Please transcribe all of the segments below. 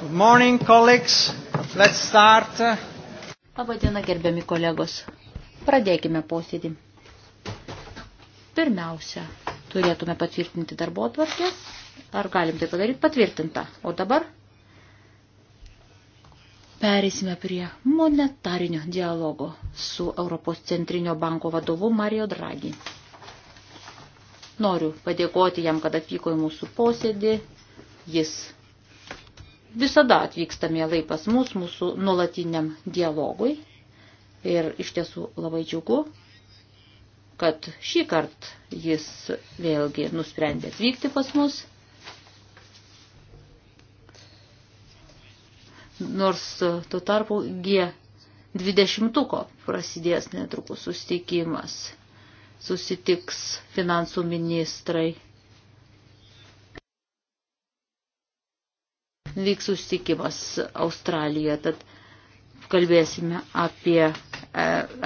Good morning, colleagues. Let's start. Labadiena, gerbiami kolegos. Pradėkime posėdį. Pirmiausia, turėtume patvirtinti darbo atvarkės. Ar galim tai padaryti? Patvirtinta. O dabar Perėsime prie monetarinio dialogo su Europos centrinio banko vadovu Mario Draghi. Noriu padėkoti jam, kad atvyko į mūsų posėdį. Jis visada atvyksta mielai pas mus, mūsų nulatiniam dialogui. Ir iš tiesų labai džiugu, kad šį kartą jis vėlgi nusprendė atvykti pas mus. Nors tuo tarpu G20 prasidės netrukus susitikimas susitiks finansų ministrai. Vyks susitikimas Australijoje, tad kalbėsime apie e,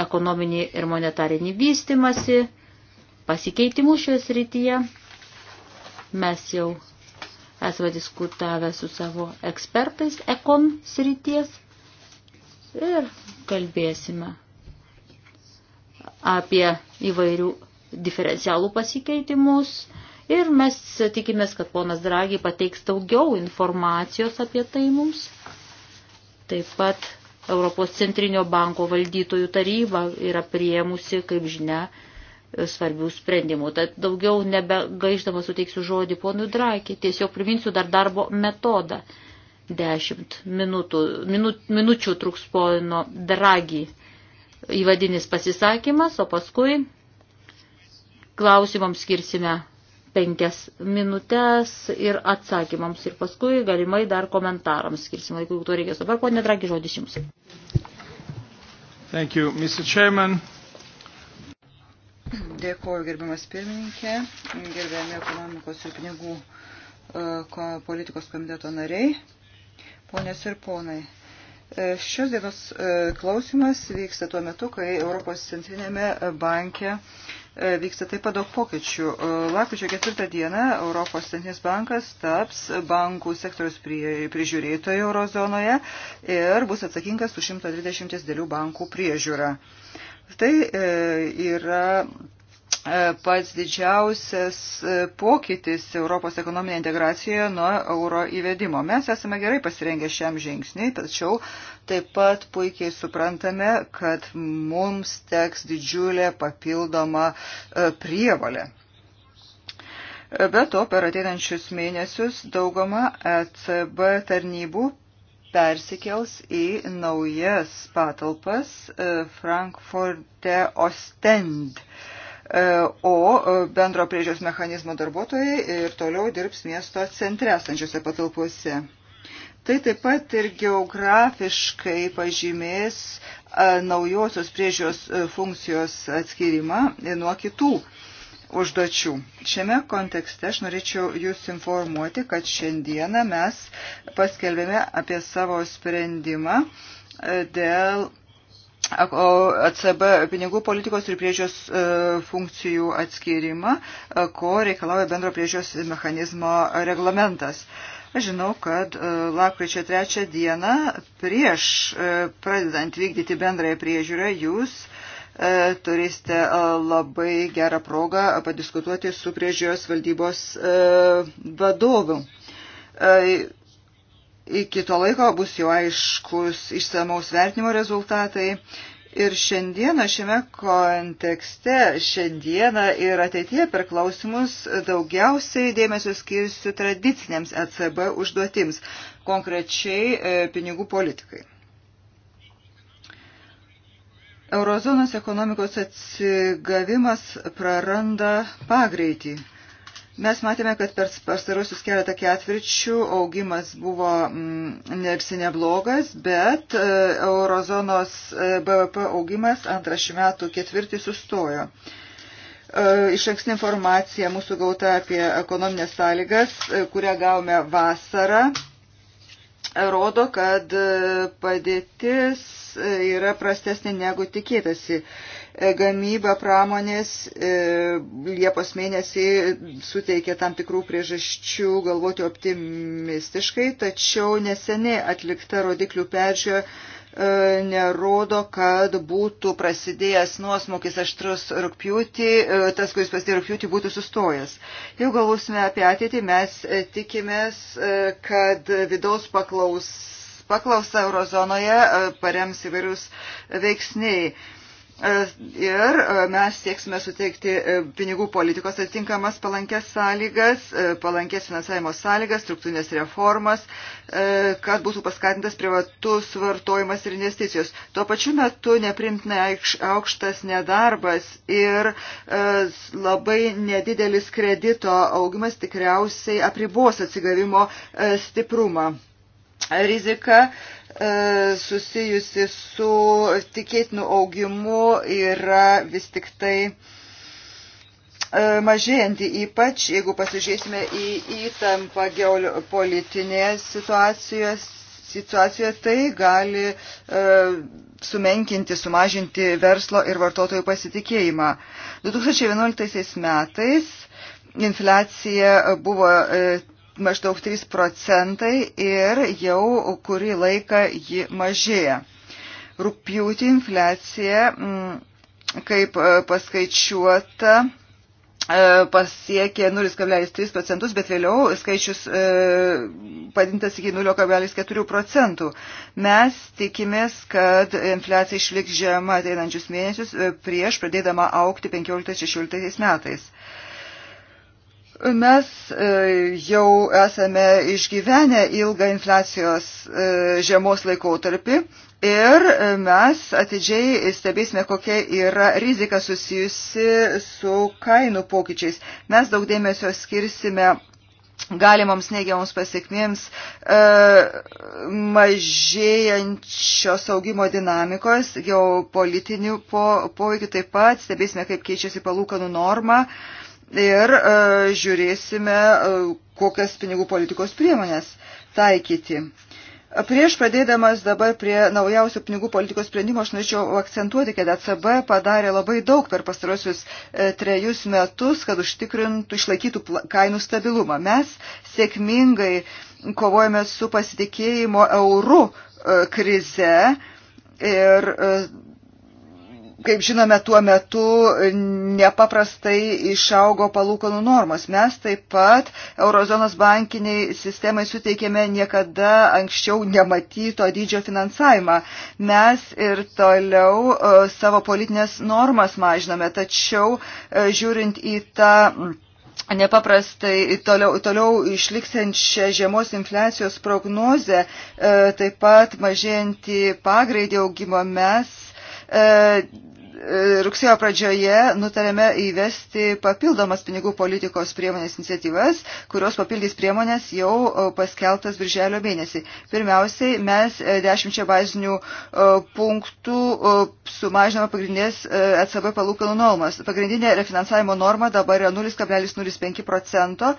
ekonominį ir monetarinį vystimasi, pasikeitimų šioje srityje. Mes jau esame diskutavę su savo ekspertais ekon srities ir kalbėsime apie įvairių diferencialų pasikeitimus ir mes tikimės, kad ponas Dragi pateiks daugiau informacijos apie tai mums. Taip pat Europos centrinio banko valdytojų taryba yra priėmusi, kaip žinia, svarbių sprendimų. Tad daugiau nebegaiždama suteiksiu žodį ponui Draki, tiesiog priminsiu dar darbo metodą. Dešimt minutų, minu, minučių truks pono Dragi įvadinis pasisakymas, o paskui klausimams skirsime penkias minutės ir atsakymams ir paskui galimai dar komentarams skirsim laikų, jeigu to reikės. Dabar, ponė Dragi, žodis jums. Thank you, Mr. Chairman. Dėkuoju, gerbiamas pirmininkė, gerbiami ekonomikos ir pinigų e, politikos komiteto nariai, ponės ir ponai. E, šios dienos e, klausimas vyksta tuo metu, kai Europos centrinėme banke e, vyksta taip pat daug pokyčių. Lapkričio ketvirtą dieną Europos centrinis bankas taps bankų sektoriaus prižiūrėtojų eurozonoje ir bus atsakingas už 120 dėlių bankų priežiūrą. Tai yra E, pats didžiausias e, pokytis Europos ekonominėje integracijoje nuo euro įvedimo. Mes esame gerai pasirengę šiam žingsniui, tačiau taip pat puikiai suprantame, kad mums teks didžiulė papildoma e, prievalė. Be to, per ateinančius mėnesius daugama ECB tarnybų persikels į naujas patalpas Frankfurte Ostend. E, E, o e, bendro priežios mechanizmo darbuotojai ir toliau dirbs miesto centre esančiose patalpose. Tai taip pat ir geografiškai pažymės e, naujosios priežios funkcijos atskirimą nuo kitų užduočių. Šiame kontekste aš norėčiau Jūs informuoti, kad šiandieną mes paskelbėme apie savo sprendimą dėl ACB e pinigų politikos ir priežios e, funkcijų atskirimą, e, ko reikalauja bendro priežios mechanizmo reglamentas. Aš žinau, kad lapkričio trečią dieną prieš pradedant vykdyti bendrąją priežiūrą jūs turėsite labai gerą progą padiskutuoti su priežiūros valdybos vadovu Iki to laiko bus jau aiškus išsamaus vertinimo rezultatai. Ir šiandieną šiame kontekste, šiandieną ir ateitie per klausimus daugiausiai dėmesio skirsiu tradiciniams ECB užduotims, konkrečiai e, pinigų politikai. Eurozonos ekonomikos atsigavimas praranda pagreitį. Mes matėme, kad per pastarosius keletą ketvirčių augimas buvo mm, nersi neblogas, bet e, eurozonos e, BVP augimas antrą šių metų ketvirtį sustojo. E, iš ankstinė informacija mūsų gauta apie ekonominės sąlygas, kurią gavome vasarą, rodo, kad padėtis yra prastesnė negu tikėtasi. E, gamyba pramonės e, Liepos mėnesį suteikė tam tikrų priežasčių galvoti optimistiškai, tačiau neseniai atlikta rodiklių peržiūra e, nerodo, kad būtų prasidėjęs nuosmokis aštrus rūpjūtį, tas, kuris prasidėjo rūpjūtį, būtų sustojęs. Jau galvosime apie ateitį, mes tikimės, kad vidaus paklaus, paklausa eurozonoje parems įvairius veiksniai Ir e, mes sieksime suteikti e, pinigų politikos atitinkamas palankės sąlygas, e, palankės finansavimo sąlygas, struktūrinės reformas, kad būtų paskatintas privatus vartojimas ir investicijos. Tuo pačiu metu neprimtina aukštas nedarbas ir labai nedidelis kredito augimas tikriausiai apribos atsigavimo stiprumą. Rizika E, susijusi su tikėtinu augimu yra vis tik tai e, mažėjanti, ypač jeigu pasižiūrėsime į įtampą geopolitinėje situacijoje, situacijoje tai gali e, sumenkinti, sumažinti verslo ir vartotojų pasitikėjimą. 2011 metais infliacija buvo e, maždaug 3 procentai ir jau kurį laiką ji mažėja. Rūpjūtį infliacija, mm, kaip e, paskaičiuota, e, pasiekė 0,3 procentus, bet vėliau skaičius e, padintas iki 0,4 procentų. Mes tikimės, kad infliacija išliks žema ateinančius mėnesius prieš pradėdama aukti 15-16 metais. Mes e, jau esame išgyvenę ilgą infliacijos e, žiemos laikotarpį ir e, mes atidžiai stebėsime, kokia yra rizika susijusi su kainų pokyčiais. Mes daug dėmesio skirsime galimoms neigiamoms pasiekmėms mažėjančios augimo dinamikos, geopolitinių poveikių taip pat stebėsime, kaip keičiasi palūkanų norma. E, ir e, žiūrėsime, e, kokias pinigų politikos priemonės taikyti. Prieš pradėdamas dabar prie naujausio pinigų politikos sprendimo, aš norėčiau akcentuoti, kad ECB padarė labai daug per pastarosius e, trejus metus, kad užtikrintų, išlaikytų kainų stabilumą. Mes sėkmingai kovojame su pasitikėjimo eurų krize ir Kaip žinome, tuo metu nepaprastai išaugo palūkanų normos. Mes taip pat Eurozonos bankiniai sistemai suteikėme niekada anksčiau nematyto dydžio finansavimą. Mes ir toliau e, savo politinės normas mažiname, tačiau e, žiūrint į tą nepaprastai toliau, toliau išliksiančią žiemos infliacijos prognozę, e, taip pat mažėjantį pagreidį augimo mes rugsėjo pradžioje nutarėme įvesti papildomas pinigų politikos priemonės iniciatyvas, kurios papildys priemonės jau paskeltas birželio mėnesį. Pirmiausiai mes e, dešimčia bazinių e, punktų sumažinome pagrindinės e, ECB palūkanų normas. Pagrindinė refinansavimo norma dabar yra 0,05 procento,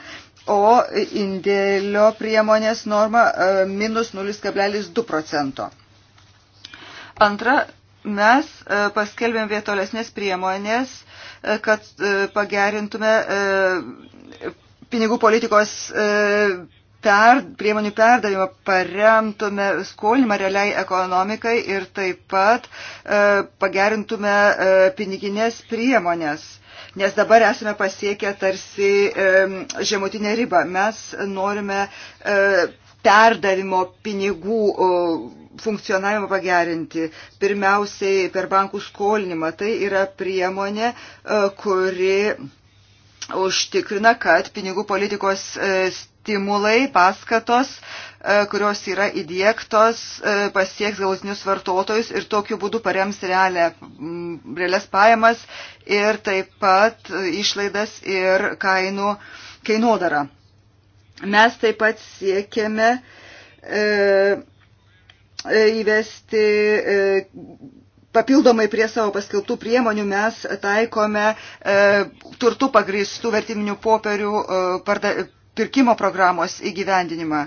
o indėlio priemonės norma minus 0,2 procento. Antra, mes e, paskelbėm vietolesnės priemonės, e, kad e, pagerintume pinigų politikos per, priemonių perdavimą, paremtume skolimą realiai ekonomikai ir taip pat pagerintume piniginės priemonės nes dabar esame pasiekę tarsi e, žemutinę ribą. Mes norime e, perdavimo pinigų funkcionavimą pagerinti. Pirmiausiai per bankų skolinimą. Tai yra priemonė, e, kuri užtikrina, kad pinigų politikos e, stimulai, paskatos, e, kurios yra įdėktos, pasieks galutinius vartotojus ir tokiu būdu parems realią, realias pajamas ir taip pat išlaidas ir kainų, kainodarą. Mes taip pat siekiame e, E, įvesti e, papildomai prie savo paskeltų priemonių mes taikome e, turtų pagrįstų vertiminių popierių pirkimo programos įgyvendinimą.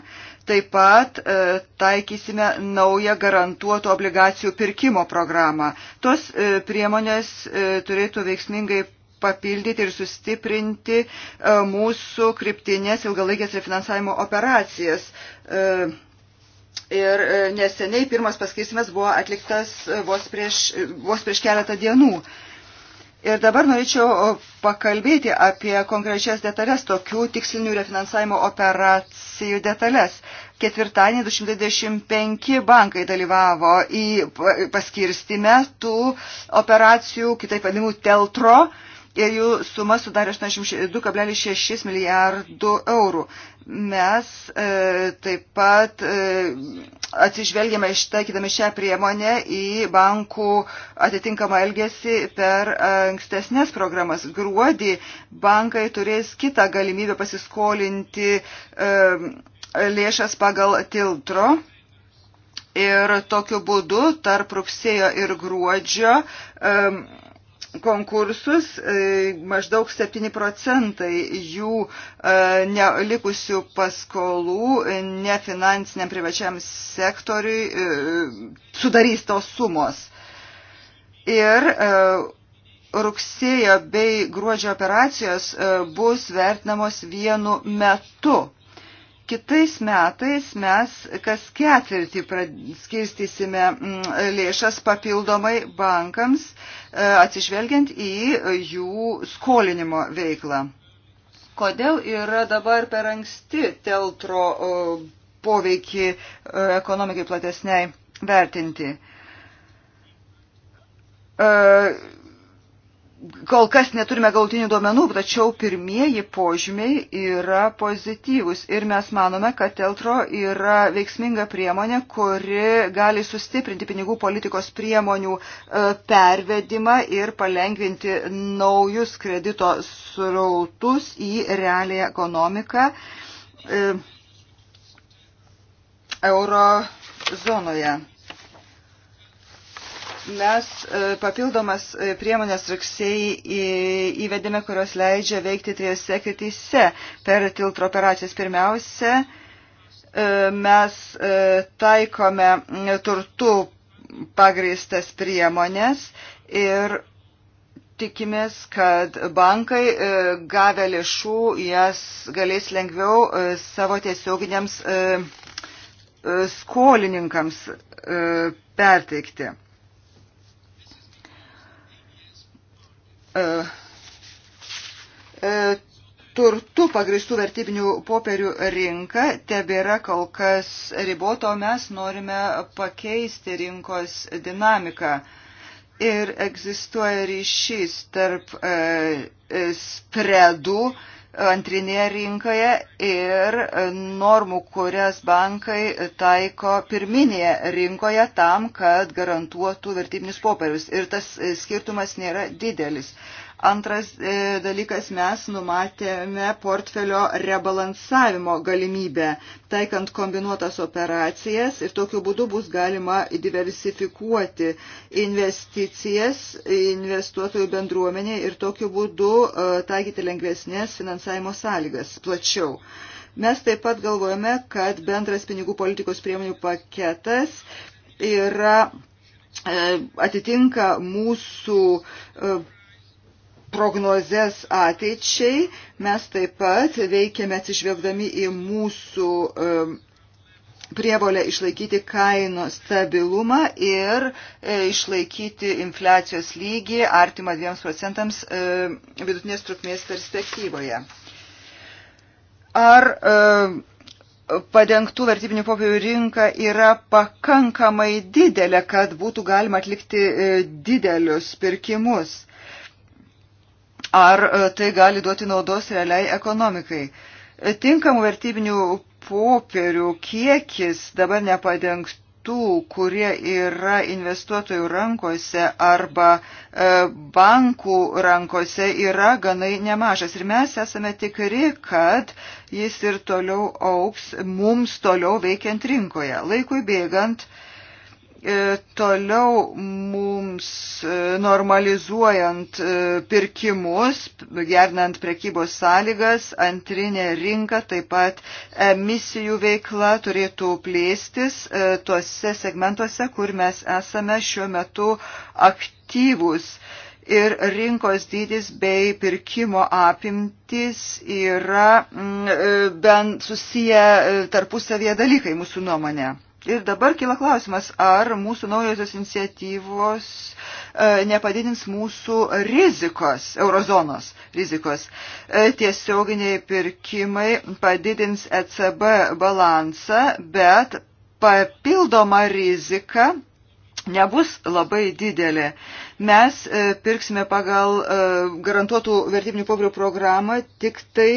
Taip pat e, taikysime naują garantuotų obligacijų pirkimo programą. Tos e, priemonės e, turėtų veiksmingai papildyti ir sustiprinti e, mūsų kryptinės ilgalaikės refinansavimo operacijas. E, Ir e, neseniai pirmas paskirstimas buvo atliktas e, vos prieš, e, vos prieš keletą dienų. Ir dabar norėčiau pakalbėti apie konkrečias detalės, tokių tikslinių refinansavimo operacijų detalės. Ketvirtadienį 225 bankai dalyvavo į paskirstime tų operacijų, kitaip vadinamų teltro, uh, ir jų suma sudarė 82,6 milijardų eurų. Mes e, taip pat e, atsižvelgėme ištaikydami šią priemonę į bankų atitinkamą elgesį per ankstesnės programas. Gruodį bankai turės kitą galimybę pasiskolinti e, lėšas pagal tiltro. Ir tokiu būdu tarp rugsėjo ir gruodžio um, e, konkursus, e, maždaug 7 procentai jų e, ne, likusių paskolų e, nefinansiniam privačiam sektoriui sudarys tos sumos. Ir rugsėjo bei gruodžio operacijos bus vertinamos vienu metu Kitais metais mes kas ketvirtį skirstysime mm, lėšas papildomai bankams, e, atsižvelgiant į jų skolinimo veiklą. Kodėl yra dabar per anksti teltro e, poveikį e, ekonomikai platesniai vertinti? Kol kas neturime gautinių duomenų, tačiau pirmieji požymiai yra pozityvus ir mes manome, kad Teltro yra veiksminga priemonė, kuri gali sustiprinti pinigų politikos priemonių e, pervedimą ir palengvinti naujus kredito srautus į realią ekonomiką e, euro zonoje. Mes e, papildomas e, priemonės rugsėjai įvedėme, kurios leidžia veikti trijose krytyse per tiltro operacijas. Pirmiausia, e, mes taikome turtų pagrįstas priemonės ir tikimės, kad bankai gavę lėšų jas galės lengviau savo tiesioginiams skolininkams perteikti. E, e, turtų pagristų vertybinių popierių rinka tebėra kol kas riboto, mes norime pakeisti rinkos dinamiką. Ir egzistuoja ryšys tarp e, spredų, e, antrinėje rinkoje ir normų, kurias bankai taiko pirminėje rinkoje tam, kad garantuotų vertybinius popierius. Ir tas skirtumas nėra didelis. Antras e, dalykas, mes numatėme portfelio rebalansavimo galimybę, taikant kombinuotas operacijas ir tokiu būdu bus galima diversifikuoti investicijas investuotojų bendruomenė ir tokiu būdu e, taikyti lengvesnės finansavimo sąlygas plačiau. Mes taip pat galvojame, kad bendras pinigų politikos priemonių paketas yra e, atitinka mūsų prognozes ateičiai, mes taip pat veikiame atsižvelgdami į mūsų prievolę išlaikyti kaino stabilumą ir e, išlaikyti infliacijos lygį artimą 2 procentams e, vidutinės trukmės perspektyvoje. Ar e, padengtų vertybinių popierių rinka yra pakankamai didelė, kad būtų galima atlikti didelius pirkimus? ar e, tai gali duoti naudos realiai ekonomikai. E, tinkamų vertybinių popierių kiekis dabar nepadengtų tų, kurie yra investuotojų rankose arba e, bankų rankose, yra ganai nemažas. Ir mes esame tikri, kad jis ir toliau auks mums toliau veikiant rinkoje. Laikui bėgant E, toliau mums e, normalizuojant e, pirkimus, gernant prekybos sąlygas, antrinė rinka, taip pat emisijų veikla turėtų plėstis tuose segmentuose, kur mes esame šiuo metu aktyvūs. Ir rinkos dydis bei pirkimo apimtis yra mm, bent susiję tarpusavėje dalykai mūsų nuomonė. Ir dabar kila klausimas, ar mūsų naujosios iniciatyvos e, nepadidins mūsų rizikos, eurozonos rizikos. E, tiesioginiai pirkimai padidins ECB balansą, bet papildoma rizika nebus labai didelė. Mes e, pirksime pagal e, garantuotų vertybinių popierių programą tik tai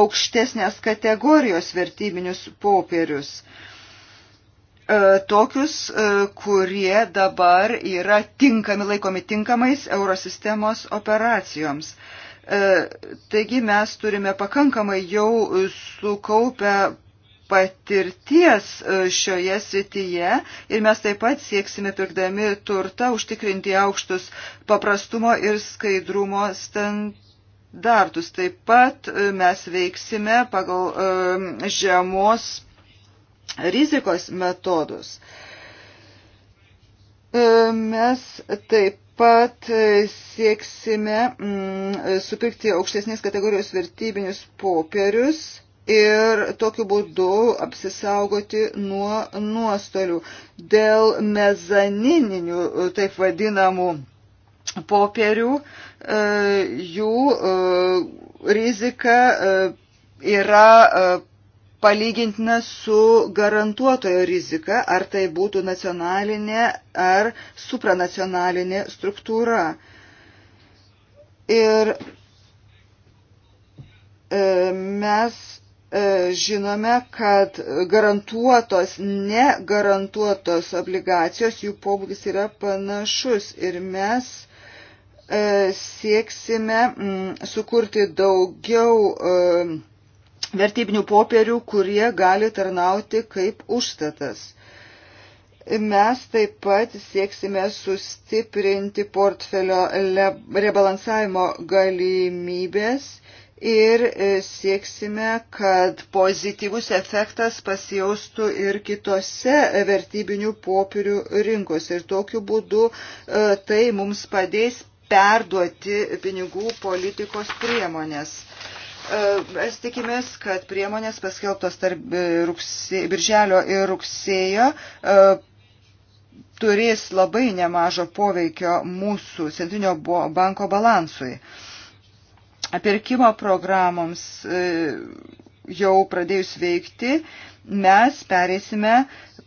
aukštesnės kategorijos vertybinius popierius. E, tokius, e, kurie dabar yra tinkami, laikomi tinkamais eurosistemos operacijoms. E, taigi mes turime pakankamai jau sukaupę patirties šioje srityje ir mes taip pat sieksime pirkdami turtą užtikrinti aukštus paprastumo ir skaidrumo standartus. Taip pat mes veiksime pagal žemos rizikos metodus. E, mes taip pat sieksime mm, supirkti aukštesnės kategorijos vertybinius popierius ir tokiu būdu apsisaugoti nuo nuostolių. Dėl mezaninių, taip vadinamų, popierių, e, jų e, rizika yra palygintina su garantuotojo rizika, ar tai būtų nacionalinė ar supranacionalinė struktūra. Ir e, mes e, žinome, kad garantuotos, negarantuotos obligacijos, jų pobūdis yra panašus ir mes e, sieksime sukurti daugiau vertybinių popierių, kurie gali tarnauti kaip užstatas. Mes taip pat sieksime sustiprinti portfelio rebalansavimo galimybės ir e, sieksime, kad pozityvus efektas pasijaustų ir kitose vertybinių popierių rinkose. Ir tokiu būdu e, tai mums padės perduoti pinigų politikos priemonės. Mes tikimės, kad priemonės paskelbtos tarp e, rugsė, birželio ir rugsėjo e, turės labai nemažo poveikio mūsų centrinio banko balansui. Pirkimo programoms e, jau pradėjus veikti, mes perėsime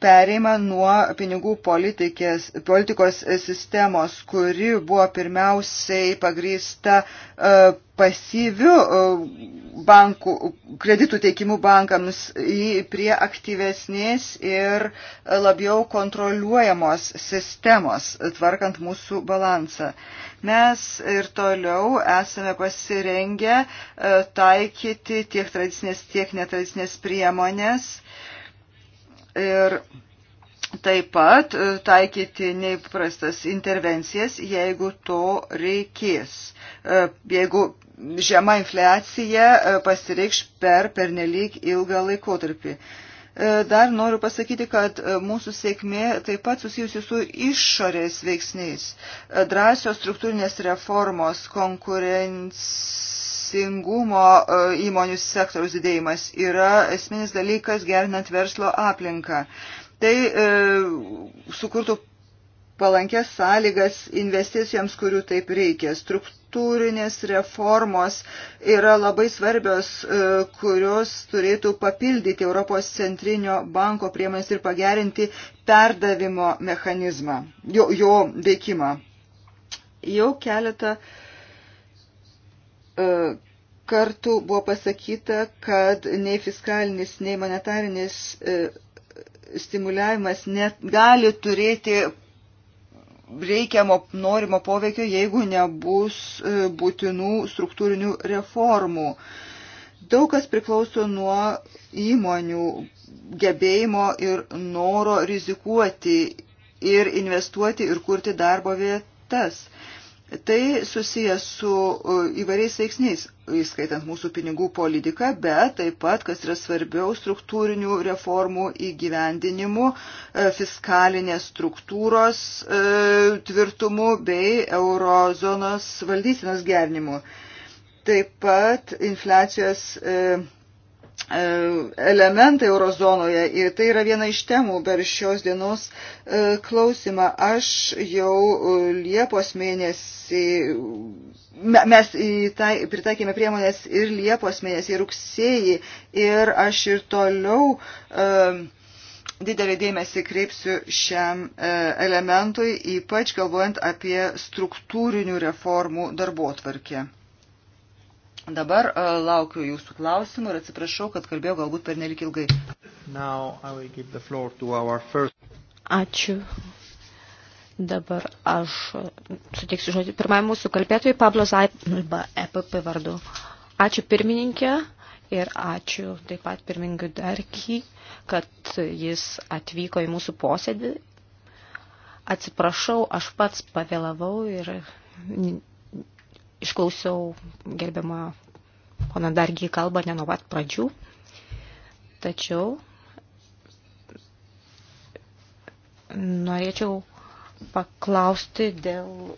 pereima nuo pinigų politikos sistemos, kuri buvo pirmiausiai pagrįsta e, pasyviu e, bankų, kreditų teikimu bankams prie aktyvesnės ir labiau kontroliuojamos sistemos, tvarkant mūsų balansą. Mes ir toliau esame pasirengę e, taikyti tiek tradicinės, tiek netradicinės priemonės ir taip pat e, taikyti neįprastas intervencijas, jeigu to reikės. E, jeigu žema infliacija e, pasireikš per pernelyg ilgą laikotarpį. Dar noriu pasakyti, kad mūsų sėkmė taip pat susijusi su išorės veiksniais. Drąsios struktūrinės reformos, konkurencija konkurencingumo e, įmonių sektoriaus didėjimas yra esminis dalykas gerinant verslo aplinką. Tai e, sukurtų palankės sąlygas investicijoms, kurių taip reikia. Struktūrinės reformos yra labai svarbios, e, kurios turėtų papildyti Europos centrinio banko priemonės ir pagerinti perdavimo mechanizmą, jo, jo veikimą. Jau keletą uh, E, kartų buvo pasakyta, kad nei fiskalinis, nei monetarinis e, stimuliavimas net gali turėti reikiamo norimo poveikio, jeigu nebus e, būtinų struktūrinių reformų. Daug kas priklauso nuo įmonių gebėjimo ir noro rizikuoti ir investuoti ir kurti darbo vietas. Tai susijęs su e, įvairiais veiksniais, įskaitant mūsų pinigų politiką, bet taip pat, kas yra svarbiau, struktūrinių reformų įgyvendinimu, e, fiskalinės struktūros e, tvirtumu bei eurozonos valdysenos gernimu. Taip pat infliacijos E, elementai eurozonoje ir tai yra viena iš temų per šios dienos e, klausimą. Aš jau e, Liepos mėnesį, mes tai, pritaikėme priemonės ir Liepos mėnesį, ir rugsėjį, ir aš ir toliau didelį dėmesį kreipsiu šiam elementui, ypač galvojant apie struktūrinių reformų darbo tvarkę. Dabar e, laukiu jūsų klausimų ir atsiprašau, kad kalbėjau galbūt per nelik ilgai. First... Ačiū. Dabar aš suteiksiu žodį pirmajam mūsų kalbėtojui Pablo Zaiba nu, EPP vardu. Ačiū pirmininkė ir ačiū taip pat pirmingui Darkį, kad jis atvyko į mūsų posėdį. Atsiprašau, aš pats pavėlavau ir išklausiau gerbiamą poną Dargį kalbą ne nuo pat pradžių, tačiau norėčiau paklausti dėl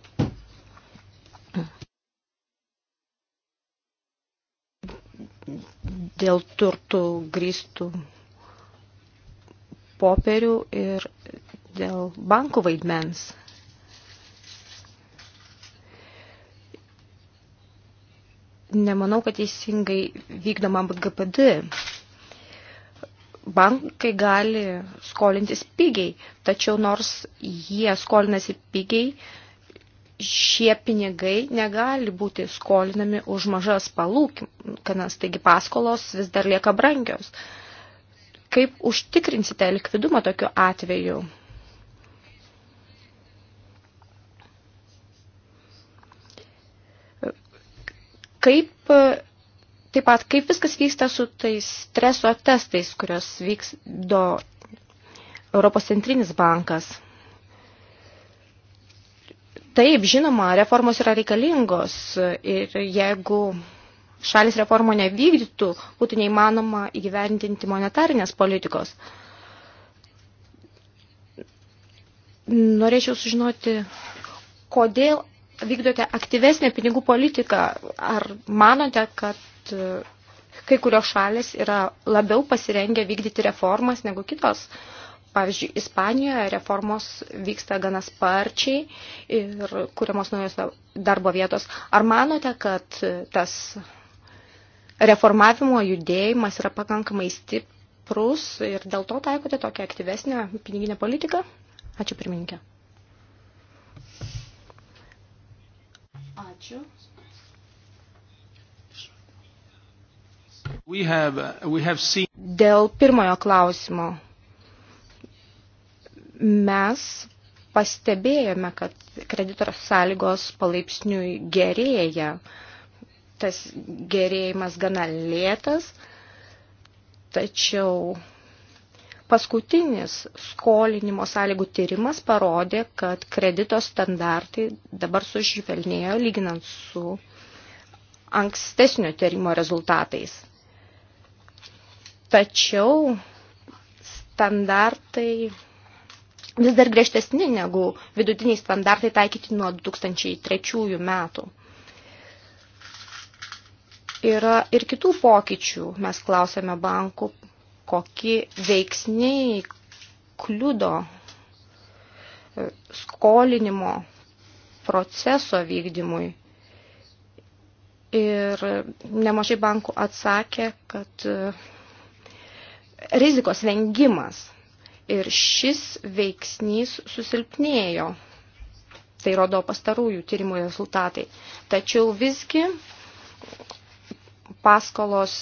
dėl turtų grįstų popierių ir dėl bankų vaidmens nemanau, kad teisingai vykdoma GPD. Bankai gali skolintis pigiai, tačiau nors jie skolinasi pigiai, šie pinigai negali būti skolinami už mažas palūkinas, taigi paskolos vis dar lieka brangios. Kaip užtikrinsite likvidumą tokiu atveju? kaip, e, taip pat, kaip viskas vyksta su tais streso testais, kurios vyks do Europos centrinis bankas. Taip, žinoma, reformos yra reikalingos ir jeigu šalis reformo nevykdytų, būtų neįmanoma įgyvendinti monetarinės politikos. Norėčiau sužinoti, kodėl vykdote aktyvesnę pinigų politiką, ar manote, kad e, kai kurios šalis yra labiau pasirengę vykdyti reformas negu kitos? Pavyzdžiui, Ispanijoje reformos vyksta gana sparčiai ir kuriamos naujos darbo vietos. Ar manote, kad tas reformavimo judėjimas yra pakankamai stiprus ir dėl to taikote tokią aktyvesnę piniginę politiką? Ačiū pirmininkė. Ačiū. We have, uh, we have seen... Dėl pirmojo klausimo. Mes pastebėjome, kad kreditoros sąlygos palaipsniui gerėja. Tas gerėjimas gana lėtas, tačiau Paskutinis skolinimo sąlygų tyrimas parodė, kad kredito standartai dabar sušvelnėjo lyginant su ankstesnio tyrimo rezultatais. Tačiau standartai vis dar griežtesni negu vidutiniai standartai taikyti nuo 2003 metų. Yra ir kitų pokyčių, mes klausėme bankų kokie veiksniai kliudo e, skolinimo proceso vykdymui. Ir nemažai bankų atsakė, kad e, rizikos vengimas ir šis veiksnys susilpnėjo. Tai rodo pastarųjų tyrimų rezultatai. Tačiau visgi paskolos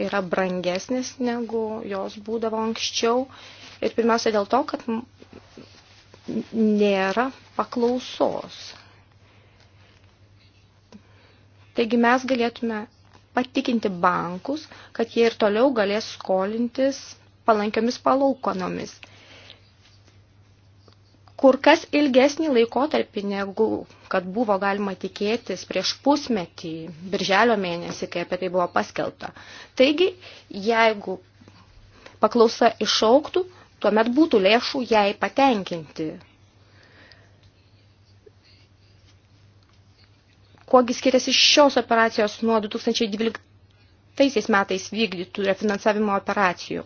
yra brangesnės negu jos būdavo anksčiau. Ir pirmiausia dėl to, kad nėra paklausos. Taigi mes galėtume patikinti bankus, kad jie ir toliau galės skolintis palankiomis palaukonomis. Kur kas ilgesnį laikotarpį negu kad buvo galima tikėtis prieš pusmetį, birželio mėnesį, kai apie tai buvo paskelbta. Taigi, jeigu paklausa išauktų, tuomet būtų lėšų jai patenkinti. Kuogi skiriasi šios operacijos nuo 2012 metais vykdytų refinansavimo operacijų?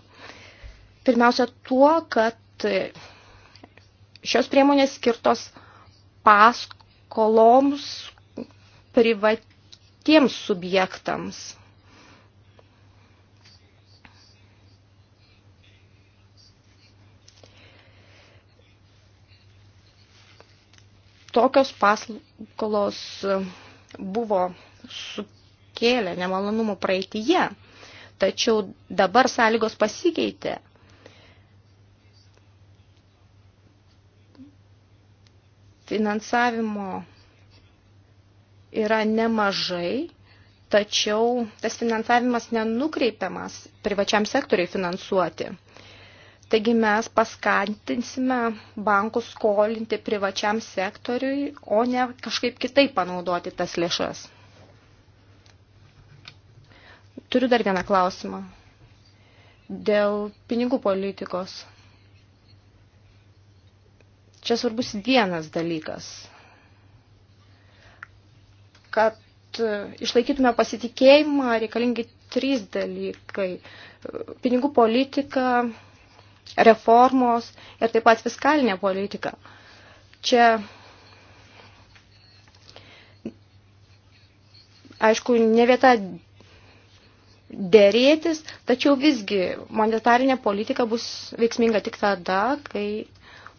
Pirmiausia tuo, kad šios priemonės skirtos pask skoloms privatiems subjektams. Tokios paskolos buvo sukėlę nemalonumų praeitįje, tačiau dabar sąlygos pasikeitė Finansavimo yra nemažai, tačiau tas finansavimas nenukreipiamas privačiam sektoriai finansuoti. Taigi mes paskatinsime bankus skolinti privačiam sektoriui, o ne kažkaip kitaip panaudoti tas lėšas. Turiu dar vieną klausimą. Dėl pinigų politikos. Čia svarbus vienas dalykas, kad e, išlaikytume pasitikėjimą reikalingi trys dalykai. Pinigų politika, reformos ir taip pat fiskalinė politika. Čia aišku, ne vieta dėrėtis, tačiau visgi monetarinė politika bus veiksminga tik tada, kai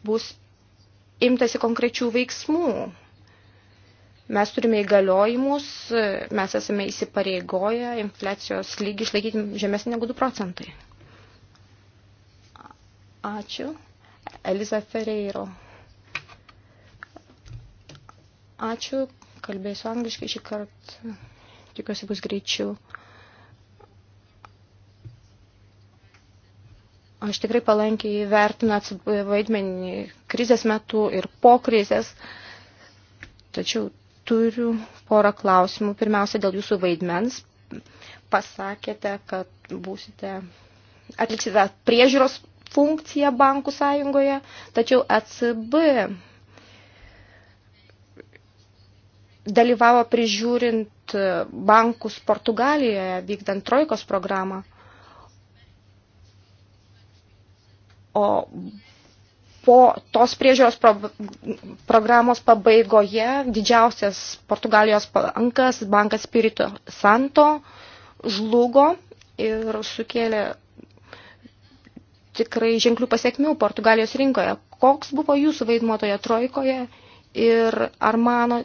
bus imtasi konkrečių veiksmų. Mes turime įgaliojimus, mes esame įsipareigoję infliacijos lygį išlaikyti žemesnį negu 2 procentai. Ačiū. Eliza Ferreiro. Ačiū. Kalbėsiu angliškai šį kartą. Tikiuosi bus greičiau. Aš tikrai palankiai vertinat vaidmenį krizės metu ir po krizės, tačiau turiu porą klausimų. Pirmiausia, dėl jūsų vaidmens. Pasakėte, kad būsite, atliksite priežiūros funkciją bankų sąjungoje, tačiau ECB dalyvavo prižiūrint bankus Portugalijoje, vykdant trojkos programą. O po tos priežiūros pro, programos pabaigoje didžiausias Portugalijos bankas, bankas Spirito Santo, žlugo ir sukėlė tikrai ženklių pasiekmių Portugalijos rinkoje. Koks buvo jūsų vaidmuo toje trojkoje ir ar mano,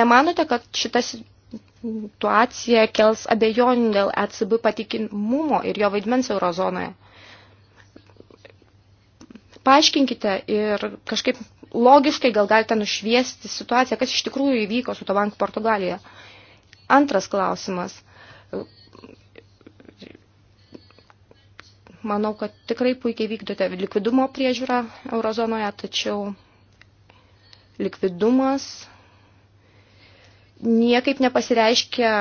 nemanote, kad šita situacija kels abejonių dėl ECB patikimumo ir jo vaidmens eurozonoje? paaiškinkite ir kažkaip logiškai gal galite nušviesti situaciją, kas iš tikrųjų įvyko su to banku Portugalijoje. Antras klausimas. Manau, kad tikrai puikiai vykdote likvidumo priežiūrą eurozonoje, tačiau likvidumas niekaip nepasireiškia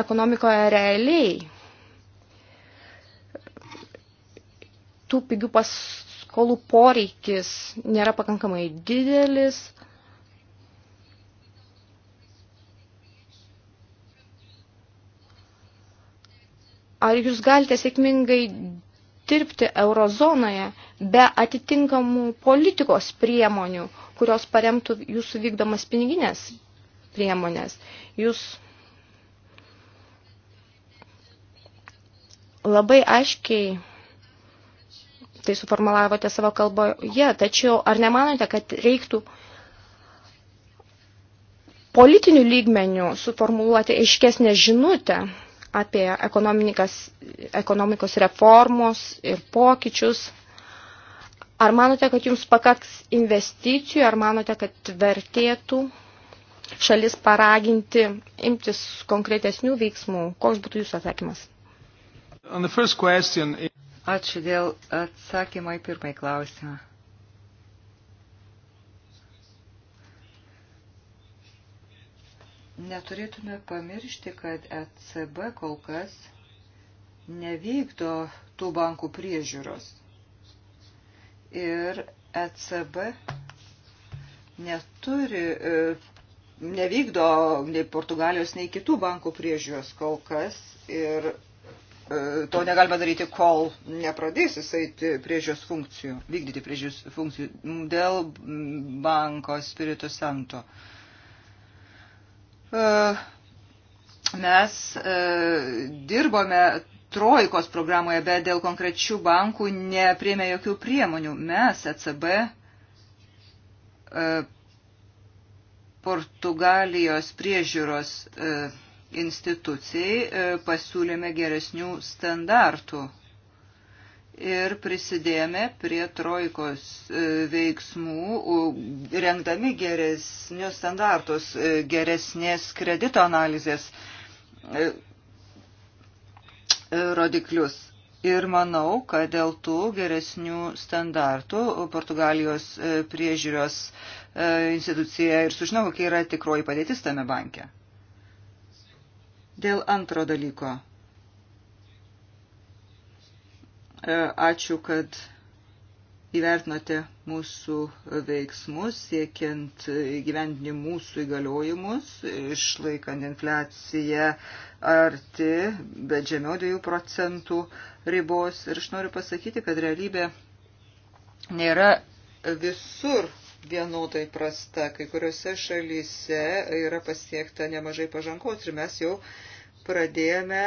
ekonomikoje realiai. Tų pigių pas, skolų poreikis nėra pakankamai didelis. Ar jūs galite sėkmingai dirbti eurozonoje be atitinkamų politikos priemonių, kurios paremtų jūsų vykdomas piniginės priemonės? Jūs labai aiškiai tai suformalavote savo kalboje, tačiau ar nemanote, kad reiktų politinių lygmenių suformuluoti aiškesnę žinutę apie ekonomikos reformos ir pokyčius? Ar manote, kad jums pakaks investicijų, ar manote, kad vertėtų šalis paraginti imtis konkretesnių veiksmų? Koks būtų jūsų atsakymas? On the first question, Ačiū dėl atsakymo į pirmąjį klausimą. Neturėtume pamiršti, kad ECB kol kas nevykdo tų bankų priežiūros. Ir ECB neturi, e, nevykdo nei Portugalijos, nei kitų bankų priežiūros kol kas. Ir E, to negalima daryti, kol nepradės jisai priežios funkcijų, vykdyti priežios funkcijų dėl banko spirito santo. E, mes e, dirbome trojkos programoje, bet dėl konkrečių bankų neprėmė jokių priemonių. Mes ECB Portugalijos priežiūros institucijai e, pasiūlėme geresnių standartų ir prisidėjome prie trojkos e, veiksmų, rengdami geresnius standartus, e, geresnės kredito analizės rodiklius. Ir manau, kad dėl tų geresnių standartų Portugalijos priežiūros institucija ir sužinau, kokia yra tikroji padėtis tame banke. Dėl antro dalyko. E, ačiū, kad įvertinote mūsų veiksmus, siekiant gyventinį mūsų įgaliojimus, išlaikant infliaciją arti, bet žemiau 2 procentų ribos. Ir aš noriu pasakyti, kad realybė nėra visur vienodai prasta. Kai kuriuose šalyse yra pasiekta nemažai pažangos ir mes jau uh, pradėjome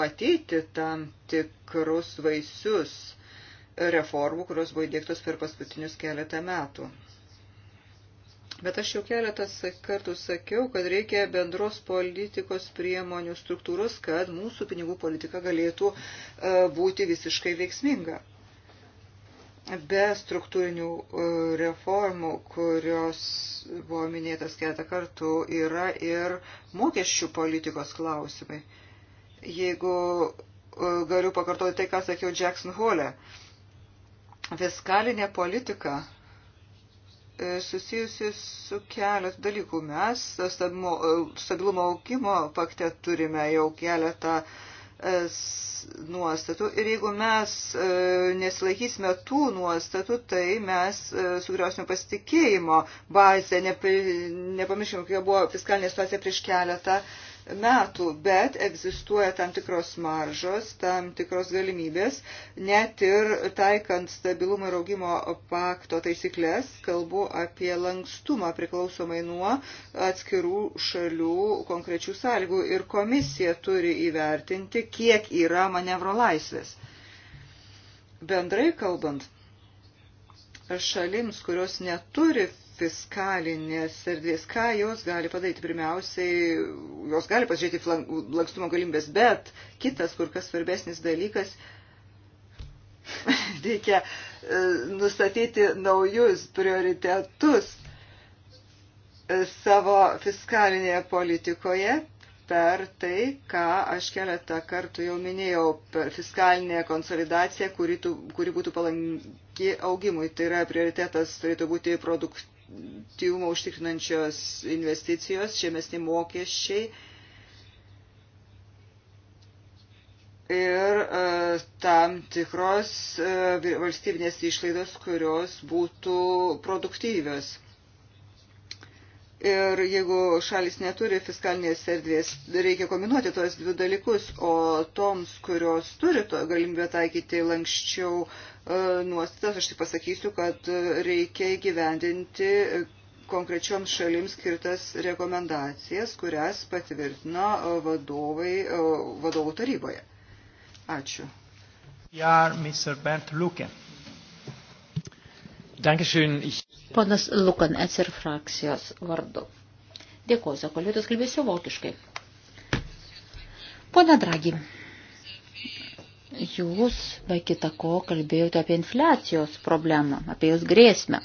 matyti tam tikrus vaisius reformų, kurios buvo įdėktos per paskutinius keletą metų. Bet aš jau keletą kartų sakiau, kad reikia bendros politikos priemonių struktūros, kad mūsų pinigų politika galėtų e, būti visiškai veiksminga be struktūrinių e, reformų, kurios buvo minėtas keletą kartų, yra ir mokesčių politikos klausimai. Jeigu e, galiu pakartoti tai, ką sakiau Jackson Hole, fiskalinė politika e, susijusi su keletu dalykų. Mes stabilumo augimo pakte turime jau keletą uh, nuostatų ir jeigu mes e, nesilaikysime tų nuostatų, tai mes e, sugriausime pasitikėjimo bazę. Nepamirškime, kokia buvo fiskalinė situacija prieš keletą metų metų, bet egzistuoja tam tikros maržos, tam tikros galimybės, net ir taikant stabilumo ir augimo pakto taisyklės, kalbu apie lankstumą priklausomai nuo atskirų šalių konkrečių sąlygų ir komisija turi įvertinti, kiek yra manevro laisvės. Bendrai kalbant, šalims, kurios neturi fiskalinės erdvės, ką jos gali padaryti. Pirmiausiai, jos gali pasižiūrėti lankstumo galimybės, bet kitas, kur kas svarbesnis dalykas, reikia e, nustatyti naujus prioritetus e, savo fiskalinėje politikoje per tai, ką aš keletą kartų jau minėjau, per fiskalinę konsolidaciją, kuri, tu, kuri būtų palanki augimui. Tai yra prioritetas turėtų būti produkt efektyvumą užtikrinančios investicijos, žemesni mokesčiai ir e, tam tikros e, valstybinės išlaidos, kurios būtų produktyvios. Ir jeigu šalis neturi fiskalinės erdvės, reikia kombinuoti tuos dvi dalykus, o toms, kurios turi to galimybę taikyti lankščiau E, nuostatas, aš tik pasakysiu, kad reikia įgyvendinti konkrečioms šalims skirtas rekomendacijas, kurias patvirtino vadovai, e, vadovų taryboje. Ačiū. Jar, Mr. Bert Luke. Dankeschön. Ponas Lukan Ecer frakcijos vardu. Dėkuosiu, kolegos kalbėsiu vokiškai. Pone Dragi, Jūs, be kita ko, kalbėjote apie infliacijos problemą, apie jos grėsmę.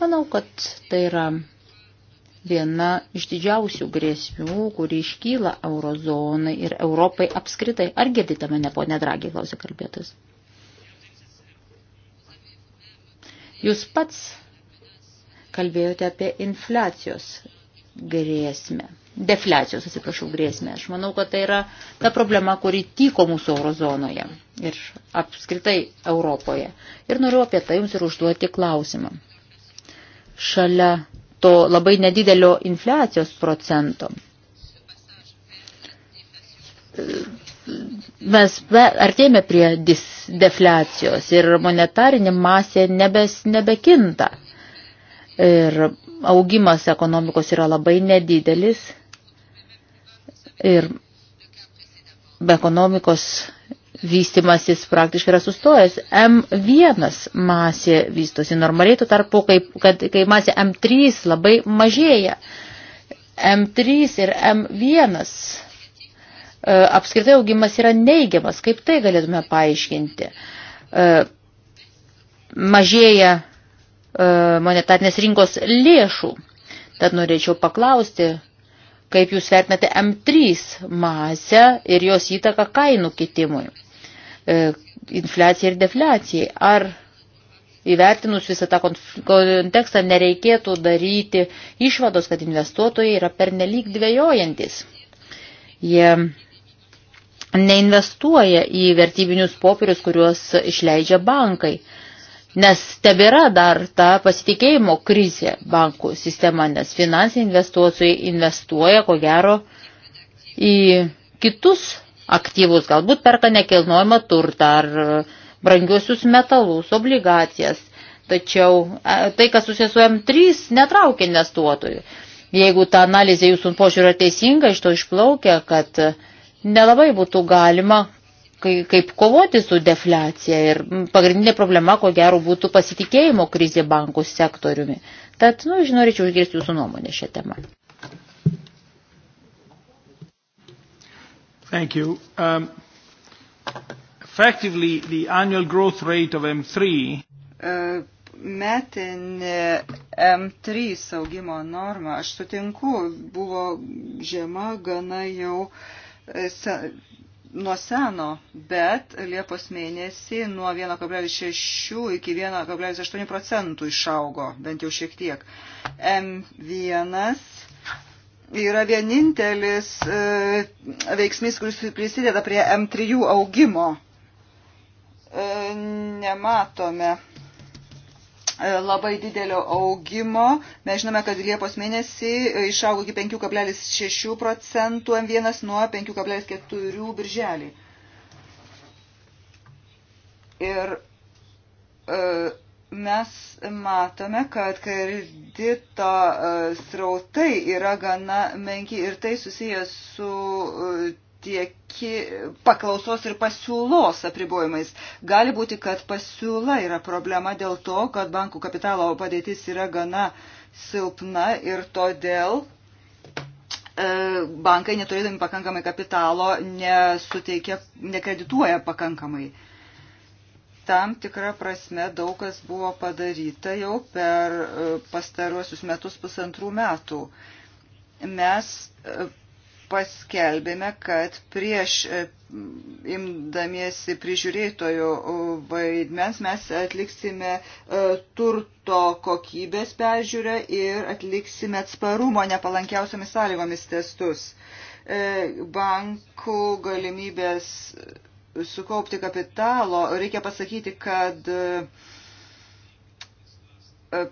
Manau, kad tai yra viena iš didžiausių grėsmių, kuri iškyla eurozonai ir Europai apskritai. Ar girdite mane, ponė Dragiai, klausė kalbėtas? Jūs pats kalbėjote apie infliacijos grėsmę defliacijos, atsiprašau, grėsmę. Aš manau, kad tai yra ta problema, kuri tyko mūsų eurozonoje ir apskritai Europoje. Ir noriu apie tai jums ir užduoti klausimą. Šalia to labai nedidelio infliacijos procento. Mes artėjame prie defliacijos ir monetarinė masė nebes, nebekinta. Ir augimas ekonomikos yra labai nedidelis Ir be ekonomikos vystimasis praktiškai yra sustojęs. M1 masė vystosi normaliai, tuo tarpu, kai, kad, kai masė M3 labai mažėja. M3 ir M1 e, apskritai augimas yra neigiamas. Kaip tai galėtume paaiškinti? E, mažėja e, monetarnės rinkos lėšų. Tad norėčiau paklausti, kaip jūs vertinate M3 masę ir jos įtaką kainų kitimui, e, infliacijai ir defliacijai. Ar įvertinus visą tą kontekstą nereikėtų daryti išvados, kad investuotojai yra pernelyg dvėjojantis. Jie neinvestuoja į vertybinius popierius, kuriuos išleidžia bankai. Nes tebėra dar ta pasitikėjimo krizė bankų sistema, nes finansiniai investuotojai investuoja, ko gero, į kitus aktyvus, galbūt perka nekilnojimą turtą ar brangiuosius metalus, obligacijas. Tačiau e, tai, kas susijęs su M3, netraukia investuotojų. Jeigu ta analizė jūsų požiūrio teisinga, iš to išplaukia, kad nelabai būtų galima kaip kovoti su defliacija ir pagrindinė problema, ko gero, būtų pasitikėjimo krizė bankų sektoriumi. Tad, nu, norėčiau išgirsti jūsų nuomonę šią temą. Thank you. Um, effectively, the annual growth rate of M3 uh, e, metinė M3 saugimo norma, aš sutinku, buvo žema gana jau e, nuo seno, bet Liepos mėnesį nuo 1,6 iki 1,8 procentų išaugo, bent jau šiek tiek. M1 yra vienintelis e, veiksmys, kuris prisideda prie M3 augimo. E, nematome E, labai didelio augimo. Mes žinome, kad Liepos mėnesį e, išaugo iki 5,6 procentų M1 nuo 5,4 birželį. Ir e, mes matome, kad kredito srautai yra gana menki ir tai susijęs su tieki paklausos ir pasiūlos apribojimais. Gali būti, kad pasiūla yra problema dėl to, kad bankų kapitalo padėtis yra gana silpna ir todėl e, bankai neturėdami pakankamai kapitalo nesuteikia, nekredituoja pakankamai. Tam tikra prasme daug kas buvo padaryta jau per e, pastaruosius metus pusantrų metų. Mes e, paskelbėme, kad prieš e, imdamiesi prižiūrėtojo e, vaidmens mes atliksime e, turto kokybės peržiūrę ir atliksime atsparumo nepalankiausiamis sąlygomis testus. Bankų galimybės sukaupti kapitalo, reikia pasakyti, kad uh,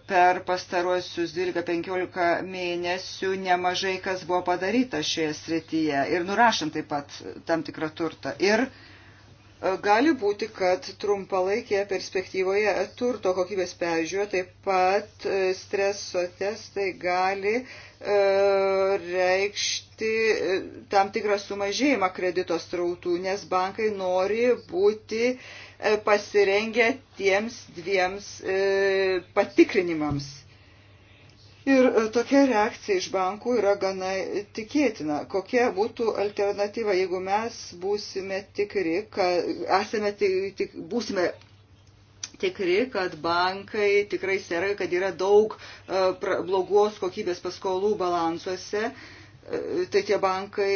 per pastaruosius 12-15 mėnesių nemažai kas buvo padaryta šioje srityje ir nurašant taip pat tam tikrą turtą. Ir uh, Gali būti, kad trumpalaikėje perspektyvoje turto kokybės peržiūro, taip pat e, streso testai gali e, reikšti e, tam tikrą sumažėjimą kredito strautų, nes bankai nori būti pasirengę tiems dviems patikrinimams Ir e, tokia reakcija iš bankų yra gana tikėtina. Kokia būtų alternatyva, jeigu mes būsime tikri, kad, esame tik, būsime tikri, kad bankai tikrai serga, kad yra daug e, blogos kokybės paskolų balansuose, e, tai tie bankai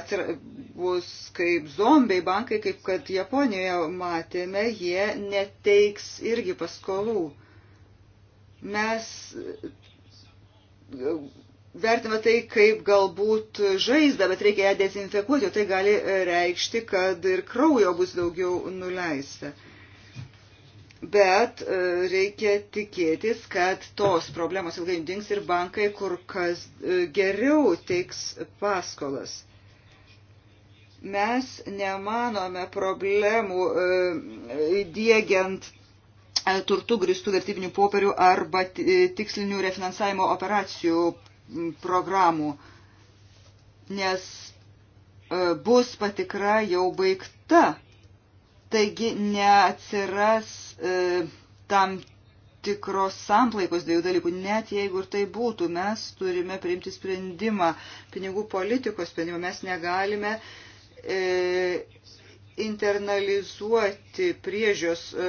atsira, bus kaip zombiai bankai, kaip kad Japonijoje matėme, jie neteiks irgi paskolų mes vertina tai kaip galbūt žaizdą, bet reikia ją dezinfekuoti, o tai gali reikšti, kad ir kraujo bus daugiau nuleista. Bet e, reikia tikėtis, kad tos problemos ilgai dings ir bankai kur kas e, geriau teiks paskolas. Mes nemanome problemų e, įdėgiant turtų grįstų vertybinių popierių arba tikslinių refinansavimo operacijų programų, nes e, bus patikra jau baigta. Taigi neatsiras e, tam tikros samplaikos dviejų dalykų. Net jeigu ir tai būtų, mes turime priimti sprendimą, pinigų politikos sprendimą. Mes negalime e, internalizuoti priežios e,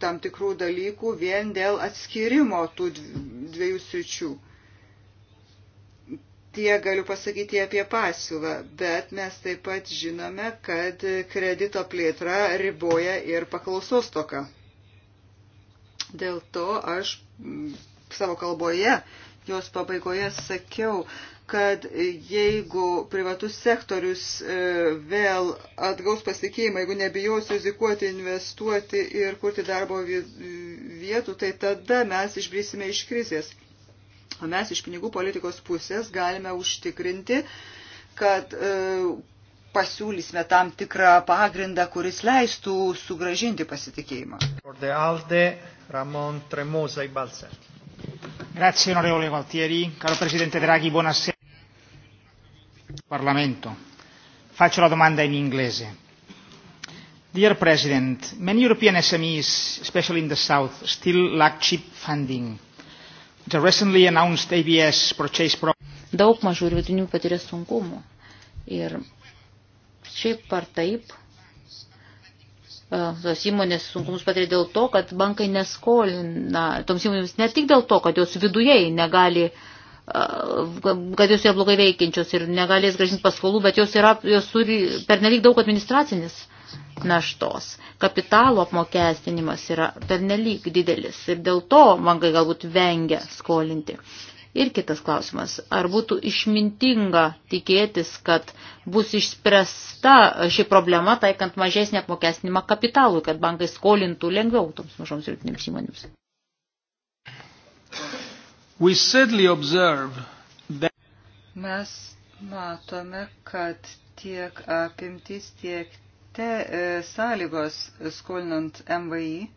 tam tikrų dalykų vien dėl atskirimo tų dviejų sričių. Tie galiu pasakyti apie pasiūlą, bet mes taip pat žinome, kad kredito plėtra riboja ir paklausos toką. Dėl to aš savo kalboje jos pabaigoje sakiau, kad jeigu privatus sektorius e, vėl atgaus pasitikėjimą, jeigu nebijos rizikuoti, investuoti ir kurti darbo vietų, tai tada mes išbrysime iš krizės. O mes iš pinigų politikos pusės galime užtikrinti, kad e, pasiūlysime tam tikrą pagrindą, kuris leistų sugražinti pasitikėjimą. Grazie onorevole Gualtieri. Caro Presidente Draghi, buonasera. Parlamento. Faccio la domanda in inglese. Dear President, many European SMEs, especially in the South, still lack cheap funding. The recently announced ABS purchase program. Daug mažų ir vidutinių patiria sunkumų. Ir šiaip ar taip, e, tos įmonės sunkumus patiria dėl to, kad bankai neskolina toms įmonėms ne tik dėl to, kad jos viduje negali uh, kad jos yra blogai veikiančios ir negalės gražinti paskolų, bet jos, yra, jos turi pernelyg daug administracinės naštos. Kapitalo apmokestinimas yra pernelyg didelis ir dėl to bankai galbūt vengia skolinti. Ir kitas klausimas, ar būtų išmintinga tikėtis, kad bus išspręsta ši problema, taikant mažesnį apmokestinimą kapitalui, kad bankai skolintų lengviau toms mažoms rytinėms įmonėms? that... Mes matome, kad tiek apimtys, tiek te, e, sąlygos skolinant MVI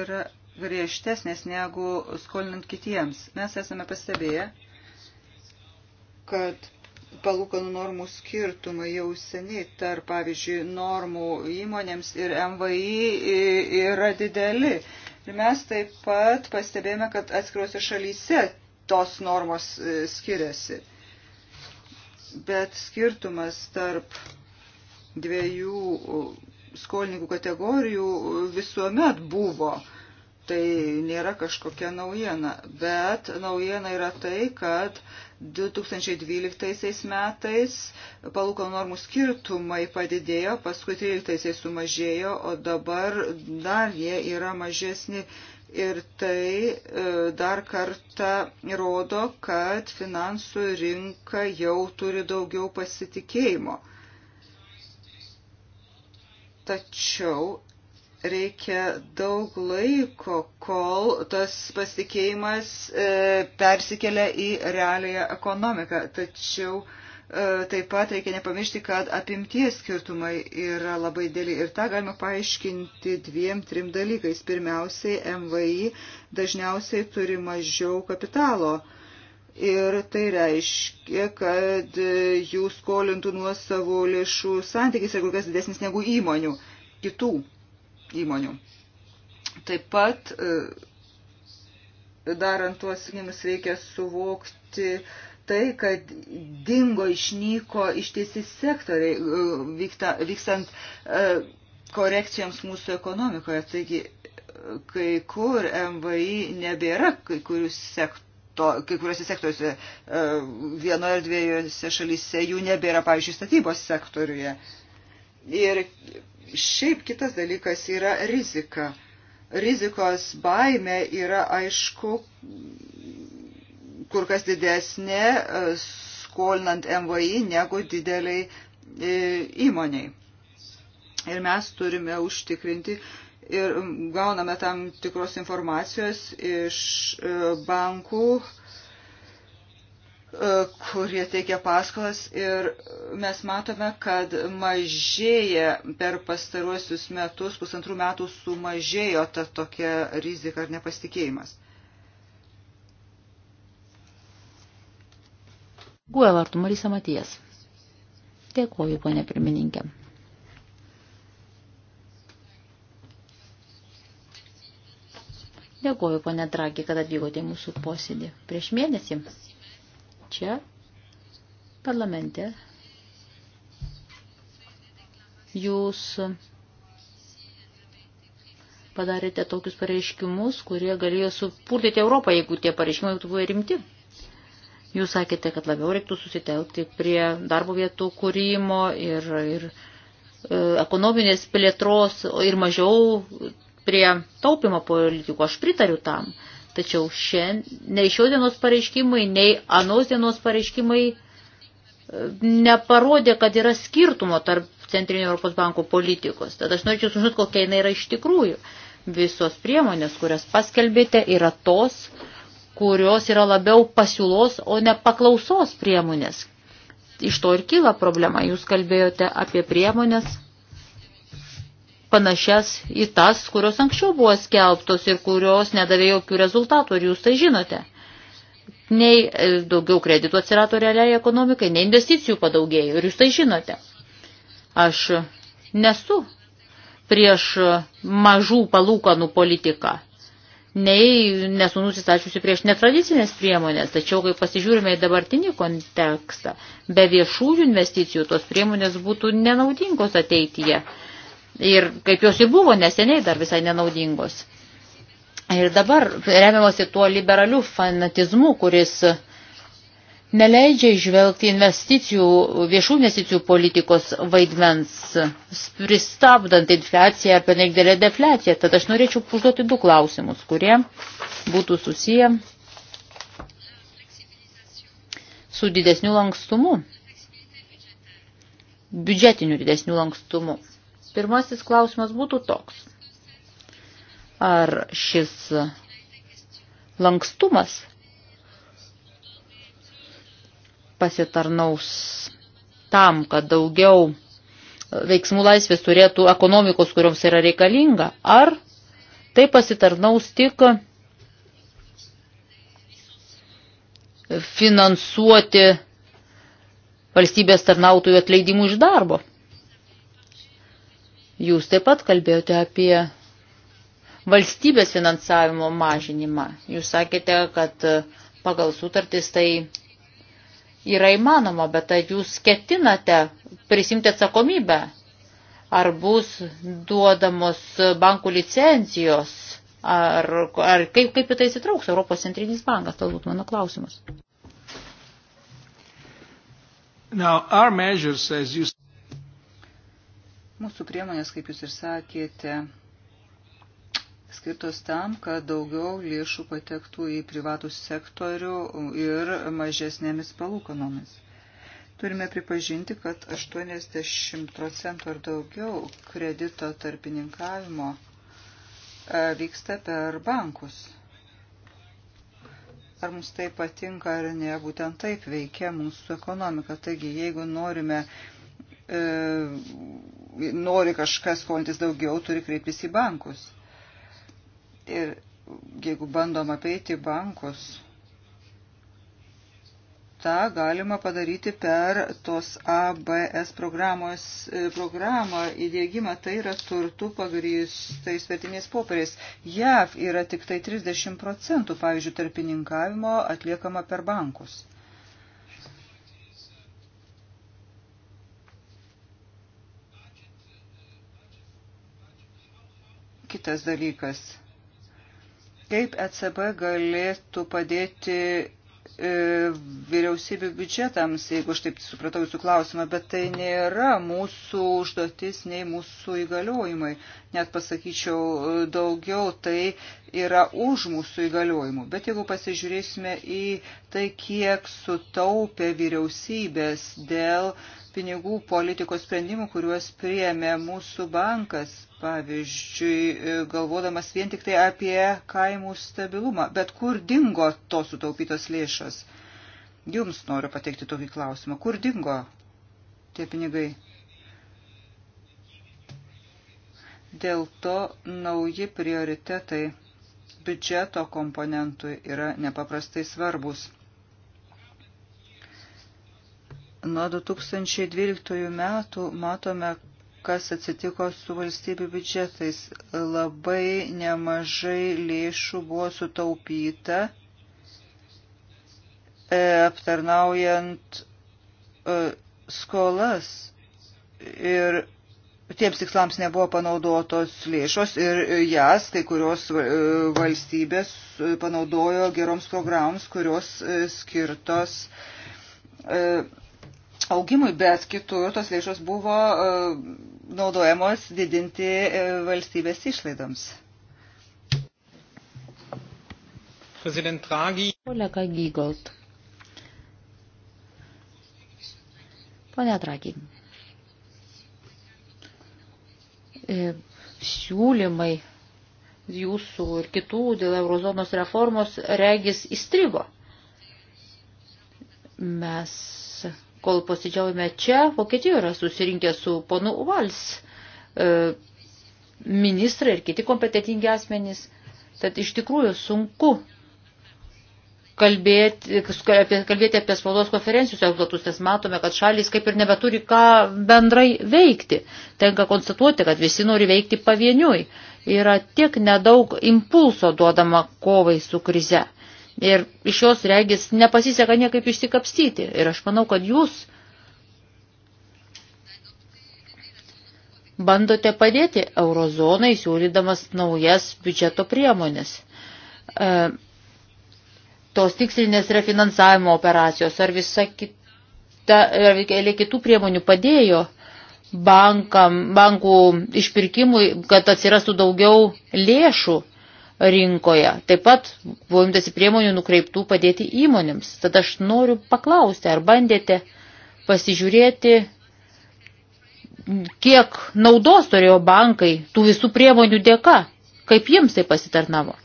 yra griežtesnės negu skolinant kitiems. Mes esame pastebėję, kad palūkanų normų skirtumai jau seniai tarp, pavyzdžiui, normų įmonėms ir MVI yra dideli. Ir tai mes taip pat pastebėjome, kad atskiruose šalyse tos normos e, skiriasi. Bet skirtumas tarp dviejų skolininkų kategorijų visuomet buvo. Tai nėra kažkokia naujiena, bet naujiena yra tai, kad 2012 metais palūkanų normų skirtumai padidėjo, paskui 13 sumažėjo, o dabar dar jie yra mažesni. Ir tai e, dar kartą rodo, kad finansų rinka jau turi daugiau pasitikėjimo. Tačiau reikia daug laiko, kol tas pasitikėjimas e, persikelia į realiąją ekonomiką. Tačiau e, taip pat reikia nepamiršti, kad apimties skirtumai yra labai dėlį. Ir tą galima paaiškinti dviem, trim dalykais. Pirmiausiai, MVI dažniausiai turi mažiau kapitalo. Ir tai reiškia, kad e, jų skolintų nuo savo lėšų santykis yra kur kas didesnis negu įmonių kitų įmonių. Taip pat e, darant tuos sunimus reikia suvokti tai, kad dingo išnyko ištiesi sektoriai e, vykta, vykstant e, korekcijoms mūsų ekonomikoje. Taigi kai kur MVI nebėra kai kurių sektorių to, kai kuriuose sektoriuose vienoje ar dviejose šalyse jų nebėra, pavyzdžiui, statybos sektoriuje. Ir Šiaip kitas dalykas yra rizika. Rizikos baime yra aišku kur kas didesnė e, skolinant MVI negu dideliai e, įmoniai. Ir mes turime užtikrinti ir gauname tam tikros informacijos iš e, bankų E, kurie teikia paskolas ir mes matome, kad mažėja per pastaruosius metus, pusantrų metų sumažėjo ta tokia rizika ar nepasitikėjimas. Guelartų Marisa Matijas. Dėkuoju, ponė pirmininkė. Dėkuoju, ponė Dragi, kad atvykote į mūsų posėdį prieš mėnesį čia, parlamente, jūs padarėte tokius pareiškimus, kurie galėjo supurtyti Europą, jeigu tie pareiškimai būtų buvę rimti. Jūs sakėte, kad labiau reiktų susitelkti prie darbo vietų kūrimo ir, ir e, ekonominės plėtros ir mažiau prie taupimo politikų. Aš pritariu tam. E, Tačiau šiandien, nei šios dienos pareiškimai, nei anos dienos pareiškimai e, neparodė, kad yra skirtumo tarp Centrinio Europos banko politikos. Tad aš norėčiau sužinoti, kokia jinai yra iš tikrųjų. Visos priemonės, kurias paskelbėte, yra tos, kurios yra labiau pasiūlos, o ne paklausos priemonės. Iš to ir kyla problema. Jūs kalbėjote apie priemonės panašias į tas, kurios anksčiau buvo skelbtos ir kurios nedavė jokių rezultatų, ir jūs tai žinote. Nei e, daugiau kreditų atsirado realiai ekonomikai, nei investicijų padaugėjo, ir jūs tai žinote. Aš nesu prieš mažų palūkanų politiką, nei nesu nusistačiusi prieš netradicinės priemonės, tačiau kai pasižiūrime į dabartinį kontekstą, be viešųjų investicijų tos priemonės būtų nenaudingos ateityje ir kaip jos ir buvo neseniai dar visai nenaudingos. Ir dabar remiamasi tuo liberaliu fanatizmu, kuris neleidžia išvelgti investicijų, viešų investicijų politikos vaidmens, pristabdant infliaciją apie nedidelę defliaciją. Tad aš norėčiau užduoti du klausimus, kurie būtų susiję su didesniu lankstumu, biudžetiniu didesniu lankstumu. Pirmasis klausimas būtų toks. Ar šis lankstumas pasitarnaus tam, kad daugiau veiksmų laisvės turėtų ekonomikos, kurioms yra reikalinga, ar tai pasitarnaus tik finansuoti valstybės tarnautojų atleidimų iš darbo. Jūs taip pat kalbėjote apie valstybės finansavimo mažinimą. Jūs sakėte, kad pagal sutartis tai yra įmanoma, bet ar tai jūs ketinate prisimti atsakomybę? Ar bus duodamos bankų licencijos? Ar, ar kaip, kaip į tai įsitrauks Europos centrinis bankas? Tai būtų mano klausimas. Now, our measures, as you... Mūsų priemonės, kaip jūs ir sakėte, skirtos tam, kad daugiau lėšų patektų į privatų sektorių ir mažesnėmis palūkanomis. Turime pripažinti, kad 80 procentų ar daugiau kredito tarpininkavimo e, vyksta per bankus. Ar mums tai patinka ar ne, būtent taip veikia mūsų ekonomika. Taigi, jeigu norime e, nori kažkas skolintis daugiau, turi kreiptis į bankus. Ir jeigu bandom apeiti bankus, tą galima padaryti per tos ABS programos e, programą įdėgymą, tai yra turtų pagrįstais vertiniais popieriais. JAV yra tik tai 30 procentų, pavyzdžiui, tarpininkavimo atliekama per bankus. Kitas dalykas. Kaip ECB galėtų padėti e, vyriausybių biudžetams, jeigu aš taip supratau jūsų klausimą, bet tai nėra mūsų užduotis, nei mūsų įgaliojimai. Net pasakyčiau e, daugiau, tai yra už mūsų įgaliojimų. Bet jeigu pasižiūrėsime į tai, kiek sutaupė vyriausybės dėl uh, pinigų politikos sprendimų, kuriuos priėmė mūsų bankas, pavyzdžiui, galvodamas vien tik tai apie kaimų stabilumą. Bet kur dingo tos sutaupytos lėšos? Jums noriu pateikti tokį klausimą. Kur dingo tie pinigai? Dėl to nauji prioritetai biudžeto komponentui yra nepaprastai svarbus. Nuo 2012 metų matome, kas atsitiko su valstybių biudžetais. Labai nemažai lėšų buvo sutaupyta e, aptarnaujant e, skolas ir tiems tikslams nebuvo panaudotos lėšos ir jas kai kurios e, valstybės panaudojo geroms programoms, kurios skirtos augimui, bet kitur tos lėšos buvo e, naudojamos didinti e, valstybės išlaidoms. Prezident Draghi. Kolega Gygold. Pone Draghi. E, siūlymai jūsų ir kitų dėl eurozonos reformos regis įstrigo. Mes kol posėdžiaujame čia, Vokietijoje yra susirinkę su ponu Vals e, ministrai ir kiti kompetitingi asmenys. Tad iš tikrųjų sunku kalbėti, kalbėti apie spaudos konferencijų rezultatus, nes matome, kad šalys kaip ir nebeturi ką bendrai veikti. Tenka konstatuoti, kad visi nori veikti pavieniui. Yra tiek nedaug impulso duodama kovai su krize ir iš jos regis nepasiseka niekaip išsikapstyti. Ir aš manau, kad jūs bandote padėti eurozonai, siūlydamas naujas biudžeto priemonės. E, tos tikslinės refinansavimo operacijos ar visa kita, ar kitų priemonių padėjo bankam, bankų išpirkimui, kad atsirastų daugiau lėšų rinkoje. Taip pat buvo imtasi priemonių nukreiptų padėti įmonėms. Tad aš noriu paklausti, ar bandėte pasižiūrėti, kiek naudos turėjo bankai tų visų priemonių dėka, kaip jiems tai pasitarnavo.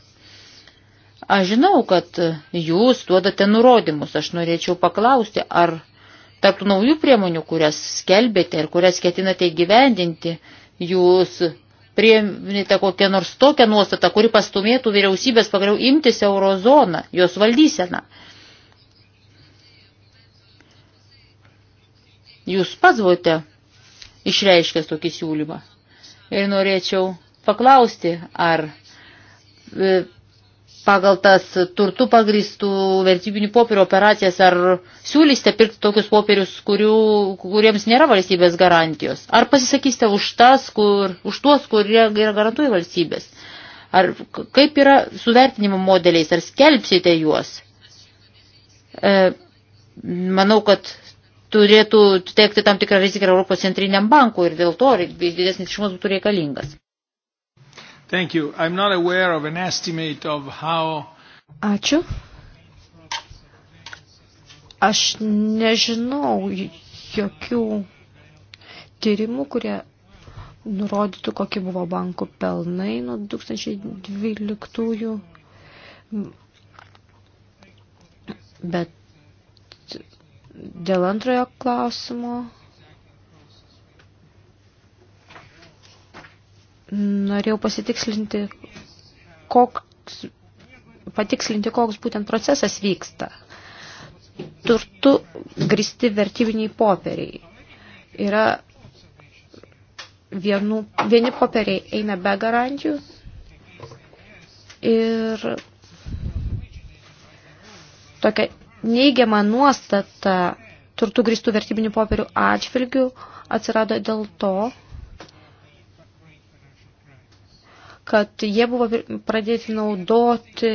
Aš žinau, kad jūs duodate nurodymus. Aš norėčiau paklausti, ar tarp naujų priemonių, kurias skelbėte ir kurias ketinate įgyvendinti, jūs priemite kokią nors tokią nuostatą, kuri pastumėtų vyriausybės pagaliau imtis eurozoną, jos valdyseną. Jūs pats buvote išreiškęs tokį siūlymą. Ir norėčiau paklausti, ar e, pagal tas turtų pagristų vertybinių popierių operacijas, ar siūlysite pirkti tokius popierius, kurių, kuriems nėra valstybės garantijos? Ar pasisakysite už, tas, kur, už tuos, kurie yra garantuoja valstybės? Ar kaip yra su vertinimo modeliais, ar skelbsite juos? E, manau, kad turėtų tekti tam tikrą riziką Europos centriniam bankui ir dėl to didesnis išmas būtų reikalingas. Thank you. I'm not aware of an estimate of how. Ačiū. Aš nežinau jokių tyrimų, kurie nurodytų, kokie buvo bankų pelnai nuo 2012. Bet dėl antrojo klausimo. norėjau pasitikslinti, koks, patikslinti, koks būtent procesas vyksta. Turtu gristi vertybiniai poperiai. Yra vienų, vieni poperiai eina be garantijų ir tokia neigiama nuostata turtų grįstų vertybinių popierių atžvilgių atsirado dėl to, kad jie buvo pradėti naudoti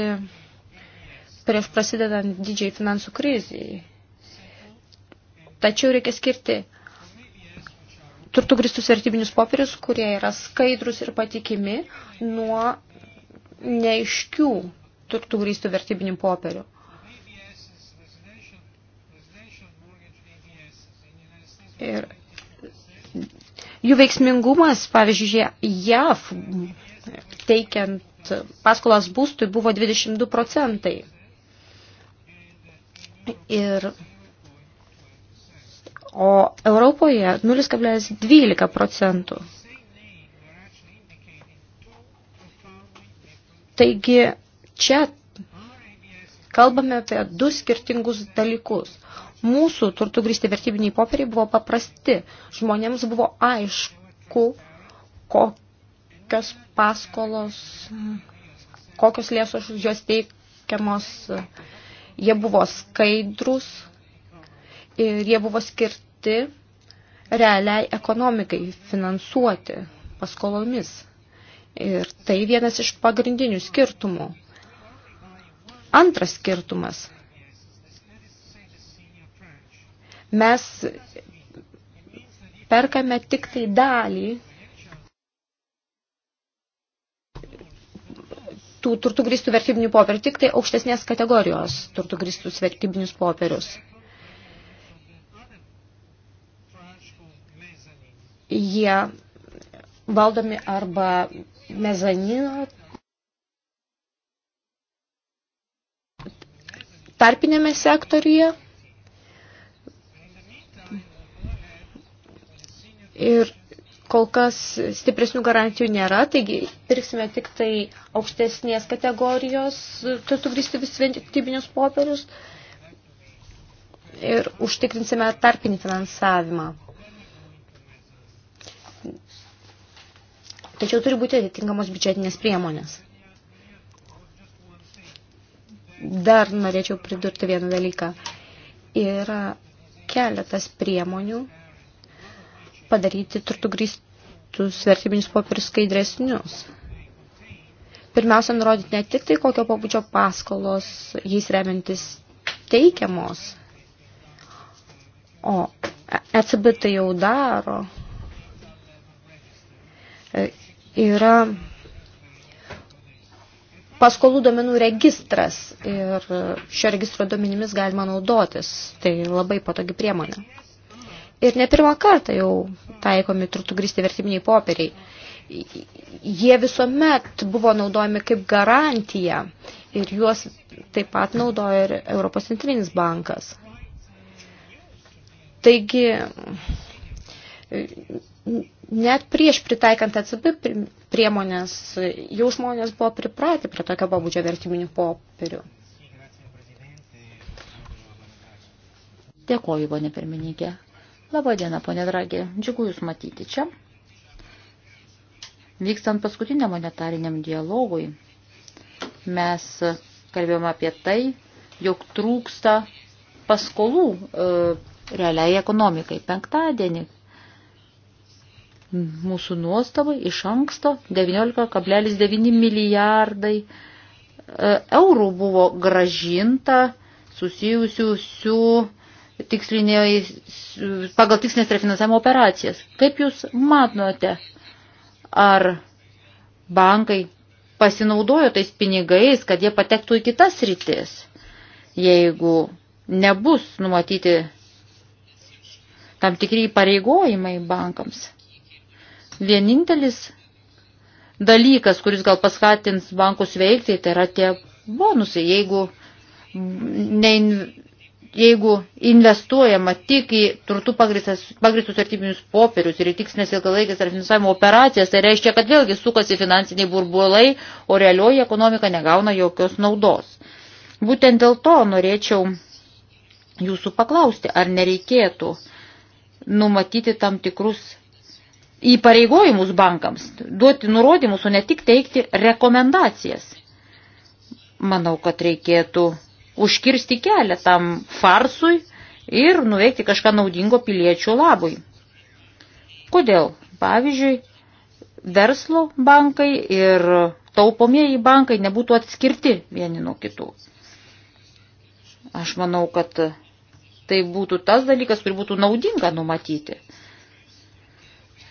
prieš prasidedant didžiai finansų krizijai. Tačiau reikia skirti turtų gristus vertybinius popierius, kurie yra skaidrus ir patikimi nuo neaiškių turtų grįstų vertybinių popierių. Ir jų veiksmingumas, pavyzdžiui, JAV teikiant paskolas būstui buvo 22 procentai. Ir, o Europoje 0,12 procentų. Taigi čia kalbame apie du skirtingus dalykus. Mūsų turtų grįsti vertybiniai popieriai buvo paprasti. Žmonėms buvo aišku, ko, kokios paskolos, kokios lėšos jos teikiamos, jie buvo skaidrus ir jie buvo skirti realiai ekonomikai finansuoti paskolomis. Ir tai vienas iš pagrindinių skirtumų. Antras skirtumas. Mes perkame tik tai dalį tų turtų grįstų vertybinių popierių, tik tai aukštesnės kategorijos turtų grįstus vertybinius popierius. Jie valdomi arba mezanino tarpinėme sektoriuje. Ir kol kas stipresnių garantijų nėra, taigi pirksime tik tai aukštesnės kategorijos turtų grįsti vis vertybinius popierius ir užtikrinsime tarpinį finansavimą. Tačiau turi būti atitinkamos biudžetinės priemonės. Dar norėčiau pridurti vieną dalyką. Yra keletas priemonių, padaryti turtų grįstus vertybinius popierius skaidresnius. Pirmiausia, nurodyti ne tik tai, kokio pobūdžio paskolos jais remiantis teikiamos, o ECB tai jau daro. E, yra paskolų domenų registras ir šio registro domenimis galima naudotis. Tai labai patogi priemonė ir ne pirmą kartą jau taikomi turtų grįsti vertybiniai popieriai. Jie visuomet buvo naudojami kaip garantija ir juos taip pat naudoja ir Europos centrinis bankas. Taigi, net prieš pritaikant ECB priemonės, jau žmonės buvo pripratę prie tokio pabudžio vertiminių popierių. Dėkoju, ponė pirmininkė. Labadiena, ponė Dragė, džiugu Jūs matyti čia. Vykstant paskutiniam monetariniam dialogui, mes kalbėjome apie tai, jog trūksta paskolų e, realiai ekonomikai. Penktadienį mūsų nuostabai iš anksto 19,9 milijardai e, eurų buvo gražinta susijusių su pagal tikslinės refinansavimo operacijas. Kaip Jūs matote, ar bankai pasinaudojo tais pinigais, kad jie patektų į kitas rytis, jeigu nebus numatyti tam tikri pareigojimai bankams. Vienintelis dalykas, kuris gal paskatins bankus veikti, tai yra tie bonusai. Jeigu nein, jeigu investuojama tik į turtų pagristus vertybinius popierius ir į tikslinės ilgalaikės ar finansavimo operacijas, tai reiškia, kad vėlgi sukasi finansiniai burbulai, o realioji ekonomika negauna jokios naudos. Būtent dėl to norėčiau jūsų paklausti, ar nereikėtų numatyti tam tikrus įpareigojimus bankams, duoti nurodymus, o ne tik teikti rekomendacijas. Manau, kad reikėtų užkirsti kelią tam farsui ir nuveikti kažką naudingo piliečių labui. Kodėl? Pavyzdžiui, verslo bankai ir taupomieji bankai nebūtų atskirti vieni nuo kitų. Aš manau, kad tai būtų tas dalykas, kurį būtų naudinga numatyti.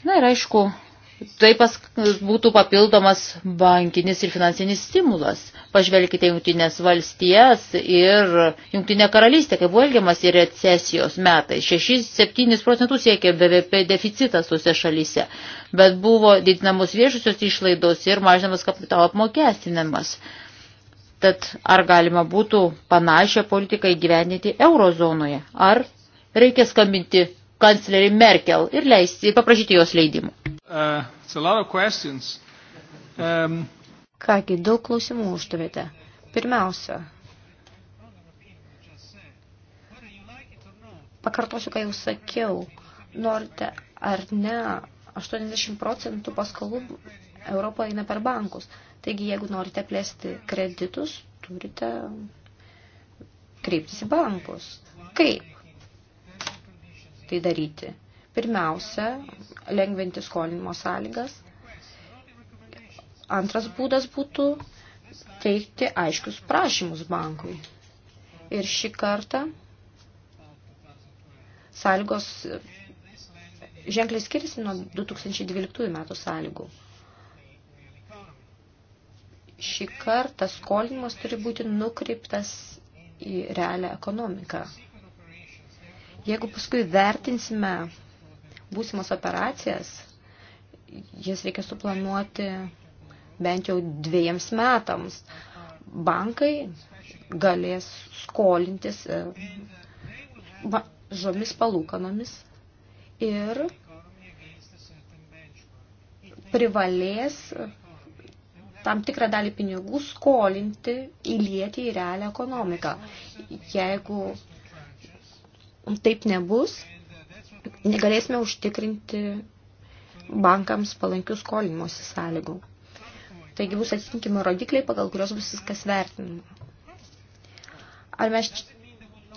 Na ir aišku, Tai pas, būtų papildomas bankinis ir finansinis stimulas. Pažvelkite jungtinės valstijas ir jungtinė karalystė, kaip buvo elgiamas į recesijos metais. 6-7 procentų siekė BVP deficitas tose šalyse, bet buvo didinamos viešusios išlaidos ir mažinamas kapitalo apmokestinimas. Tad ar galima būtų panašią politiką įgyvendinti eurozonoje? Ar reikia skambinti kanclerį Merkel ir leisti, paprašyti jos leidimų? Uh, um... Kągi, daug klausimų užtuvėte. Pirmiausia, pakartosiu, ką jau sakiau, norite ar ne, 80 procentų paskolų Europoje eina per bankus. Taigi, jeigu norite plėsti kreditus, turite kreiptis į bankus. Kaip tai daryti? Pirmiausia, lengvinti skolinimo sąlygas. Antras būdas būtų teikti aiškius prašymus bankui. Ir šį kartą sąlygos ženkliai skiriasi nuo 2012 metų sąlygų. Šį kartą skolinimas turi būti nukreiptas į realią ekonomiką. Jeigu paskui vertinsime būsimas operacijas, jas reikia suplanuoti bent jau dviejams metams. Bankai galės skolintis mažomis e, palūkanomis ir privalės tam tikrą dalį pinigų skolinti įlieti į realią ekonomiką. Jeigu taip nebus, negalėsime užtikrinti bankams palankių skolimosi sąlygų. Taigi bus atitinkimi rodikliai, pagal kurios bus viskas vertinama. Ar mes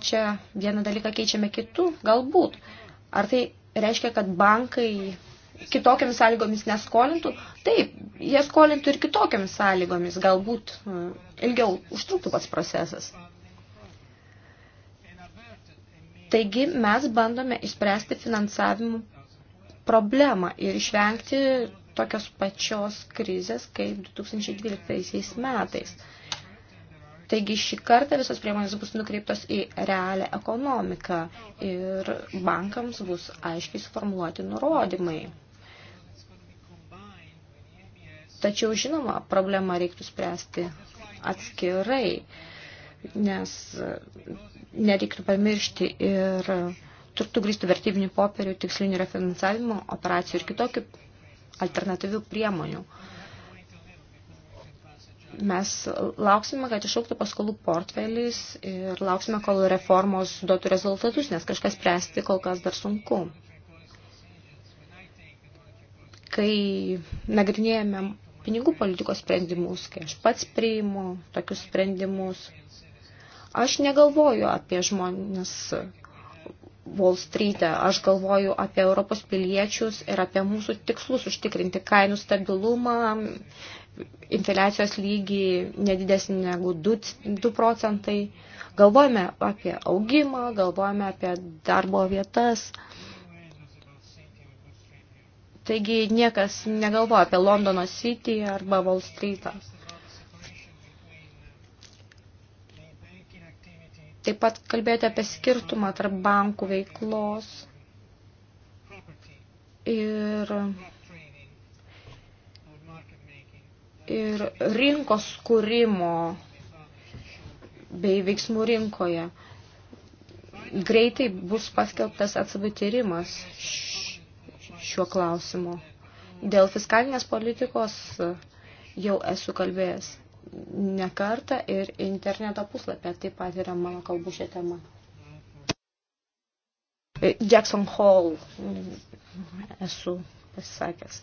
čia vieną dalyką keičiame kitų? Galbūt. Ar tai reiškia, kad bankai kitokiamis sąlygomis neskolintų? Taip, jie skolintų ir kitokiamis sąlygomis. Galbūt e, ilgiau užtruktų pats procesas. Taigi mes bandome išspręsti finansavimų problemą ir išvengti tokios pačios krizės kaip 2012 metais. Taigi šį kartą visos priemonės bus nukreiptos į realią ekonomiką ir bankams bus aiškiai suformuoluoti nurodymai. Tačiau, žinoma, problemą reiktų spręsti atskirai nes e, nereiktų pamiršti ir turtų grįžtų vertybinių popierių, tikslinių refinansavimo operacijų ir kitokių alternatyvių priemonių. Mes lauksime, kad išauktų paskolų portfelis ir lauksime, kol reformos duotų rezultatus, nes kažkas spręsti kol kas dar sunku. Kai nagrinėjame pinigų politikos sprendimus, kai aš pats priimu tokius sprendimus, Aš negalvoju apie žmonės Wall Street'e, aš galvoju apie Europos piliečius ir apie mūsų tikslus užtikrinti kainų stabilumą, infliacijos lygį nedidesnį negu 2, 2 procentai. Galvojame apie augimą, galvojame apie darbo vietas. Taigi niekas negalvoja apie Londono City arba Wall Street'ą. Taip pat kalbėjote apie skirtumą tarp bankų veiklos ir, ir rinkos skūrimo bei veiksmų rinkoje. Greitai bus paskelbtas atsibatyrimas šiuo klausimu. Dėl fiskalinės politikos jau esu kalbėjęs nekartą ir interneto puslapė taip pat yra mano kalbų šią temą. E, Jackson Hall mm, esu pasisakęs.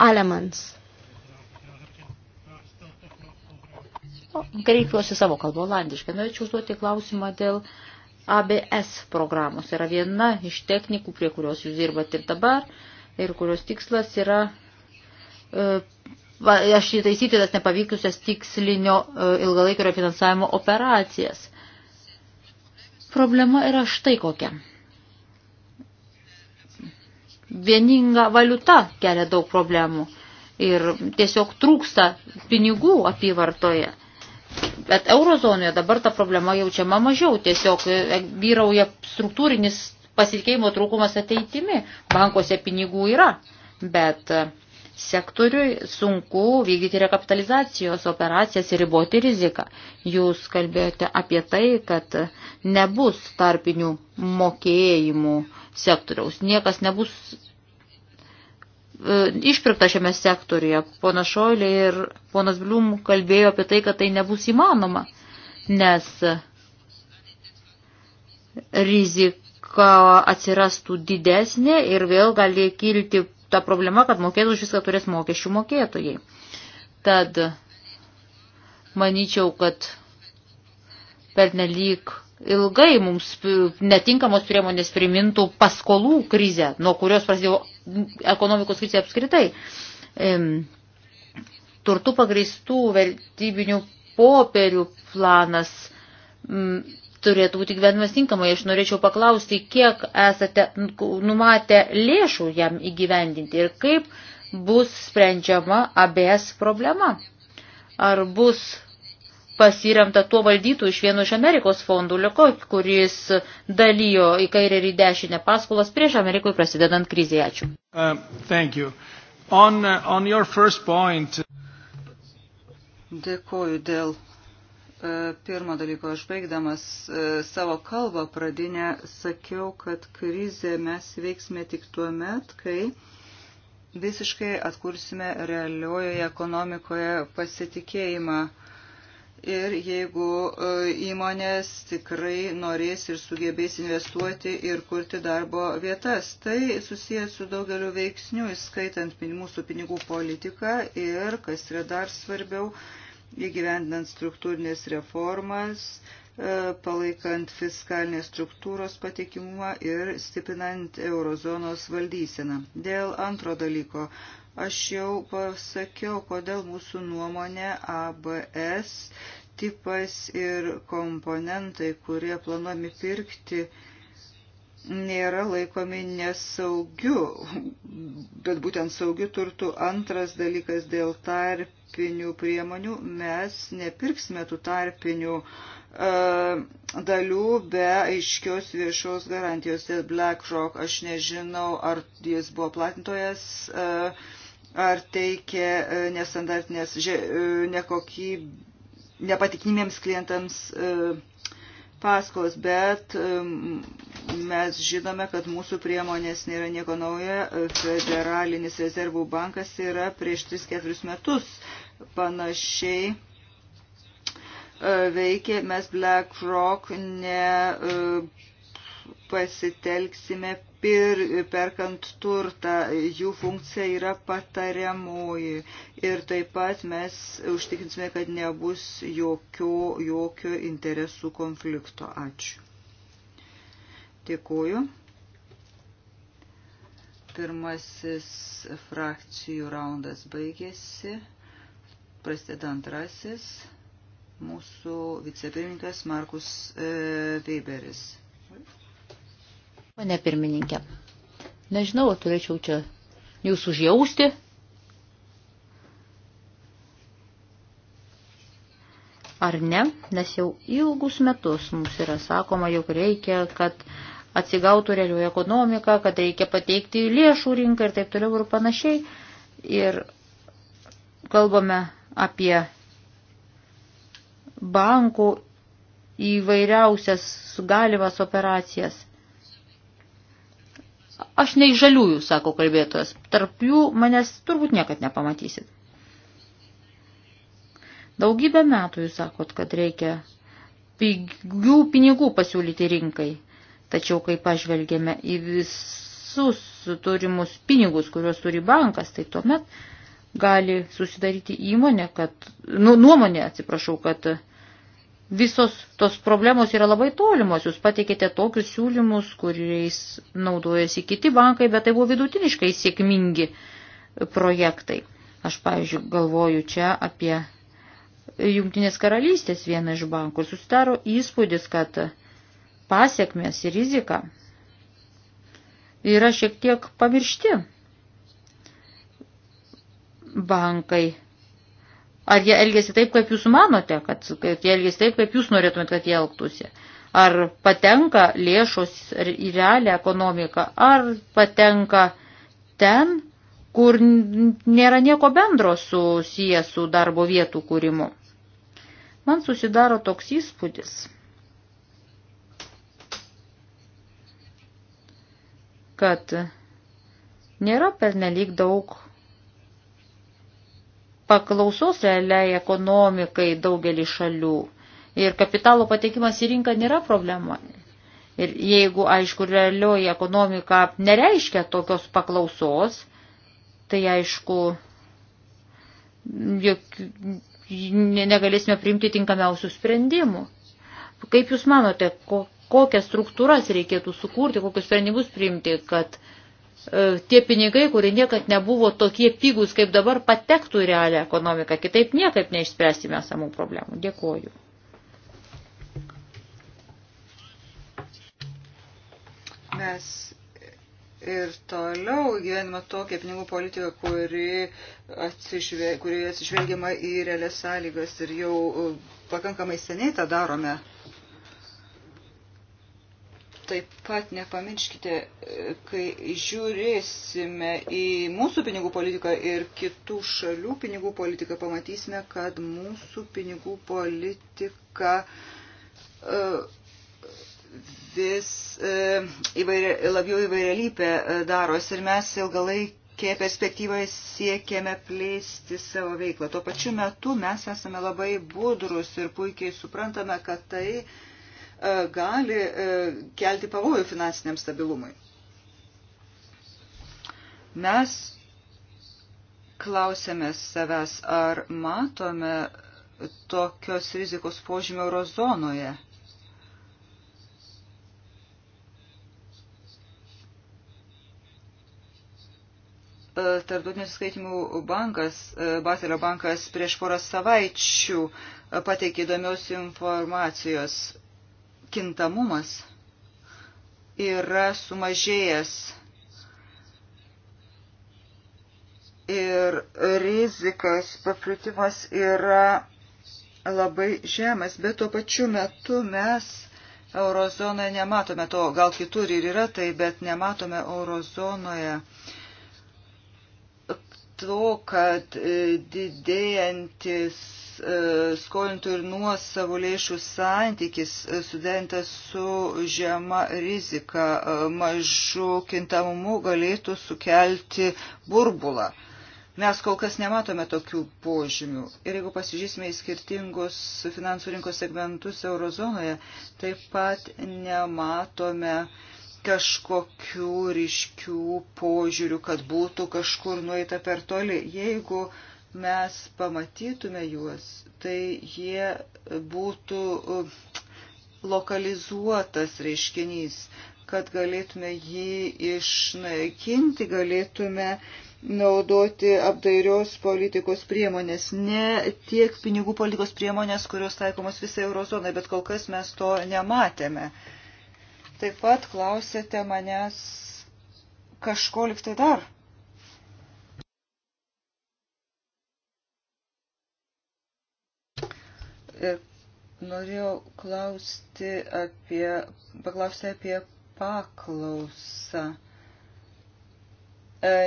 Alemans. Kreipiuosi savo kalbą olandiškai. Norėčiau užduoti klausimą dėl ABS programos. Yra viena iš technikų, prie kurios jūs dirbate ir dabar. Uh, ir kurios tikslas yra e, aš įtaisyti tas nepavykusias tikslinio e, ilgalaikio finansavimo operacijas. Problema yra štai kokia. Vieninga valiuta kelia daug problemų ir tiesiog trūksta pinigų apyvartoje. Bet eurozonoje dabar ta problema jaučiama mažiau, tiesiog e, vyrauja struktūrinis pasitikėjimo trūkumas ateitimi. Bankose pinigų yra, bet sektoriui sunku vykdyti rekapitalizacijos operacijas ir riboti riziką. Jūs kalbėjote apie tai, kad nebus tarpinių mokėjimų sektoriaus. Niekas nebus e, išpirkta šiame sektoriuje. Pona Šoilė ir ponas Blium kalbėjo apie tai, kad tai nebus įmanoma, nes rizik, atsirastų didesnė ir vėl gali kilti ta problema, kad mokėtų už viską turės mokesčių mokėtojai. Tad manyčiau, kad per nelik ilgai mums netinkamos priemonės primintų paskolų krizę, nuo kurios prasidėjo ekonomikos krizė apskritai. Turtų pagristų vertybinių popierių planas turėtų būti gyvenimas tinkamai. Aš norėčiau paklausti, kiek esate numatę lėšų jam įgyvendinti ir kaip bus sprendžiama ABS problema. Ar bus pasiremta tuo valdytų iš vieno iš Amerikos fondų liko, kuris dalyjo į kairę ir į dešinę paskolas prieš Amerikui prasidedant krizį. Ačiū. Uh, on, uh, on Dėkoju dėl E, pirmo dalyko, aš baigdamas e, savo kalbą pradinę sakiau, kad krizę mes veiksime tik tuo met, kai visiškai atkursime realiojoje ekonomikoje pasitikėjimą. Ir jeigu e, įmonės tikrai norės ir sugebės investuoti ir kurti darbo vietas, tai susijęs su daugeliu veiksnių, įskaitant mūsų pinigų politiką ir, kas yra dar svarbiau, įgyvendinant struktūrinės reformas, e, palaikant fiskalinės struktūros patikimumą ir stiprinant eurozonos valdyseną. Dėl antro dalyko, aš jau pasakiau, kodėl mūsų nuomonė ABS tipas ir komponentai, kurie planuomi pirkti, nėra laikomi nesaugiu, bet būtent saugiu turtu. Antras dalykas dėl tarp tarpinių priemonių mes nepirksime tų tarpinių uh, dalių be aiškios viešos garantijos. Dėl BlackRock aš nežinau, ar jis buvo platintojas, uh, ar teikė uh, nestandartinės, nekokį, nepatikimiems klientams paskolas, bet Mes žinome, kad mūsų priemonės nėra nieko nauja. Federalinis rezervų bankas yra prieš 3-4 metus panašiai e, veikė. Mes BlackRock ne e, pasitelksime pir, perkant turtą, jų funkcija yra patariamoji. Ir taip pat mes užtikrinsime, kad nebus jokio, jokio interesų konflikto. Ačiū. Dėkuoju. Pirmasis frakcijų raundas baigėsi. Prasideda antrasis. Mūsų vicepirmininkas Markus e, Weberis. Pane pirmininkė, nežinau, turėčiau čia jūs užjausti. ar ne, nes jau ilgus metus mums yra sakoma, jog reikia, kad atsigautų realioji ekonomika, kad reikia pateikti lėšų rinką ir taip toliau ir panašiai. Ir kalbame apie bankų įvairiausias galimas operacijas. Aš nei žaliųjų, sako kalbėtojas, tarp jų manęs turbūt niekad nepamatysit. Daugybę metų jūs sakot, kad reikia pigių pinigų pasiūlyti rinkai. Tačiau, kai pažvelgėme į visus turimus pinigus, kuriuos turi bankas, tai tuomet gali susidaryti įmonė, kad, nu, nuomonė, atsiprašau, kad visos tos problemos yra labai tolimos. Jūs pateikėte tokius siūlymus, kuriais naudojasi kiti bankai, bet tai buvo vidutiniškai sėkmingi projektai. Aš, pavyzdžiui, galvoju čia apie Jungtinės karalystės vieną iš bankų ir susidaro įspūdis, kad pasiekmes ir rizika yra šiek tiek pamiršti. Bankai. Ar jie elgėsi taip, kaip jūs manote, kad, kad jie elgėsi taip, kaip jūs norėtumėt, kad jie elgtųsi? Ar patenka lėšos į realią ekonomiką, ar patenka ten, kur nėra nieko bendro susiję su darbo vietų kūrimu. Man susidaro toks įspūdis, kad nėra pernelyg daug paklausos realiai ekonomikai daugelį šalių ir kapitalo patekimas į rinką nėra problema. Ir jeigu, aišku, realioji ekonomika nereiškia tokios paklausos, tai aišku, jok, negalėsime priimti tinkamiausių sprendimų. Kaip Jūs manote, kokias struktūras reikėtų sukurti, kokius sprendimus priimti, kad e, tie pinigai, kurie niekad nebuvo tokie pigus, kaip dabar patektų į realią ekonomiką, kitaip niekaip neišspręsime samų problemų. Dėkuoju. Mes ir toliau gyvenimą tokią pinigų politiką, kuri atsižvelgia, kuri atsižvelgiama į realias sąlygas ir jau e, pakankamai seniai tą darome. Taip pat nepamirškite, e, kai žiūrėsime į mūsų pinigų politiką ir kitų šalių pinigų politiką, pamatysime, kad mūsų pinigų politika uh, vis e, įvairia, labiau įvairialypė e, darosi ir mes ilgalaikėje perspektyvoje siekiame plėsti savo veiklą. Tuo pačiu metu mes esame labai budrus ir puikiai suprantame, kad tai e, gali kelti pavojų finansiniam stabilumui. Mes klausėme savęs, ar matome tokios rizikos požymio eurozonoje E, Tartutinis skaitimų bankas, e, Bazelio bankas prieš porą savaičių e, pateikė įdomios informacijos. Kintamumas yra sumažėjęs ir rizikas paplitimas yra labai žemas, bet tuo pačiu metu mes eurozonoje nematome to, gal kitur ir yra tai, bet nematome eurozonoje to, kad e, didėjantis e, skolintų ir nuosavų lėšų santykis e, sudentas su žema rizika mažu kintamumu galėtų sukelti burbulą. Mes kol kas nematome tokių požymių. Ir jeigu pasižiūrėsime į skirtingus finansų rinkos segmentus eurozonoje, taip pat nematome uh, kažkokių ryškių požiūrių, kad būtų kažkur nueita per toli. Jeigu mes pamatytume juos, tai jie būtų uh, lokalizuotas reiškinys, kad galėtume jį išnaikinti, galėtume naudoti apdairios politikos priemonės, ne tiek pinigų politikos priemonės, kurios taikomas visai eurozonai, bet kol kas mes to nematėme. Uh, Taip pat klausėte manęs kažko liktai dar. Ir e, norėjau klausti apie, paklausti apie paklausą. E,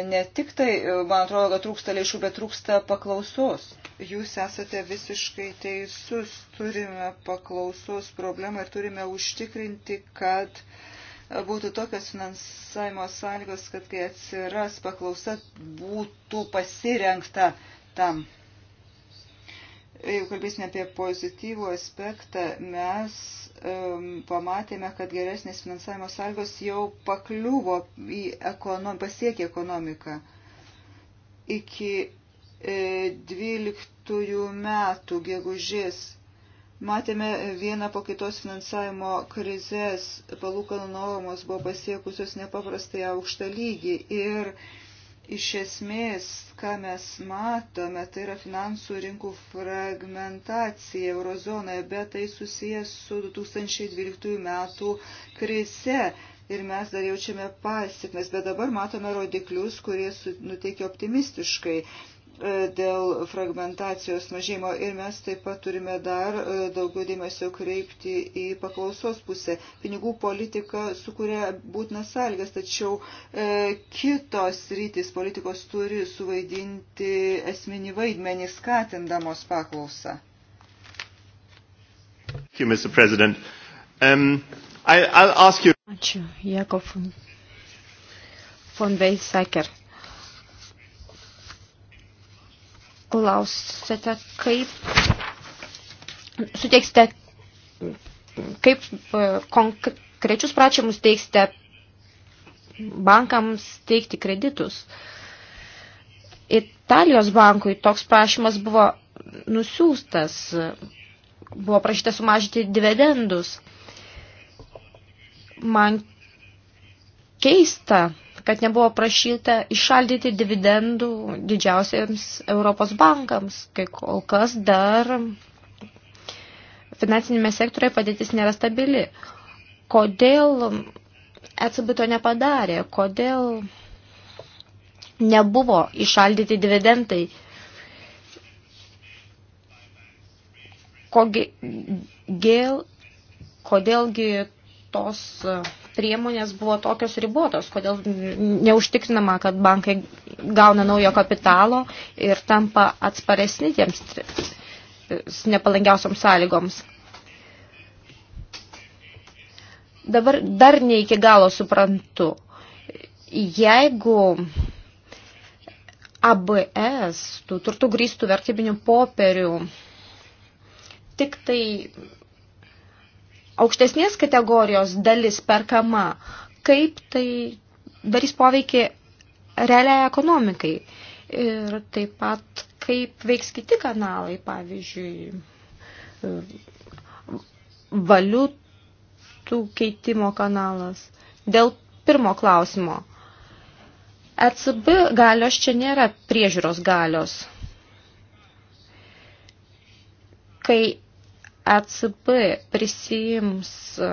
ne tik tai, man atrodo, kad trūksta lėšų, bet trūksta paklausos jūs esate visiškai teisus, turime paklausos problemą ir turime užtikrinti, kad būtų tokios finansavimo sąlygos, kad kai atsiras paklausa, būtų pasirengta tam. Jeigu kalbėsime apie pozityvų aspektą, mes um, pamatėme, kad geresnės finansavimo sąlygos jau pakliuvo į ekonom, pasiekį ekonomiką. Iki 12 e, metų gegužės. Matėme vieną po kitos finansavimo krizės, palūkanų normos buvo pasiekusios nepaprastai aukštą lygį ir iš esmės, ką mes matome, tai yra finansų rinkų fragmentacija eurozonoje, bet tai susijęs su 2012 metų krize ir mes dar jaučiame pasiekmes, bet dabar matome rodiklius, kurie nuteikia optimistiškai E, dėl fragmentacijos mažėjimo ir mes taip pat turime dar e, daugiau dėmesio kreipti į paklausos pusę. Pinigų politika sukuria būtinas sąlygas, tačiau e, kitos rytis politikos turi suvaidinti esminį vaidmenį skatindamos paklausą. Ačiū, Mr. President. Um, I, I'll ask you. Ačiū, Jakov von Weissacker. klausėte, kaip suteiksite, kaip e, konkrečius prašymus teiksite bankams teikti kreditus. Italijos bankui toks prašymas buvo nusiūstas, buvo prašyta sumažinti dividendus. Man keista, kad nebuvo prašyta išaldyti dividendų didžiausiams Europos bankams, kai kol kas dar finansinėme sektorėje padėtis nėra stabili. Kodėl ECB to nepadarė? Kodėl nebuvo išaldyti dividendai? Kodėl, kodėlgi tos uh, priemonės buvo tokios ribotos, kodėl neužtikrinama, kad bankai gauna naujo kapitalo ir tampa atsparesni tiems nepalankiausioms sąlygoms. Dabar dar ne iki galo suprantu, jeigu ABS, tų turtų grįstų vertybinių popierių, tik tai aukštesnės kategorijos dalis perkama, kaip tai darys poveikį realiai ekonomikai. Ir taip pat, kaip veiks kiti kanalai, pavyzdžiui, valiutų keitimo kanalas. Dėl pirmo klausimo. ECB galios čia nėra priežiūros galios. Kai ECB prisijims e,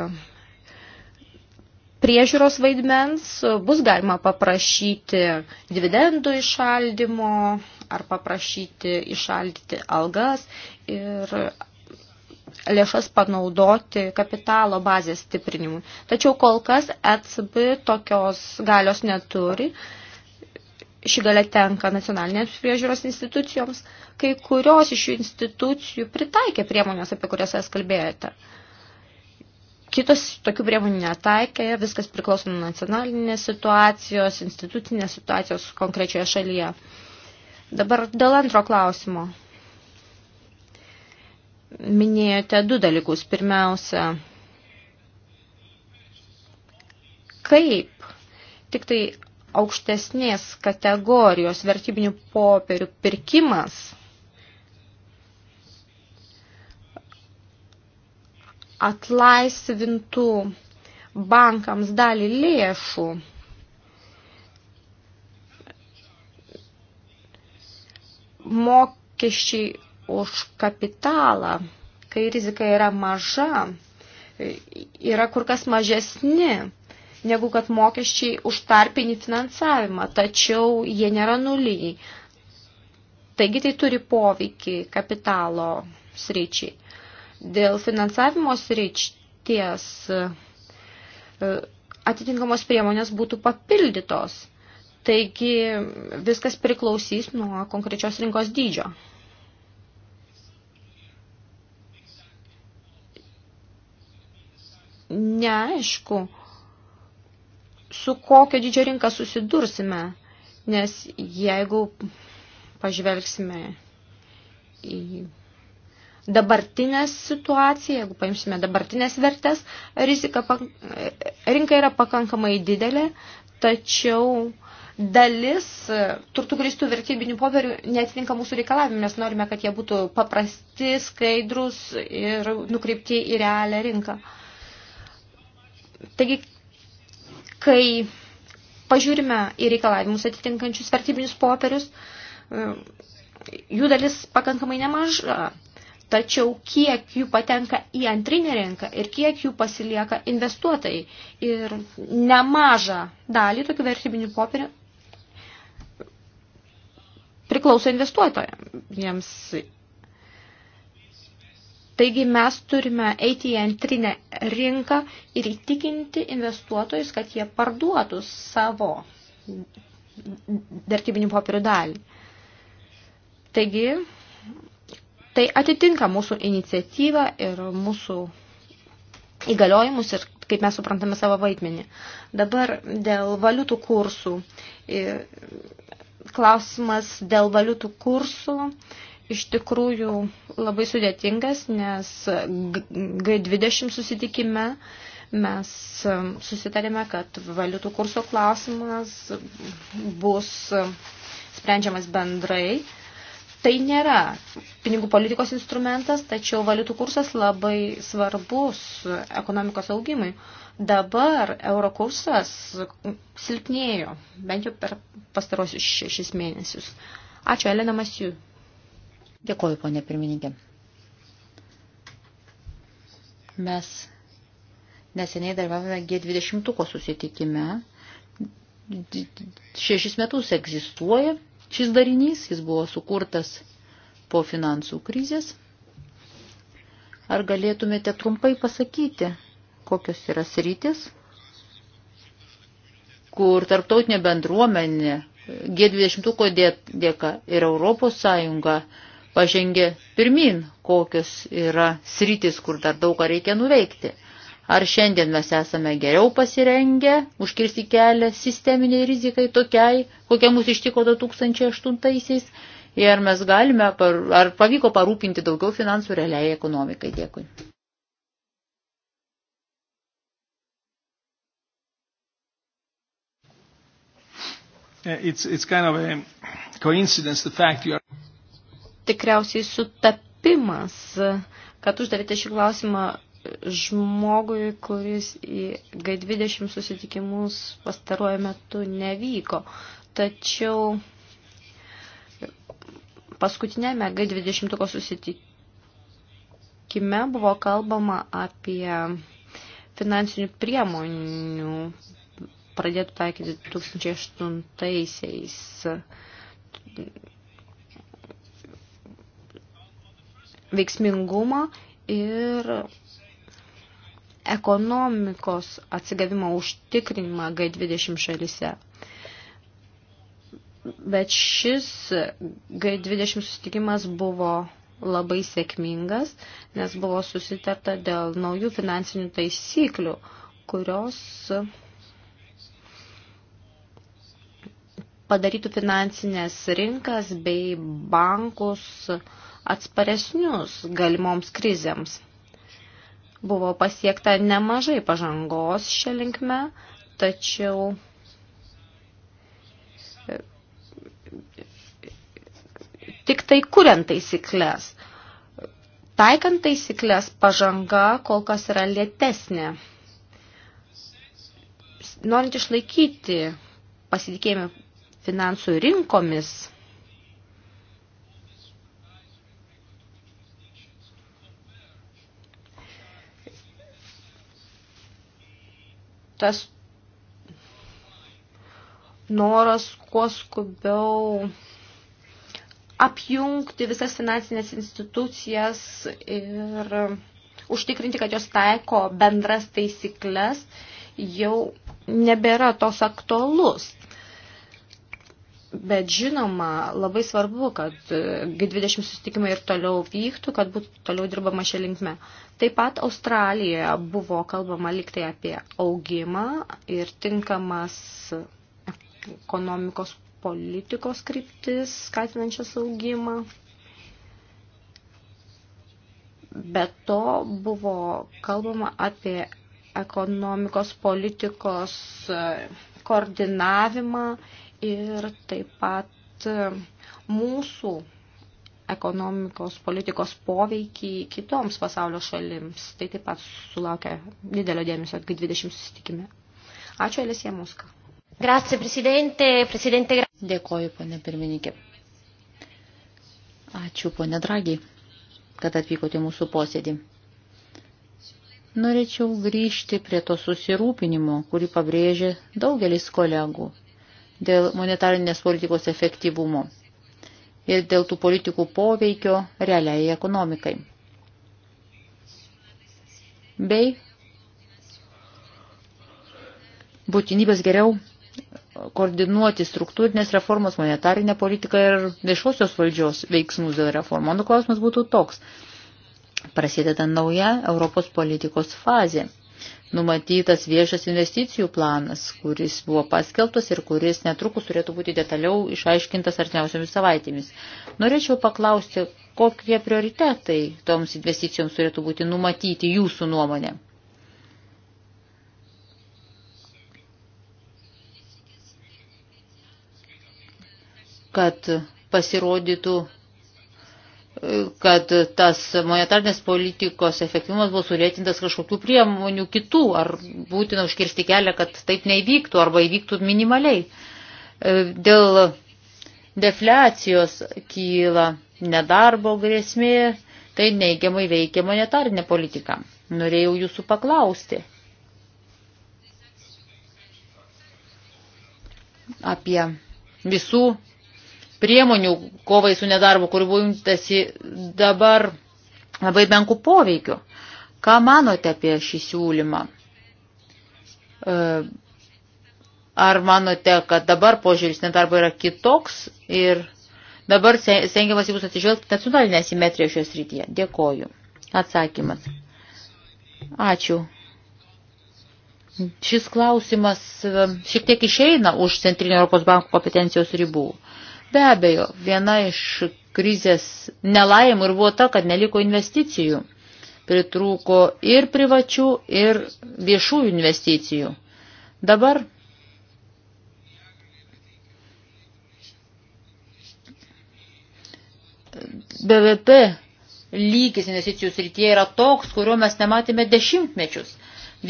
priežiūros vaidmens, bus galima paprašyti dividendų išaldimo ar paprašyti išaldyti algas ir lėšas panaudoti kapitalo bazės stiprinimui. Tačiau kol kas ECB tokios galios neturi, ši galia tenka nacionalinėms priežiūros institucijoms, kai kurios iš šių institucijų pritaikė priemonės, apie kurias jūs kalbėjote. Kitos tokių priemonių netaikė, viskas priklauso nuo nacionalinės situacijos, institucinės situacijos konkrečioje šalyje. Dabar dėl antro klausimo. Minėjote du dalykus. Pirmiausia, kaip tik tai aukštesnės kategorijos vertybinių popierių pirkimas atlaisvintų bankams dalį lėšų. Mokesčiai už kapitalą, kai rizika yra maža, yra kur kas mažesni negu kad mokesčiai už tarpinį finansavimą, tačiau jie nėra nuliniai. Taigi tai turi poveikį kapitalo sričiai. Dėl finansavimo sričties e, atitinkamos priemonės būtų papildytos. Taigi viskas priklausys nuo konkrečios rinkos dydžio. Neaišku, su kokio didžio rinka susidursime, nes jeigu pažvelgsime į dabartinę situaciją, jeigu paimsime dabartinės vertės, rizika, rinka yra pakankamai didelė, tačiau dalis turtų grįstų vertybinių popierių netinka mūsų reikalavimui, mes norime, kad jie būtų paprasti, skaidrus ir nukreipti į realią rinką. Taigi, Kai pažiūrime į reikalavimus atitinkančius vertybinius popierius, e, jų dalis pakankamai nemaža. Tačiau kiek jų patenka į antrinę rinką ir kiek jų pasilieka investuotojai. Ir nemažą dalį tokių vertybinių popierių priklauso investuotojams. Jiems Taigi mes turime eiti į antrinę rinką ir įtikinti investuotojus, kad jie parduotų savo vertybinių popierių dalį. Taigi, tai atitinka mūsų iniciatyvą ir mūsų įgaliojimus ir kaip mes suprantame savo vaidmenį. Dabar dėl valiutų kursų. Klausimas dėl valiutų kursų iš tikrųjų labai sudėtingas, nes G20 susitikime mes um, susitarėme, kad valiutų kurso klausimas bus um, sprendžiamas bendrai. Tai nėra pinigų politikos instrumentas, tačiau valiutų kursas labai svarbus ekonomikos augimui. Dabar euro kursas silpnėjo, bent jau per pastarosius šešis mėnesius. Ačiū, Elena Masiu. Dėkoju, ponė pirmininkė. Mes neseniai dalyvavome G20 susitikime. Šešis metus egzistuoja šis darinys, jis buvo sukurtas po finansų krizės. Ar galėtumėte trumpai pasakyti, kokios yra sritis, kur tarptautinė bendruomenė G20 dėka ir Europos Sąjunga uh, pažengė pirmin, kokios yra sritis, kur dar daug ką reikia nuveikti. Ar šiandien mes esame geriau pasirengę užkirsti kelią sisteminiai rizikai tokiai, kokia mūsų ištiko 2008-aisiais, ir mes galime, ar pavyko parūpinti daugiau finansų realiai ekonomikai. Dėkui. It's, it's kind of a coincidence the fact you are tikriausiai sutapimas, kad uždavėte šį klausimą žmogui, kuris į G20 susitikimus pastaruoju metu nevyko. Tačiau paskutinėme G20 susitikime buvo kalbama apie finansinių priemonių pradėtų taikyti 2008-aisiais. veiksmingumo ir ekonomikos atsigavimo užtikrinimą G20 šalise. Bet šis G20 susitikimas buvo labai sėkmingas, nes buvo susitarta dėl naujų finansinių taisyklių, kurios padarytų finansinės rinkas bei bankus uh, atsparesnius galimoms krizėms. Buvo pasiekta nemažai pažangos šią linkme, tačiau tik tai kuriant taisyklės. Taikant taisyklės pažanga kol kas yra lėtesnė. Norint išlaikyti pasitikėjimą finansų rinkomis, tas noras kuo skubiau apjungti visas finansinės institucijas ir užtikrinti, kad jos taiko bendras taisyklės, jau nebėra tos aktualus. Bet žinoma, labai svarbu, kad e, G20 susitikimai ir toliau vyktų, kad būtų toliau dirbama šią linkmę. Taip pat Australijoje buvo kalbama liktai apie augimą ir tinkamas ekonomikos politikos kryptis, skatinančias augimą. Bet to buvo kalbama apie ekonomikos politikos e, koordinavimą ir taip pat e, mūsų ekonomikos politikos poveikį kitoms pasaulio šalims. Tai taip pat sulaukia didelio dėmesio G20 susitikime. Ačiū, Elisija Muska. Grazie, prezidente. prezidente gra... Dėkoju, ponė pirmininkė. Ačiū, ponė Dragiai, kad atvykote mūsų posėdį. Norėčiau grįžti prie to susirūpinimo, kurį pabrėžė daugelis kolegų dėl monetarinės politikos efektyvumo ir dėl tų politikų poveikio realiai ekonomikai. Bei būtinybės geriau koordinuoti struktūrinės reformos, monetarinę politiką ir viešosios valdžios veiksmus dėl reformų. Mano klausimas būtų toks. Prasideda nauja Europos politikos fazė numatytas viešas investicijų planas, kuris buvo paskeltas ir kuris netrukus turėtų būti detaliau išaiškintas artimiausiomis savaitėmis. Norėčiau paklausti, kokie prioritetai toms investicijoms turėtų būti numatyti jūsų nuomonė. Kad pasirodytų kad tas monetarnės politikos efektyvumas buvo sulėtintas kažkokių priemonių kitų, ar būtina užkirsti kelią, kad taip neįvyktų, arba įvyktų minimaliai. E, dėl defliacijos kyla nedarbo grėsmė, tai neigiamai veikia monetarinė politika. Norėjau jūsų paklausti apie visų priemonių kovai su nedarbu, kur buvo imtasi dabar labai menkų poveikių. Ką manote apie šį siūlymą? E, ar manote, kad dabar požiūris nedarbo yra kitoks ir dabar stengiamas jūs atsižvelgti nacionalinę simetriją šios rytyje? Dėkoju. Atsakymas. Ačiū. Šis klausimas e, šiek tiek išeina už Centrinio Europos bankų kompetencijos ribų. Be abejo, viena iš krizės nelaimų ir buvo ta, kad neliko investicijų. Pritrūko ir privačių, ir viešų investicijų. Dabar BVP lygis investicijų srityje yra toks, kurio mes nematėme dešimtmečius.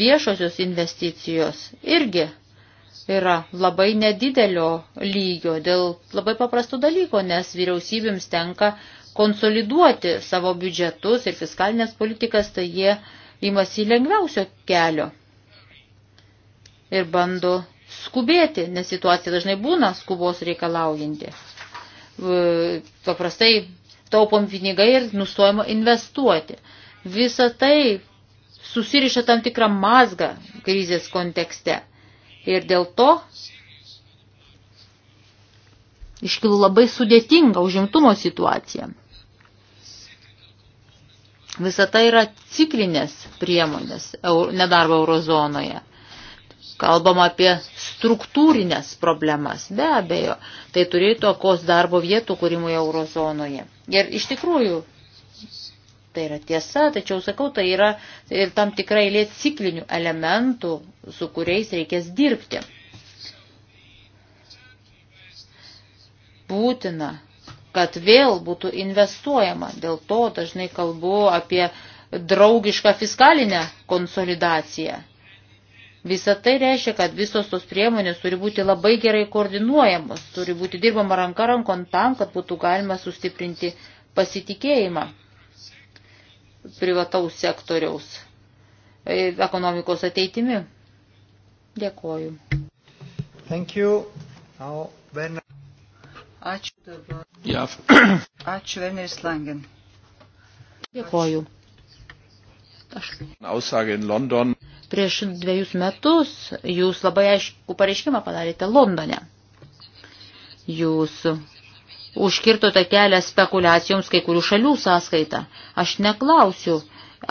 Viešosios investicijos irgi yra labai nedidelio lygio dėl labai paprastų dalykų, nes vyriausybėms tenka konsoliduoti savo biudžetus ir fiskalinės politikas, tai jie imasi lengviausio kelio ir bando skubėti, nes situacija dažnai būna skubos reikalaujanti. Paprastai taupom pinigai ir nustojama investuoti. Visa tai susiriša tam tikrą mazgą krizės kontekste. Ir dėl to iškilo labai sudėtinga užimtumo situacija. Visa tai yra ciklinės priemonės nedarbo eurozonoje. Kalbam apie struktūrinės problemas, be abejo, tai turėtų akos darbo vietų kūrimui eurozonoje. Ir iš tikrųjų Tai yra tiesa, tačiau sakau, tai yra ir tam tikrai lė ciklinių elementų, su kuriais reikės dirbti. Būtina, kad vėl būtų investuojama. Dėl to dažnai kalbu apie draugišką fiskalinę konsolidaciją. Visa tai reiškia, kad visos tos priemonės turi būti labai gerai koordinuojamos, turi būti dirbama ranka rankon tam, kad būtų galima sustiprinti pasitikėjimą privataus sektoriaus e, ekonomikos ateitimi. Dėkoju. Thank you. Now, when... Ačiū dabar. Yeah. Ačiū Veneris Langen. Dėkoju. Aš. Aussage in London. Prieš dviejus metus jūs labai aišku pareiškimą padarėte Londone. Jūs užkirtote kelią spekulacijoms kai kurių šalių sąskaitą. Aš neklausiu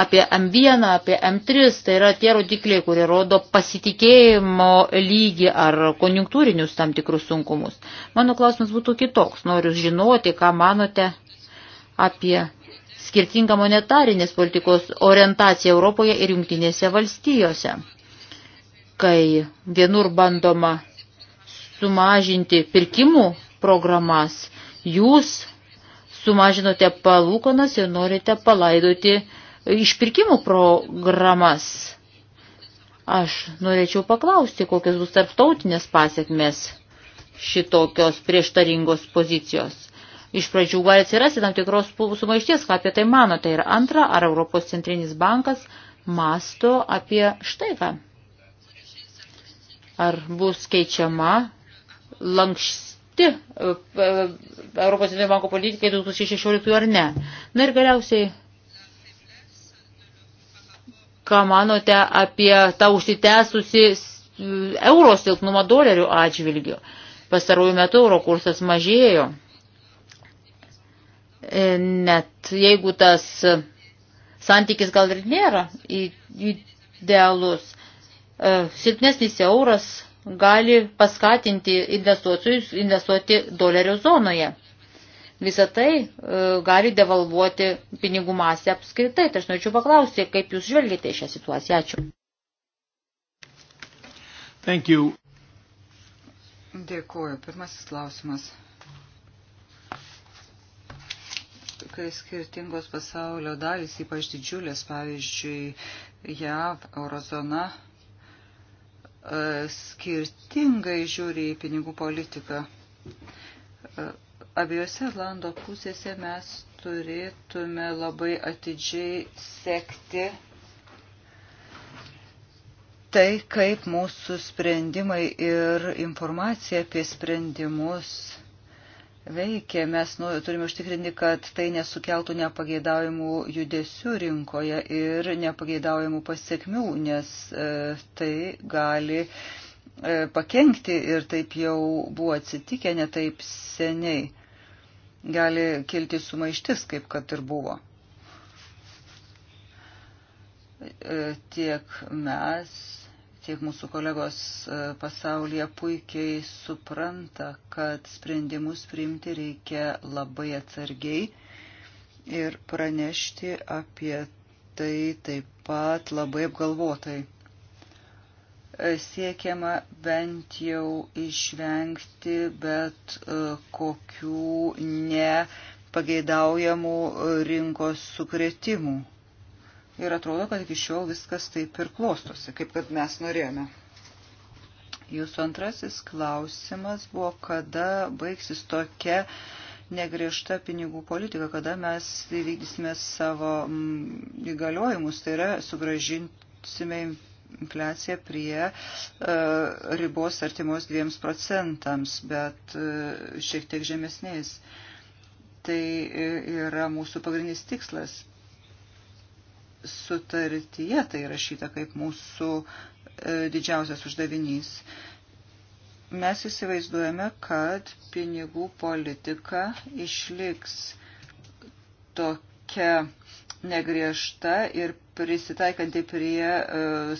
apie M1, apie M3, tai yra tie rodikliai, kurie rodo pasitikėjimo lygį ar konjunktūrinius tam tikrus sunkumus. Mano klausimas būtų kitoks. Noriu žinoti, ką manote apie skirtingą monetarinės politikos orientaciją Europoje ir jungtinėse valstijose, kai vienur bandoma sumažinti pirkimų programas, Jūs sumažinote palūkonas ir norite palaidoti išpirkimų programas. Aš norėčiau paklausti, kokios bus tarptautinės pasiekmes šitokios prieštaringos pozicijos. Iš pradžių gali atsirasti tam tikros sumaišties, ką apie tai manote. Ir antra, ar Europos centrinis bankas masto apie štai ką. Ar bus keičiama lankščiai skirti e, e, Europos Centrinio banko politikai 2016 ar ne. Na ir galiausiai, ką manote apie tą užsitęsusi euro silpnumą dolerių atžvilgių. Pastarųjų metų euro kursas mažėjo. E, net jeigu tas santykis gal ir nėra idealus. Silpnesnis euras gali paskatinti investuotojus investuoti dolerio zonoje. Visą tai e, gali devalvuoti pinigų masę apskritai. Tai aš norėčiau paklausti, kaip jūs žvelgite į šią situaciją. Ačiū. Thank you. Dėkuoju. Pirmasis klausimas. Kai skirtingos pasaulio dalys, ypač didžiulės, pavyzdžiui, JAV, Eurozona, E, skirtingai žiūri į pinigų politiką. E, abiejose Lando pusėse mes turėtume labai atidžiai sekti tai, kaip mūsų sprendimai ir informacija apie sprendimus veikia, mes nu, turime užtikrinti, kad tai nesukeltų nepageidaujamų judesių rinkoje ir nepageidaujamų pasiekmių, nes e, tai gali e, pakengti ir taip jau buvo atsitikę netaip seniai. Gali kilti sumaištis, kaip kad ir buvo. E, tiek mes tiek mūsų kolegos e, pasaulyje puikiai supranta, kad sprendimus priimti reikia labai atsargiai ir pranešti apie tai taip pat labai apgalvotai. E, siekiama bent jau išvengti bet e, kokių nepageidaujamų rinkos sukretimų ir atrodo, kad iki šiol viskas taip ir klostosi, kaip kad mes norėjome. Jūsų antrasis klausimas buvo, kada baigsis tokia negriežta pinigų politika, kada mes įvykdysime savo mm, įgaliojimus, tai yra sugražinsime infliacija prie e, ribos artimos dviems procentams, bet e, šiek tiek žemesniais. Tai e, yra mūsų pagrindinis tikslas sutartyje tai rašyta kaip mūsų e, didžiausias uždavinys. Mes įsivaizduojame, kad pinigų politika išliks tokia negriežta ir prisitaikanti prie e,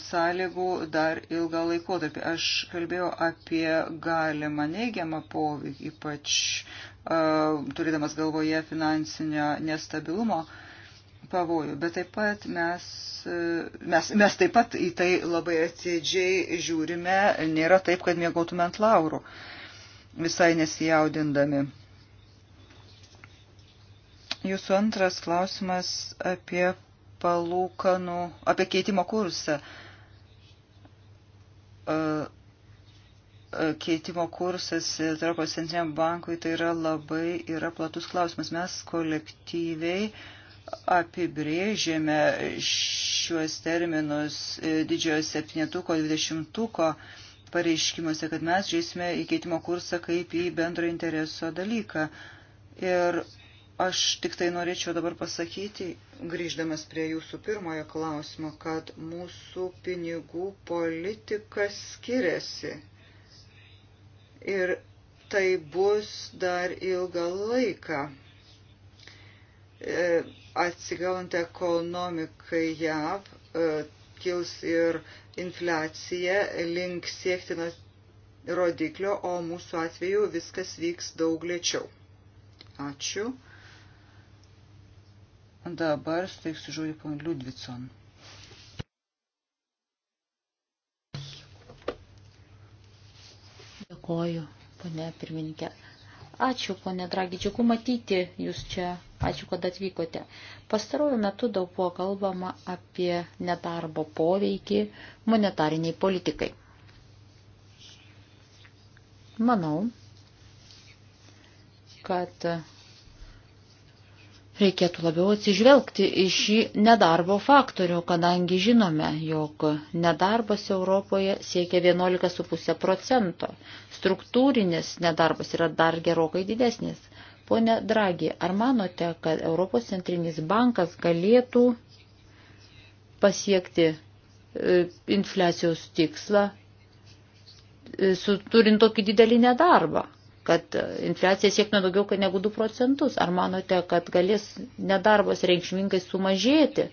sąlygų dar ilgą laikotarpį. Aš kalbėjau apie galimą neigiamą poveikį, ypač e, turėdamas galvoje finansinio nestabilumo uh, pavojų. Bet taip pat mes, mes, mes taip pat į tai labai atidžiai žiūrime, nėra taip, kad mėgautume ant laurų, visai nesijaudindami. Jūsų antras klausimas apie palūkanų, apie keitimo kursą. E, e, keitimo kursas Europos centriniam bankui tai yra labai yra platus klausimas. Mes kolektyviai uh, apibrėžėme šiuos terminus e, didžiojo septynetuko, dvidešimtuko pareiškimuose, kad mes žiūrėsime į keitimo kursą kaip į bendro intereso dalyką. Ir aš tik tai norėčiau dabar pasakyti, grįždamas prie jūsų pirmojo klausimo, kad mūsų pinigų politika skiriasi. Ir tai bus dar ilgą laiką. E, atsigaunant ekonomikai JAV e, kils ir infliacija link siektinas rodiklio, o mūsų atveju viskas vyks daug lėčiau. Ačiū. Dabar steiksiu žodį pan Liudvicon. Dėkoju, ponė pirmininkė. Ačiū, ponė Dragi, džiugu matyti jūs čia Ačiū, kad atvykote. Pastaruoju metu daug buvo kalbama apie nedarbo poveikį monetariniai politikai. Manau, kad reikėtų labiau atsižvelgti į šį nedarbo faktorių, kadangi žinome, jog nedarbas Europoje siekia 11,5 procento, struktūrinis nedarbas yra dar gerokai didesnis. Pone Dragi, ar manote, kad Europos centrinis bankas galėtų pasiekti e, infliacijos tikslą, e, su, turint tokį didelį nedarbą, kad e, infliacija siekna daugiau negu 2 procentus. Ar manote, kad galės nedarbas reikšmingai sumažėti,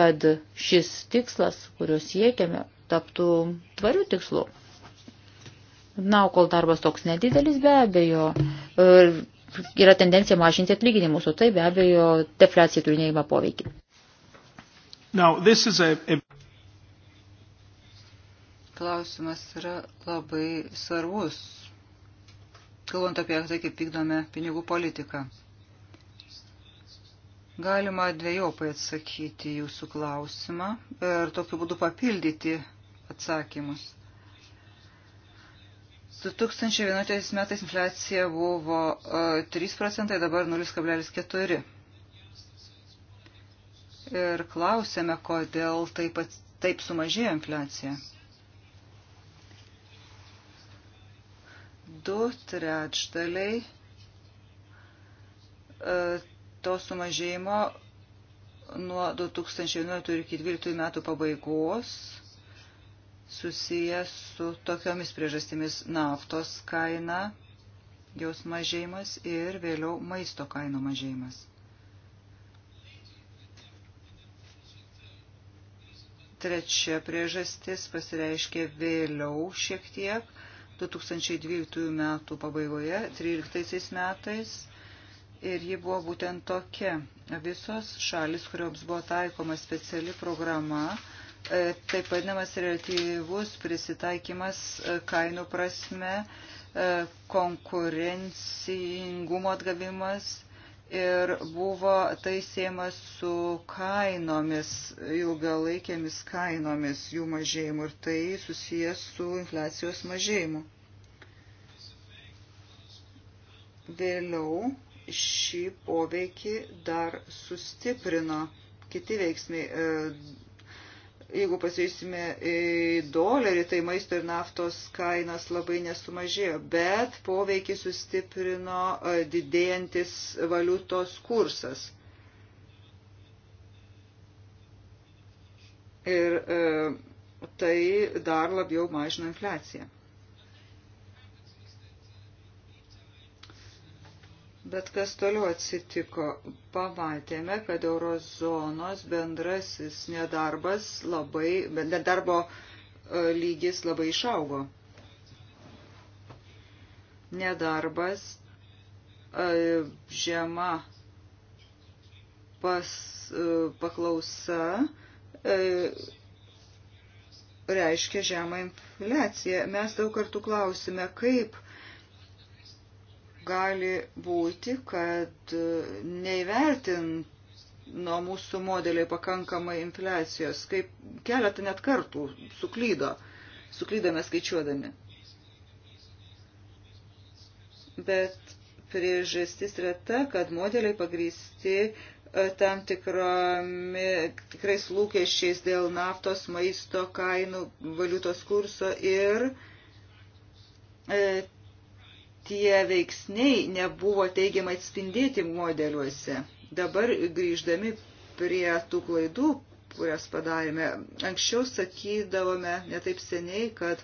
kad šis tikslas, kurio siekiame, taptų tvarių tikslų? Na, o kol darbas toks nedidelis, be abejo, yra tendencija mažinti atlyginimus, o tai be abejo defliacijai turi neįmą poveikį. Now, this is a, a... Klausimas yra labai svarbus, kalbant apie tai, kaip vykdome pinigų politiką. Galima dviejopai atsakyti jūsų klausimą ir tokiu būdu papildyti atsakymus. 2011 metais infliacija buvo 3 e, procentai, dabar 0,4. Ir klausėme, kodėl taip, taip sumažėjo infliacija. Du trečdaliai e, to sumažėjimo nuo 2011 iki 2012 metų pabaigos susijęs su tokiomis priežastimis naftos kaina, jos mažėjimas ir vėliau maisto kainų mažėjimas. Trečia priežastis pasireiškė vėliau šiek tiek, 2012 metų pabaigoje, 13 metais, ir ji buvo būtent tokia. Visos šalis, kurioms buvo taikoma speciali programa, E, taip vadinamas relatyvus prisitaikymas e, kainų prasme, e, konkurencingumo atgavimas ir buvo tai siejamas su kainomis, ilgalaikėmis kainomis, jų mažėjimu ir tai susijęs su infliacijos mažėjimu. Vėliau šį poveikį dar sustiprino kiti veiksmai Jeigu pasižiūrėsime į dolerį, tai maisto ir naftos kainas labai nesumažėjo, bet poveikį sustiprino e, didėjantis valiutos kursas. Ir e, tai dar labiau mažino infliaciją. Bet kas toliau atsitiko? Pamatėme, kad eurozonos bendrasis nedarbas labai, nedarbo e, lygis labai išaugo. Nedarbas e, žema pas, e, paklausa reiškia žemą infliaciją. Mes daug kartų klausime, kaip gali būti, kad neįvertino mūsų modeliai pakankamai infliacijos, kaip keletą net kartų suklydo, suklydome skaičiuodami. Bet priežastis yra ta, kad modeliai pagrysti e, tam tikromi, tikrais lūkesčiais dėl naftos, maisto, kainų, valiutos kurso ir e, tie veiksniai nebuvo teigiamai atspindėti modeliuose. Dabar grįždami prie tų klaidų, kurias padarėme, anksčiau sakydavome netaip seniai, kad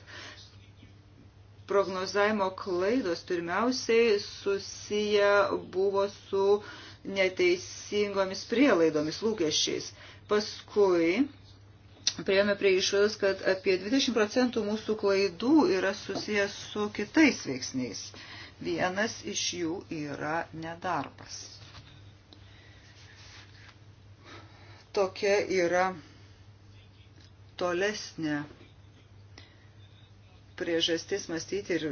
prognozavimo klaidos pirmiausiai susiję buvo su neteisingomis prielaidomis, lūkesčiais. Paskui Priejome prie išvados, kad apie 20 procentų mūsų klaidų yra susijęs su kitais veiksniais. Vienas iš jų yra nedarbas. Tokia yra tolesnė priežastis mąstyti ir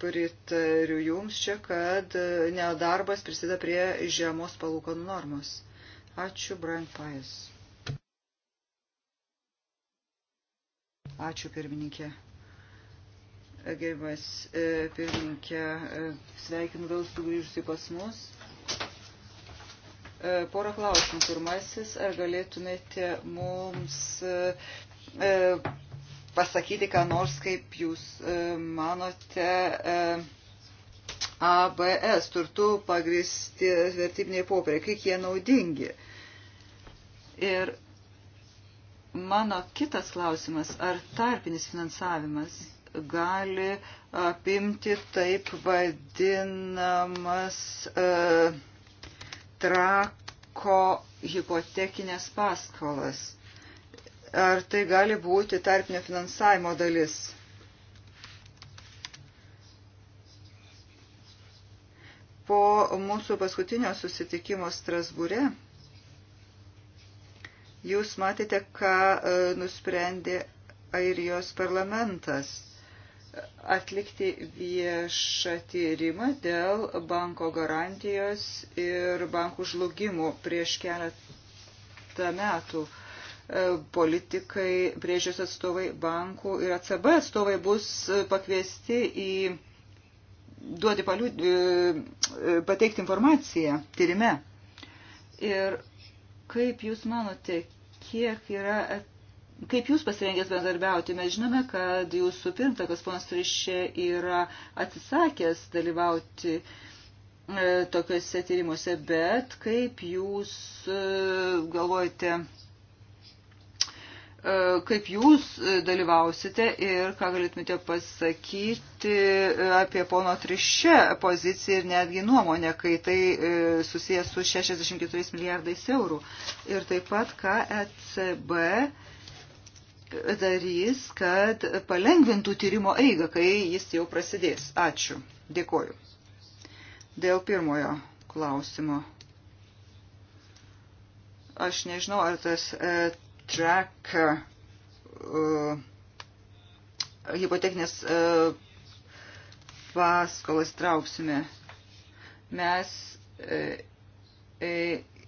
pritariu jums čia, kad nedarbas prisideda prie žemos palūkanų normos. Ačiū, Brian Pais. Ačiū pirmininkė. Gerbimas e, pirmininkė, e, sveikinu vėl sugrįžusi pas mus. E, porą klausimų. Pirmasis, ar galėtumėte mums pasakyti, ką nors, kaip jūs manote, ABS turtų pagristi vertybiniai popieriai, kiek jie naudingi. Ir Mano kitas klausimas, ar tarpinis finansavimas gali apimti taip vadinamas e, trako hipotekinės paskolas? Ar tai gali būti tarpinio finansavimo dalis? Po mūsų paskutinio susitikimo Strasbūre Jūs matėte, ką e, nusprendė Airijos parlamentas atlikti viešą tyrimą dėl banko garantijos ir bankų žlugimų prieš keletą metų. E, politikai, priežios atstovai bankų ir ACB atstovai bus pakviesti į duoti paliud, e, pateikti informaciją tyrime. Ir kaip Jūs manote, kiek yra Kaip jūs pasirengęs bendarbiauti? Mes žinome, kad jūsų pirmtakas ponas Trišė yra atsisakęs dalyvauti e, tokiuose tyrimuose, bet kaip jūs e, galvojate E, kaip jūs e, dalyvausite ir ką galėtumėte pasakyti e, apie pono Trišė poziciją ir netgi nuomonę, kai tai susijęs su 64 milijardais eurų. Ir taip pat, ką ECB darys, kad palengvintų tyrimo eigą, kai jis jau prasidės. Ačiū. Dėkoju. Dėl pirmojo klausimo. Aš nežinau, ar tas. E, track uh, e, hipotekinės uh, paskolas trauksime. Mes uh, uh,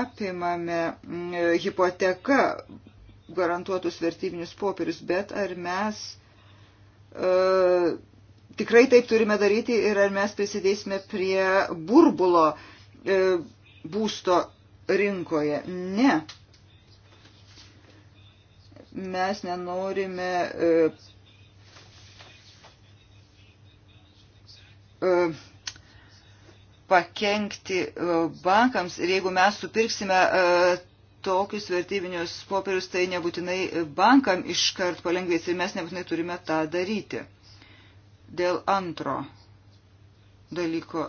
apimame uh, hipoteką garantuotus vertybinius popierius, bet ar mes uh, tikrai taip turime daryti ir ar mes prisidėsime prie burbulo būsto rinkoje. Ne mes nenorime e, e, pakenkti e, bankams ir jeigu mes supirksime tokius vertybinius popierius, tai nebūtinai bankam iškart palengvės ir mes nebūtinai turime tą daryti. Dėl antro dalyko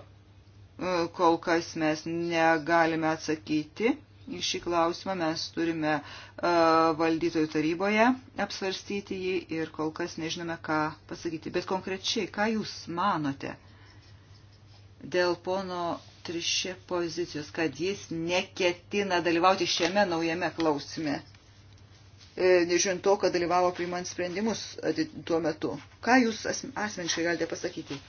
kol kas mes negalime atsakyti šį klausimą mes turime e, valdytojų taryboje apsvarstyti jį ir kol kas nežinome, ką pasakyti. Bet konkrečiai, ką Jūs manote dėl pono Trišė pozicijos, kad jis neketina dalyvauti šiame naujame klausime? E, nežiūrint to, kad dalyvavo priimant sprendimus tuo metu. Ką Jūs asmeniškai galite pasakyti?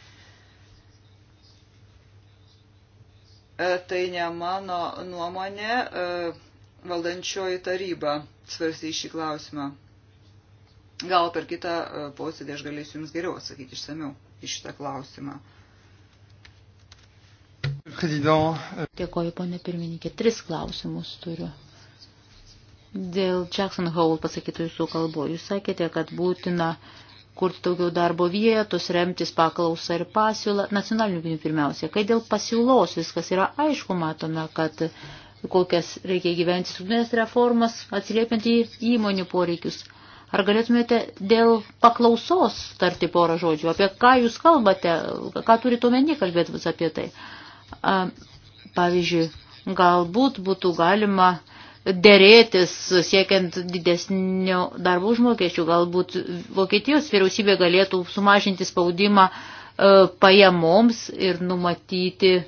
E, tai ne mano nuomonė, e, valdančioji taryba svarstys šį klausimą. Gal per kitą e, posėdį aš galėsiu Jums geriau atsakyti išsamiau į šitą klausimą. Dėkoju, ponė pirmininkė. Tris klausimus turiu. Dėl Jackson Hole pasakytų jūsų kalbų. Jūs sakėte, kad būtina uh, kurti daugiau darbo vietos, remtis paklausą ir pasiūlą, nacionalinių pirmiausia. Kai dėl pasiūlos viskas yra aišku, matome, kad kokias reikia gyventi struktūrinės reformas, atsiliepiant į įmonių poreikius. Ar galėtumėte dėl paklausos tarti porą žodžių, apie ką jūs kalbate, ką turite omeny kalbėdamas apie tai? Pavyzdžiui, galbūt būtų galima uh, dėrėtis siekiant didesnio darbo užmokesčių. Galbūt Vokietijos vyriausybė galėtų sumažinti spaudimą e, pajamoms ir numatyti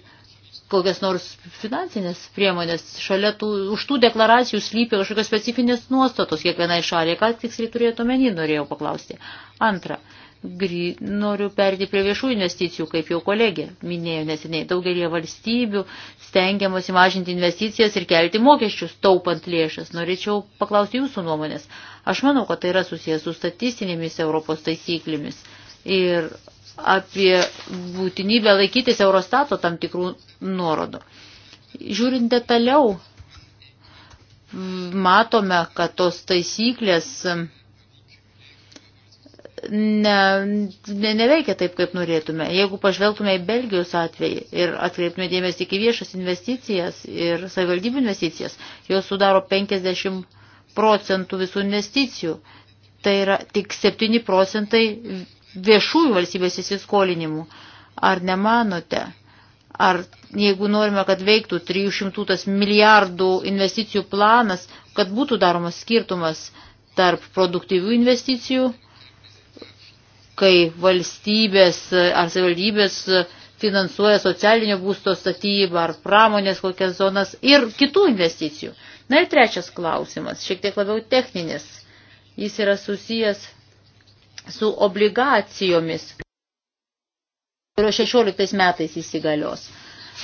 kokias nors finansinės priemonės. Šalia tų, už tų deklaracijų slypia kažkokios specifinės nuostatos kiekvienai šaliai. Ką tiksliai turėjo omeny, norėjau paklausti. Antra, Gry, noriu perėti prie viešų investicijų, kaip jau kolegė minėjo neseniai. Daugelie valstybių stengiamas įmažinti investicijas ir kelti mokesčius, taupant lėšas. Norėčiau paklausti jūsų nuomonės. Aš manau, kad tai yra susijęs su statistinėmis Europos taisyklėmis ir apie būtinybę laikytis Eurostato tam tikrų nuorodų. Žiūrint detaliau, matome, kad tos taisyklės ne, ne, neveikia taip, kaip norėtume. Jeigu pažvelgtume į Belgijos atvejį ir atkreiptume dėmesį į viešas investicijas ir savivaldybių investicijas, jos sudaro 50 procentų visų investicijų. Tai yra tik 7 procentai viešųjų valstybės įsiskolinimų. Ar nemanote? Ar jeigu norime, kad veiktų 300 milijardų investicijų planas, kad būtų daromas skirtumas tarp produktyvių investicijų kai valstybės ar savivaldybės finansuoja socialinio būsto statybą ar pramonės kokias zonas ir kitų investicijų. Na ir trečias klausimas, šiek tiek labiau techninis. Jis yra susijęs su obligacijomis, kurio 16 metais įsigalios.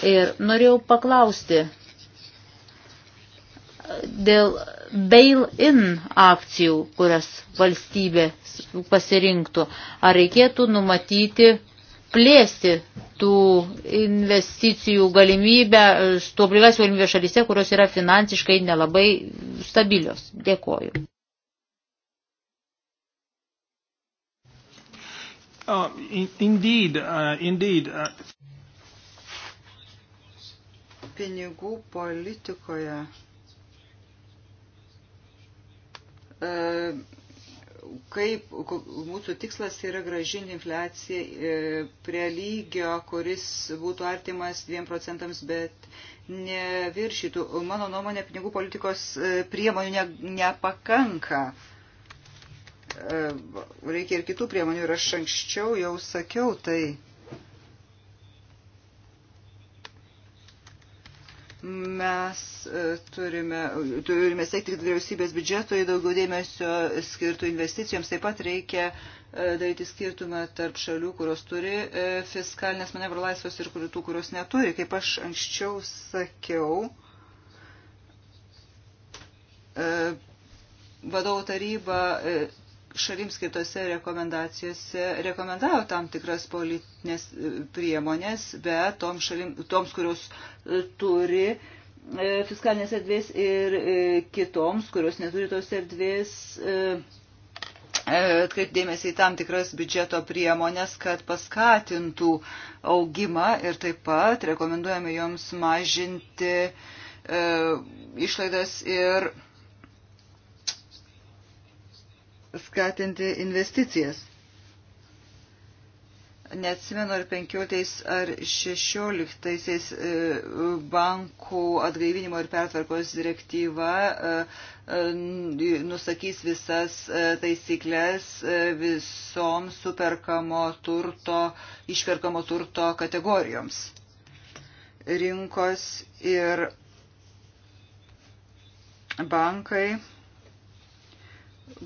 Ir norėjau paklausti, dėl bail-in akcijų, kurias valstybė pasirinktų, ar reikėtų numatyti plėsti tų investicijų galimybę, tų obligacijų galimybę šalyse, kurios yra finansiškai nelabai stabilios. Dėkoju. Oh, in, indeed, uh, indeed. Uh. Pinigų politikoje kaip mūsų tikslas yra gražinti infliaciją e, prie lygio, kuris būtų artimas 2 procentams, bet neviršytų. Mano nuomonė, pinigų politikos e, priemonių ne, nepakanka. E, reikia ir kitų priemonių ir aš anksčiau jau sakiau tai. mes e, turime, turime siekti, kad vyriausybės biudžetoje daugiau dėmesio skirtų investicijoms. Taip pat reikia e, daryti skirtumą tarp šalių, kurios turi e, fiskalinės manevro laisvos ir tų, kurios neturi. Kaip aš anksčiau sakiau, vadovų taryba šalims kitose rekomendacijose rekomendavo tam tikras politinės e, priemonės, bet toms, šalim, toms kurios e, turi e, fiskalinės erdvės ir kitoms, kurios neturi tos erdvės, atkreipti dėmesį į tam tikras biudžeto priemonės, kad paskatintų augimą ir taip pat rekomenduojame joms mažinti išlaidas ir skatinti investicijas. Neatsimenu, ar 15 ar 16 e, bankų atgaivinimo ir pertvarkos direktyva e, e, nusakys visas taisyklės visoms superkamo turto, išperkamo turto kategorijoms. Rinkos ir bankai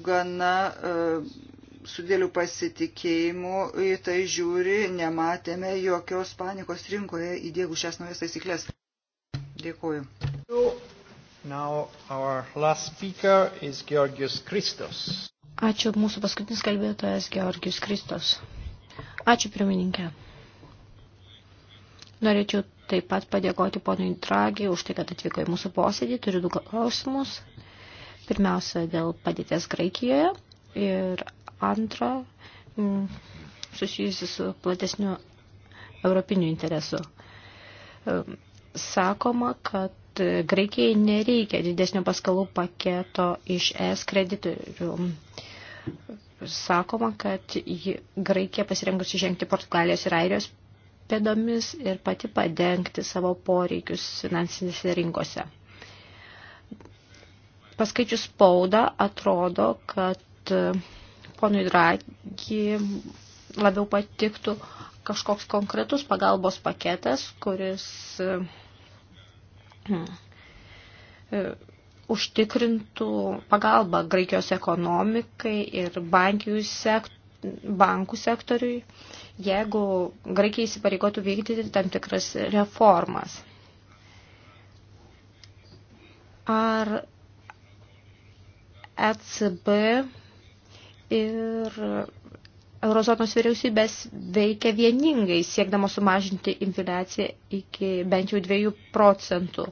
gana e, su dėliu pasitikėjimu į tai žiūri, nematėme jokios panikos rinkoje įdėgų šias naujas taisyklės. Dėkuoju. Ačiū mūsų paskutinis kalbėtojas Georgius Kristos. Ačiū pirmininkė. Norėčiau taip pat padėkoti ponui Dragi už tai, kad atvyko į mūsų posėdį. Turiu du klausimus. Pirmiausia, dėl padėties Graikijoje ir antra, susijusi su platesniu europiniu interesu. Sakoma, kad Graikijai nereikia didesnio paskalų paketo iš ES kreditorių. Sakoma, kad Graikija pasirengusi žengti Portugalijos ir Airijos pėdomis ir pati padengti savo poreikius finansinėse rinkose paskaičius spaudą atrodo, kad e, ponui Dragi labiau patiktų kažkoks konkretus pagalbos paketas, kuris e, e, užtikrintų pagalbą Graikijos ekonomikai ir sekt, bankų sektoriui, jeigu Graikija įsipareigotų vykdyti tam tikras reformas. Ar ECB ir Eurozonos vyriausybės veikia vieningai, siekdama sumažinti infliaciją iki bent jau 2 procentų.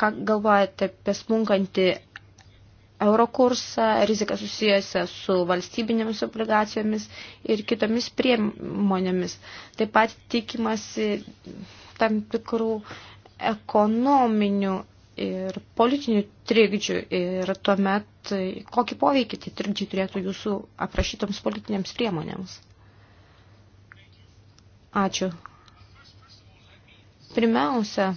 Ką galvojate apie smunkantį euro kursą, riziką susijęsią su valstybinėmis obligacijomis ir kitomis priemonėmis. Taip pat tikimasi tam tikrų ekonominių ir politinių trikdžių ir tuomet kokį poveikį tie trikdžiai turėtų jūsų aprašytoms politinėms priemonėms. Ačiū. Pirmiausia,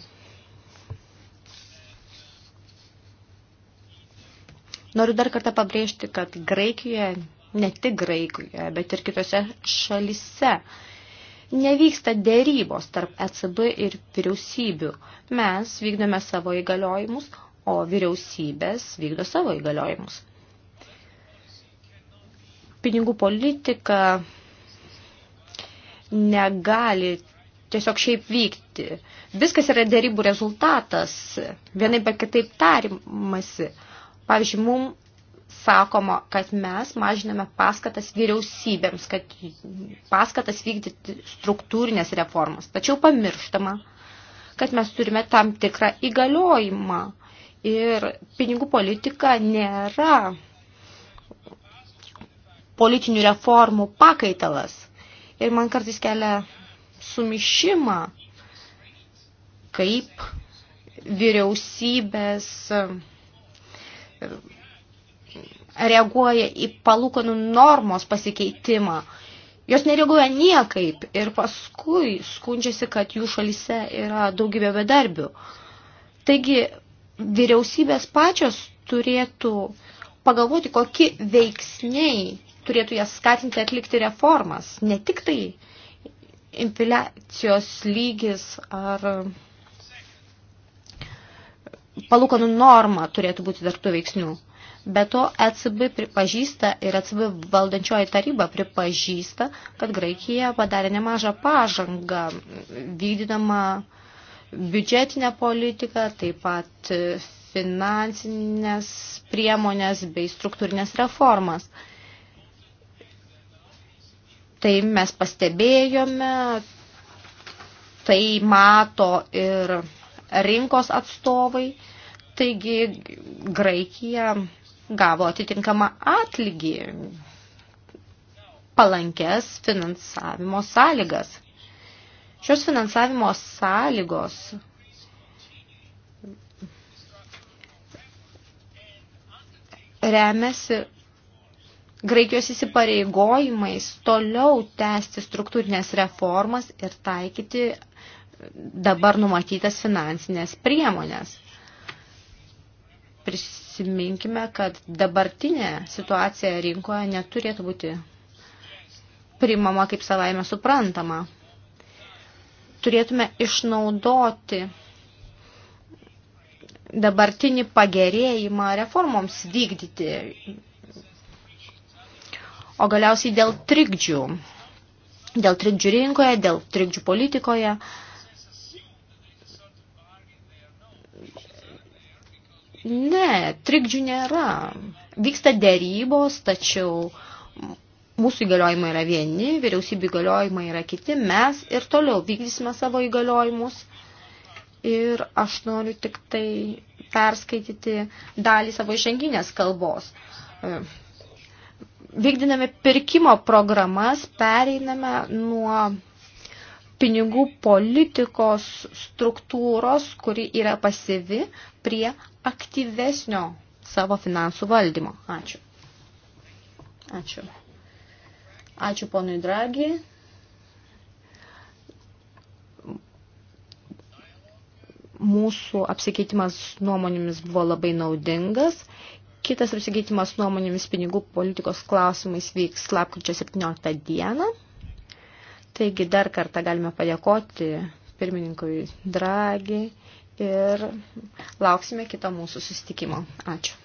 noriu dar kartą pabrėžti, kad Graikijoje, ne tik Graikijoje, bet ir kitose šalise nevyksta dėrybos tarp ECB ir vyriausybių. Mes vykdome savo įgaliojimus, o vyriausybės vykdo savo įgaliojimus. Pinigų politika negali tiesiog šiaip vykti. Viskas yra dėrybų rezultatas, vienaip ar kitaip tarimasi. Pavyzdžiui, mums sakoma, kad mes mažiname paskatas vyriausybėms, kad paskatas vykdyti struktūrinės reformas. Tačiau pamirštama, kad mes turime tam tikrą įgaliojimą ir pinigų politika nėra politinių reformų pakaitalas. Ir man kartais kelia sumišimą, kaip vyriausybės reaguoja į palūkanų normos pasikeitimą. Jos nereaguoja niekaip ir paskui skundžiasi, kad jų šalise yra daugybė bedarbių. Taigi vyriausybės pačios turėtų pagalvoti, kokie veiksniai turėtų jas skatinti atlikti reformas. Ne tik tai infiliacijos lygis ar palūkanų norma turėtų būti tarptų veiksnių. Be to, ECB pripažįsta ir ECB valdančioji taryba pripažįsta, kad Graikija padarė nemažą pažangą vykdydama biudžetinę politiką, taip pat finansinės priemonės bei struktūrinės reformas. Tai mes pastebėjome, tai mato ir rinkos atstovai, taigi Graikija gavo atitinkamą atlygį, palankes finansavimo sąlygas. Šios finansavimo sąlygos remiasi Graikijos įsipareigojimais toliau tęsti struktūrinės reformas ir taikyti dabar numatytas finansinės priemonės prisiminkime, kad dabartinė situacija rinkoje neturėtų būti primama kaip savaime suprantama. Turėtume išnaudoti dabartinį pagerėjimą reformoms vykdyti, o galiausiai dėl trikdžių. Dėl trikdžių rinkoje, dėl trikdžių politikoje. Uh, Ne, trikdžių nėra. Vyksta dėrybos, tačiau mūsų įgaliojimai yra vieni, vyriausybių įgaliojimai yra kiti, mes ir toliau vykdysime savo įgaliojimus. Ir aš noriu tik tai perskaityti dalį savo išanginės kalbos. Vykdiname pirkimo programas, pereiname nuo pinigų politikos struktūros, kuri yra pasivi, prie aktyvesnio savo finansų valdymo. Ačiū. Ačiū. Ačiū ponui Dragi. Mūsų apsikeitimas nuomonėmis buvo labai naudingas. Kitas apsikeitimas nuomonėmis pinigų politikos klausimais vyks lapkričio 17 dieną. Taigi dar kartą galime padėkoti pirmininkui Dragi ir lauksime kito mūsų susitikimo. Ačiū.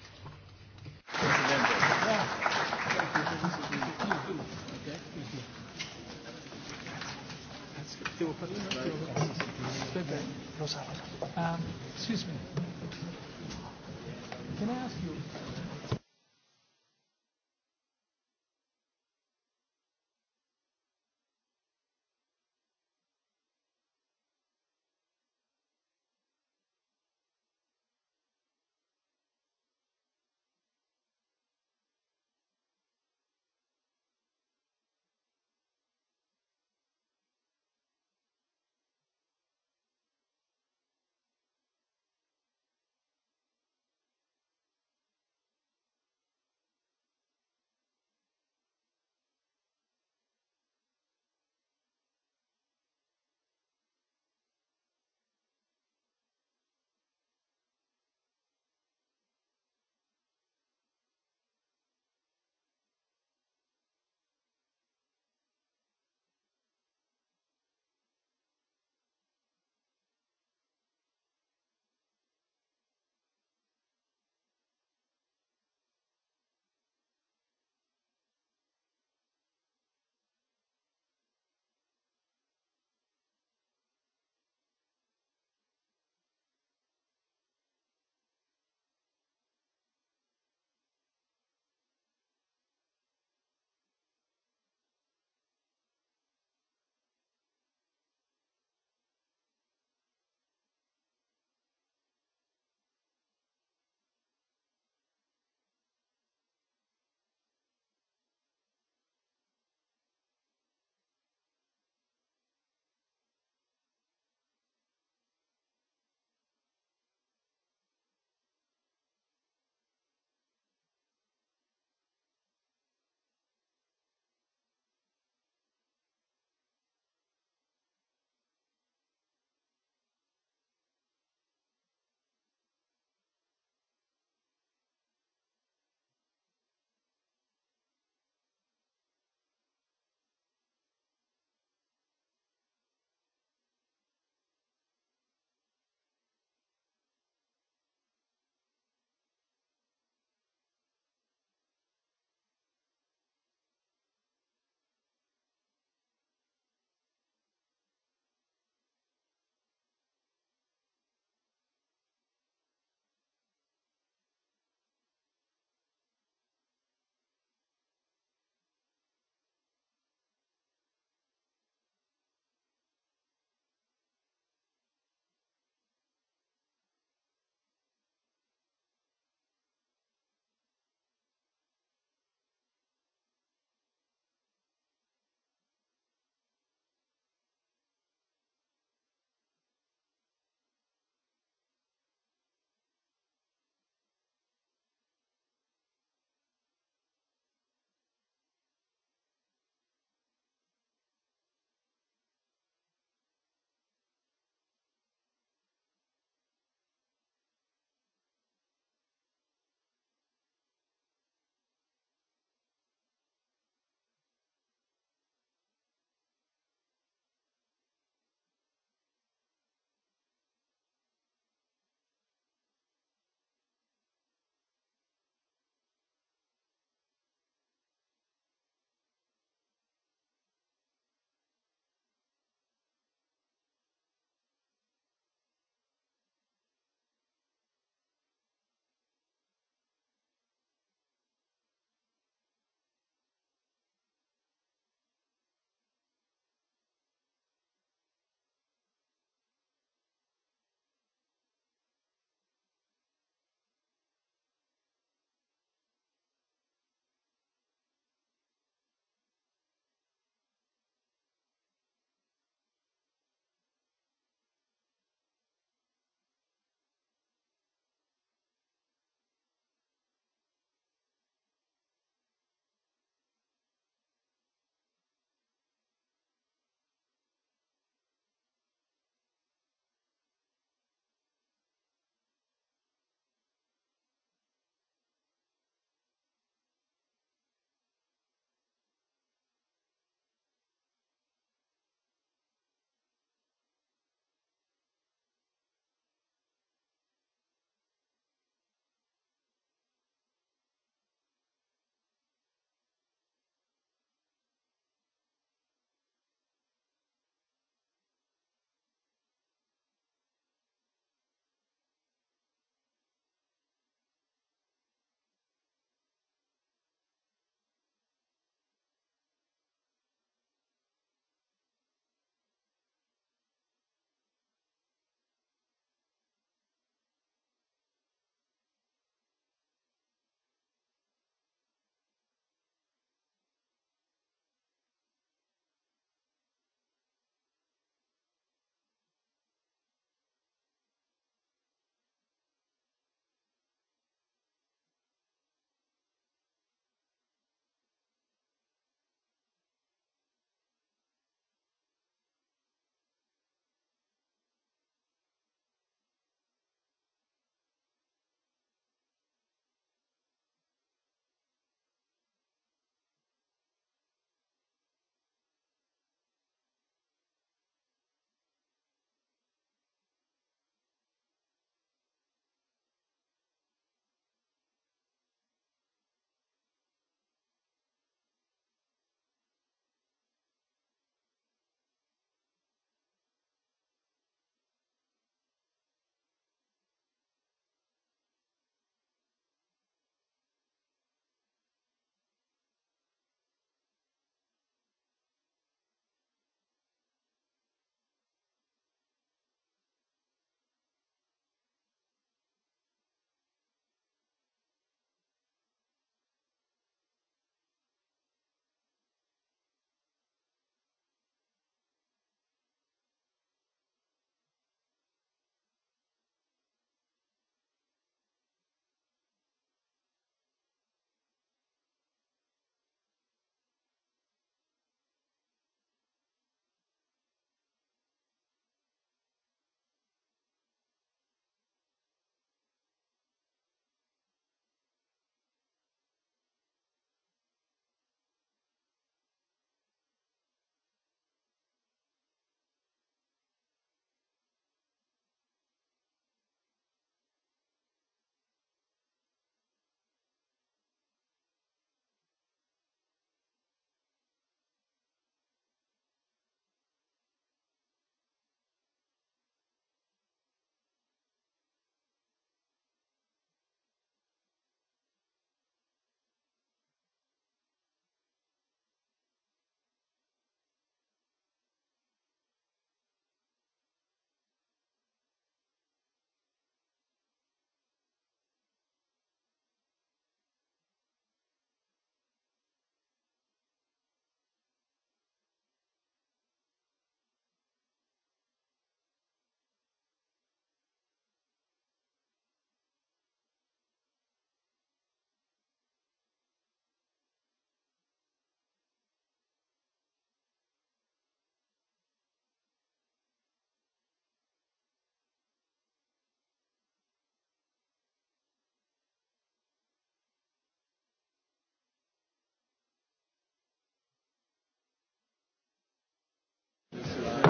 Um, excuse me. Can I ask you?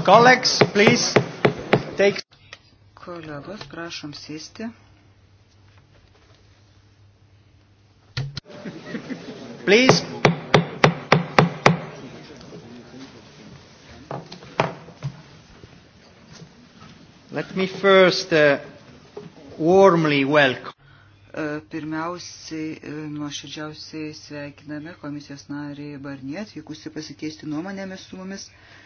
Colleagues, please take. Kolegos, prašom sėsti. Please. Let me first uh, warmly welcome. E, pirmiausiai, e, nuoširdžiausiai sveikiname komisijos narį Barniet, vykusi pasikeisti nuomonėmis su mumis. Uh,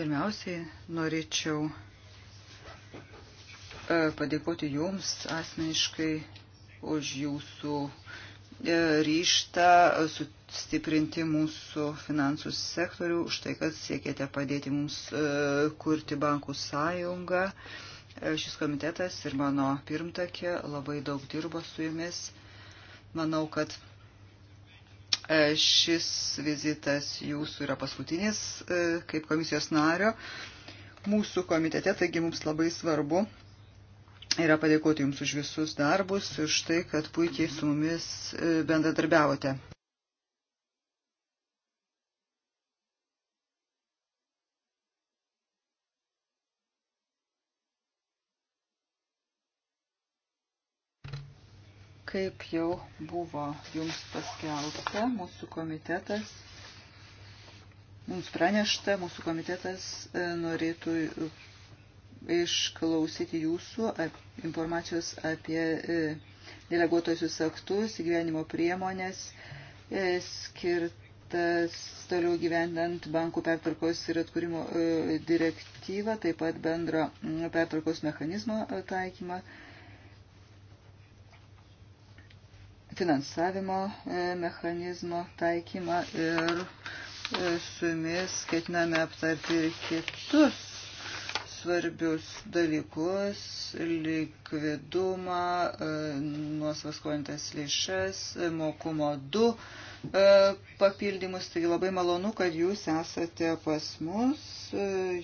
Pirmiausiai norėčiau e, padėkoti Jums asmeniškai už Jūsų e, ryštą sustiprinti mūsų finansų sektorių, už tai, kad siekėte padėti mums e, kurti bankų sąjungą. Šis komitetas ir mano pirmtakė labai daug dirbo su Jumis. Manau, kad E, šis vizitas jūsų yra paskutinis e, kaip komisijos nario mūsų komitete, taigi mums labai svarbu yra padėkoti Jums už visus darbus, už tai, kad puikiai su mumis e, bendradarbiavote. Kaip jau buvo jums paskelbta, mūsų komitetas, mums pranešta, mūsų komitetas e, norėtų išklausyti jūsų informacijos apie e, deleguotosius aktus, gyvenimo priemonės e, skirtas toliau gyvendant bankų pertvarkos ir atkūrimo direktyvą, taip pat bendro pertvarkos mechanizmo taikymą finansavimo e, mechanizmo taikymą ir e, su jumis ketiname aptarti ir kitus svarbius dalykus - likvidumą, e, nuosvaskolintas lėšas, mokumo 2 papildymus. Taigi labai malonu, kad jūs esate pas mus,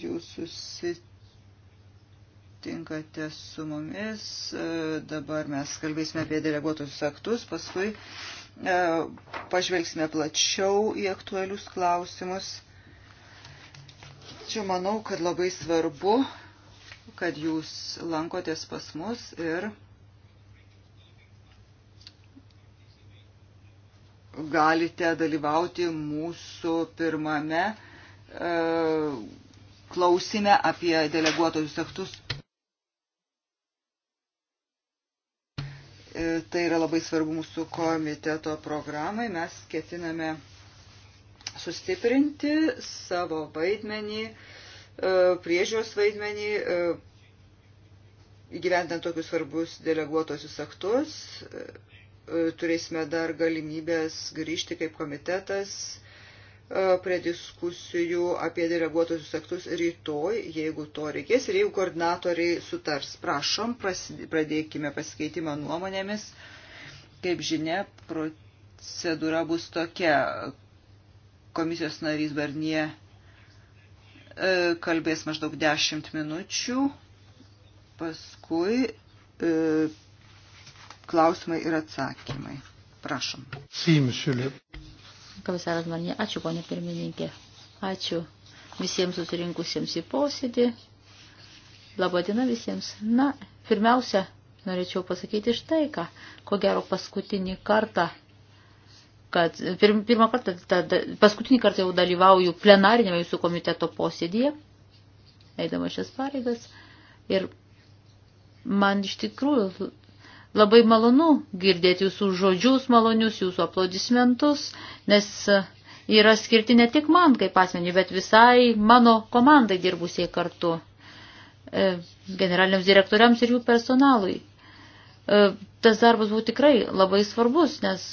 jūs susitikėte sutinkate su mumis. E, dabar mes kalbėsime apie deleguotus aktus, paskui e, pažvelgsime plačiau į aktualius klausimus. Čia manau, kad labai svarbu, kad jūs lankotės pas mus ir galite dalyvauti mūsų pirmame e, klausime apie deleguotojus aktus tai yra labai svarbu mūsų komiteto programai. Mes ketiname sustiprinti savo vaidmenį, e, priežiūros vaidmenį, e, įgyventant tokius svarbus deleguotosius aktus. E, turėsime dar galimybės grįžti kaip komitetas E, prie diskusijų apie deleguotusius aktus rytoj, jeigu to reikės ir jeigu koordinatoriai sutars. Prašom, pradėkime pasikeitimą nuomonėmis. Kaip žinia, procedūra bus tokia. Komisijos narys Barnie e, kalbės maždaug 10 minučių, paskui e, klausimai ir atsakymai. Prašom. Sí, Komisaras Marnė, ačiū, ponė pirmininkė. Ačiū visiems susirinkusiems į posėdį. Labadiena visiems. Na, pirmiausia, norėčiau pasakyti štai ką. Ko gero paskutinį kartą, kad pir, pirmą kartą, ta, ta, paskutinį kartą jau dalyvauju plenarinėme jūsų komiteto posėdėje, eidama šias pareigas. Ir man iš tikrųjų Labai malonu girdėti jūsų žodžius malonius, jūsų aplodismentus, nes e, yra skirti ne tik man kaip asmeniui, bet visai mano komandai dirbusiai kartu, e, generaliniams direktoriams ir jų personalui. E, tas darbas buvo tikrai labai svarbus, nes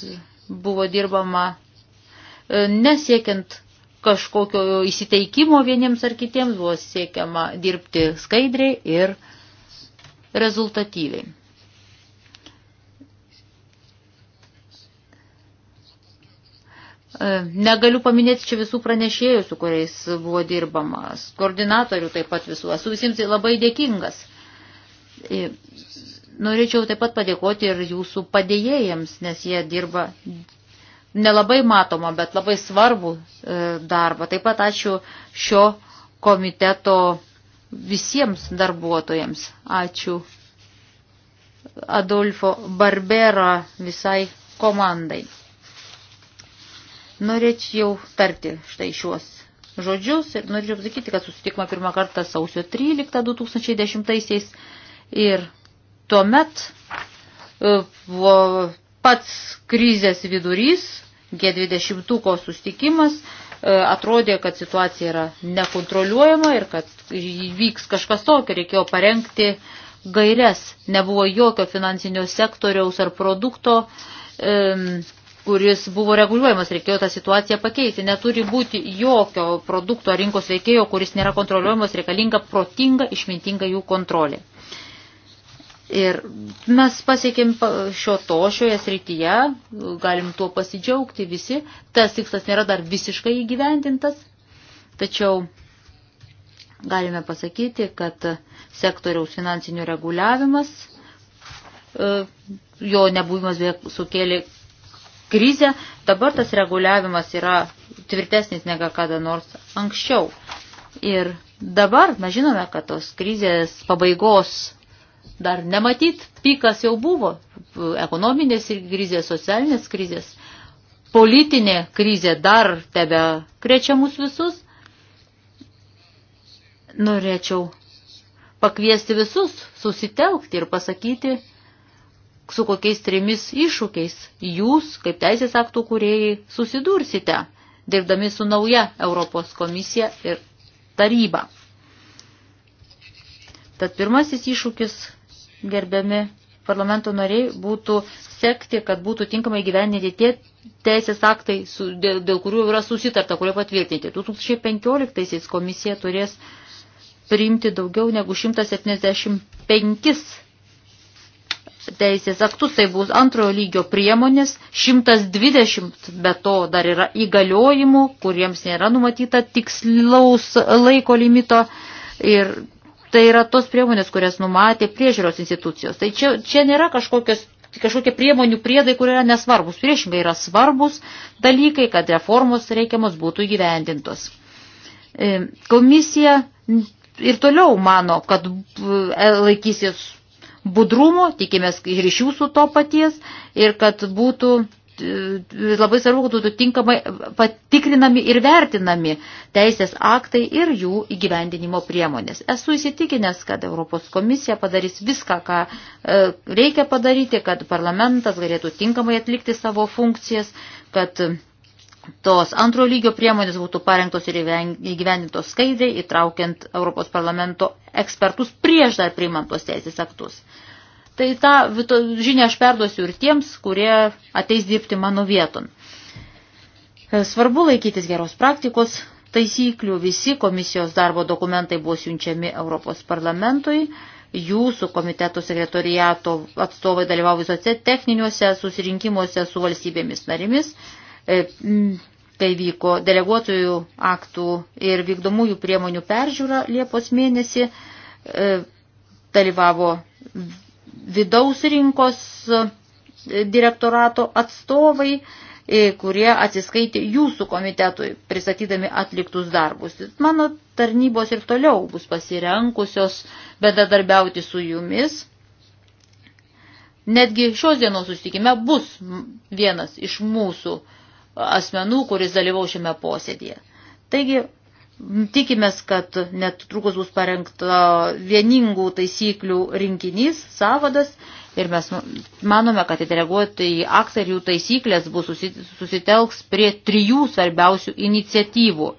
buvo dirbama nesiekiant kažkokio įsiteikimo vieniems ar kitiems, buvo siekiama dirbti skaidriai ir rezultatyviai. E, negaliu paminėti čia visų pranešėjų, su kuriais buvo dirbamas, koordinatorių taip pat visų. Esu visiems labai dėkingas. E, norėčiau taip pat padėkoti ir jūsų padėjėjams, nes jie dirba nelabai matomą, bet labai svarbų e, darbą. Taip pat ačiū šio komiteto visiems darbuotojams. Ačiū Adolfo Barbera visai komandai. Norėčiau tarti štai šiuos žodžius ir norėčiau pasakyti, kad susitikome pirmą kartą sausio 13 2010 ir tuomet buvo e, pats krizės vidurys, G20 susitikimas, e, atrodė, kad situacija yra nekontroliuojama ir kad vyks kažkas tokio, reikėjo parengti gairias, nebuvo jokio finansinio sektoriaus ar produkto. Um, e, kuris buvo reguliuojamas, reikėjo tą situaciją pakeisti. Neturi būti jokio produkto ar rinkos veikėjo, kuris nėra kontroliuojamas, reikalinga protinga, išmintinga jų kontrolė. Ir mes pasiekėm šio to šioje srityje, galim tuo pasidžiaugti visi. Tas tikslas nėra dar visiškai įgyvendintas, tačiau galime pasakyti, kad sektoriaus finansinių reguliavimas, e, jo nebuvimas sukėlė krizę, dabar tas reguliavimas yra tvirtesnis negu kada nors anksčiau. Ir dabar mes žinome, kad tos krizės pabaigos dar nematyt, pikas jau buvo, ekonominės krizės, socialinės krizės, politinė krizė dar tebe krečia mus visus. Norėčiau pakviesti visus susitelkti ir pasakyti, su kokiais trimis iššūkiais jūs, kaip teisės aktų kūrėjai, susidursite, dirbdami su nauja Europos komisija ir taryba. Tad pirmasis iššūkis, gerbiami parlamento nariai, būtų sekti, kad būtų tinkamai gyveninti tie teisės aktai, su, dėl, dėl kurių yra susitarta, kurie patvirtinti. 2015 komisija turės priimti daugiau negu 175 teisės aktus, tai bus antrojo lygio priemonės, 120 be to dar yra įgaliojimų, kuriems nėra numatyta tikslaus laiko limito ir tai yra tos priemonės, kurias numatė priežiūros institucijos. Tai čia, čia nėra kažkokios kažkokie priemonių priedai, kurie yra nesvarbus. Priešingai yra svarbus dalykai, kad reformos reikiamos būtų įgyvendintos. E, komisija ir toliau mano, kad e, laikysis budrumo, tikimės ir iš jūsų to paties ir kad būtų e, labai svarbu, kad būtų tinkamai patikrinami ir vertinami teisės aktai ir jų įgyvendinimo priemonės. Esu įsitikinęs, kad Europos komisija padarys viską, ką e, reikia padaryti, kad parlamentas galėtų tinkamai atlikti savo funkcijas, kad tos antro lygio priemonės būtų parengtos ir įgyvendintos skaidriai, įtraukiant Europos parlamento ekspertus prieš dar priimant tos teisės aktus. Tai tą žinią aš perduosiu ir tiems, kurie ateis dirbti mano vieton. E, svarbu laikytis geros praktikos taisyklių. Visi komisijos darbo dokumentai buvo siunčiami Europos parlamentui jūsų komiteto sekretoriato atstovai dalyvavo visose techniniuose susirinkimuose su valstybėmis narimis. E, tai vyko deleguotojų aktų ir vykdomųjų priemonių peržiūra Liepos mėnesį. E, dalyvavo vidaus rinkos e, direktorato atstovai, kurie atsiskaitė jūsų komitetui, pristatydami atliktus darbus. Mano tarnybos ir toliau bus pasirenkusios bedadarbiauti su jumis. Netgi šios dienos susitikime bus vienas iš mūsų uh, asmenų, kuris dalyvau šiame posėdėje. Taigi, tikimės, kad netrukus bus parengta vieningų taisyklių rinkinys, savadas, ir mes nu, manome, kad atreaguoti į aktą ir jų taisyklės bus susitelks prie trijų svarbiausių iniciatyvų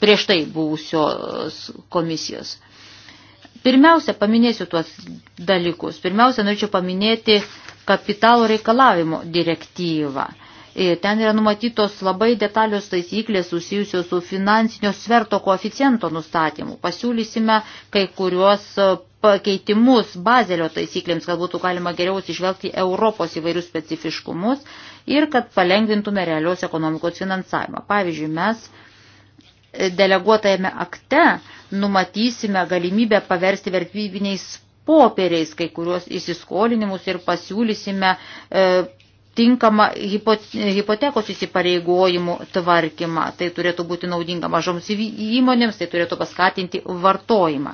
prieš tai buvusios komisijos. Pirmiausia, paminėsiu tuos dalykus. Pirmiausia, norėčiau paminėti kapitalo reikalavimo direktyvą. Ten yra numatytos labai detalios taisyklės susijusios su finansinio sverto koeficiento nustatymu. Pasiūlysime kai kuriuos e, pakeitimus bazelio taisyklėms, kad būtų galima geriau išvelgti Europos įvairius specifiškumus ir kad palengvintume realios ekonomikos finansavimą. Pavyzdžiui, mes e, deleguotajame akte numatysime galimybę paversti vertybiniais popieriais kai kuriuos įsiskolinimus ir pasiūlysime e, tinkamą hipotekos įsipareigojimų tvarkymą. Tai turėtų būti naudinga mažoms įmonėms, tai turėtų paskatinti vartojimą.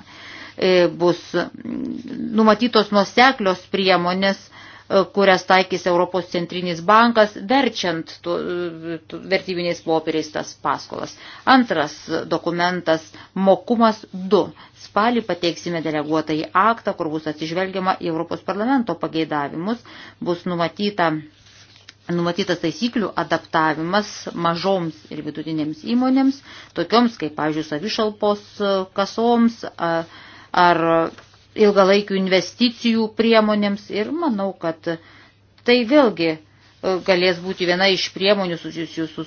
E, bus mm, numatytos nuoseklios priemonės, e, kurias taikys Europos centrinis bankas, verčiant tu, tu, vertybiniais popieriais tas paskolas. Antras dokumentas – mokumas 2. Spalį pateiksime deleguotą į aktą, kur bus atsižvelgiama į Europos parlamento pageidavimus, bus numatyta numatytas taisyklių adaptavimas mažoms ir vidutinėms įmonėms, tokioms kaip, pavyzdžiui, savišalpos e, kasoms ar ilgalaikių investicijų priemonėms. Ir manau, kad tai vėlgi e, galės būti viena iš priemonių susijusių su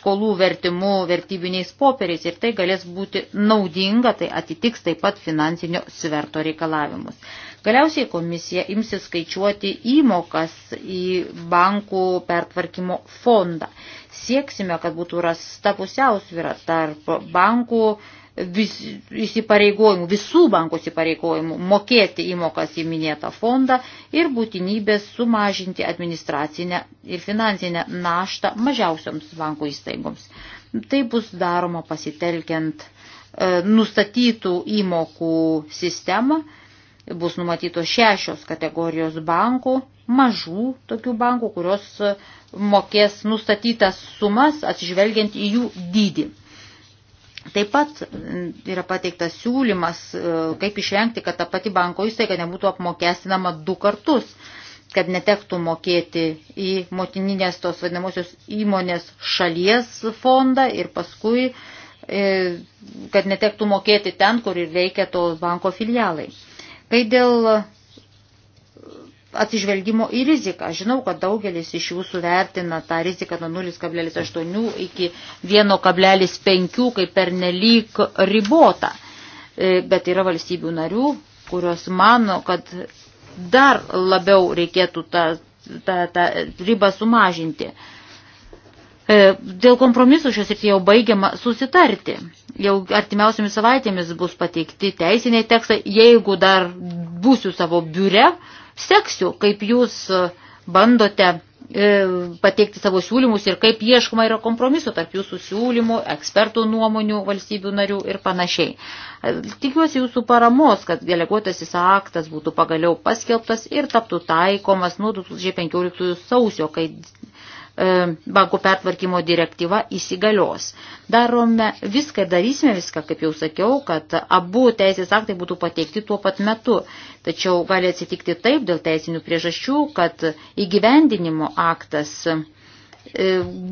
skolų vertimu vertybiniais popieriais ir tai galės būti naudinga, tai atitiks taip pat finansinio sverto reikalavimus. Galiausiai komisija imsi skaičiuoti įmokas į bankų pertvarkymo fondą. Sieksime, kad būtų rasta pusiausvyra tarp bankų vis, įsipareigojimų, visų bankų įsipareigojimų mokėti įmokas į minėtą fondą ir būtinybės sumažinti administracinę ir finansinę naštą mažiausioms bankų įstaigoms. Tai bus daroma pasitelkiant e, nustatytų įmokų sistemą bus numatytos šešios kategorijos bankų, mažų tokių bankų, kurios e, mokės nustatytas sumas atsižvelgiant į jų dydį. Taip pat yra pateiktas siūlymas, e, kaip išvengti, kad ta pati banko įstaiga nebūtų apmokestinama du kartus, kad netektų mokėti į motininės tos vadinamosios įmonės šalies fondą ir paskui, e, kad netektų mokėti ten, kur ir veikia tos banko filialai. Kai dėl atsižvelgimo į riziką. Žinau, kad daugelis iš jūsų vertina tą riziką nuo 0,8 iki 1,5 kaip pernelyg ribota. E, bet yra valstybių narių, kurios mano, kad dar labiau reikėtų tą, tą, tą ribą sumažinti. E, dėl kompromisų šios ir jau baigiama susitarti. Jau artimiausiamis savaitėmis bus pateikti teisiniai tekstai. Jeigu dar būsiu savo biure, seksiu, kaip jūs e, bandote e, pateikti savo siūlymus ir kaip ieškoma yra kompromiso tarp jūsų siūlymų, ekspertų nuomonių, valstybių narių ir panašiai. Tikiuosi jūsų paramos, kad deleguotasis aktas būtų pagaliau paskelbtas ir taptų taikomas nuo 2015 sausio, kai E, bankų pertvarkymo direktyva įsigalios. Darome viską ir darysime viską, kaip jau sakiau, kad abu teisės aktai būtų pateikti tuo pat metu. Tačiau gali atsitikti taip dėl teisinių priežasčių, kad įgyvendinimo aktas e,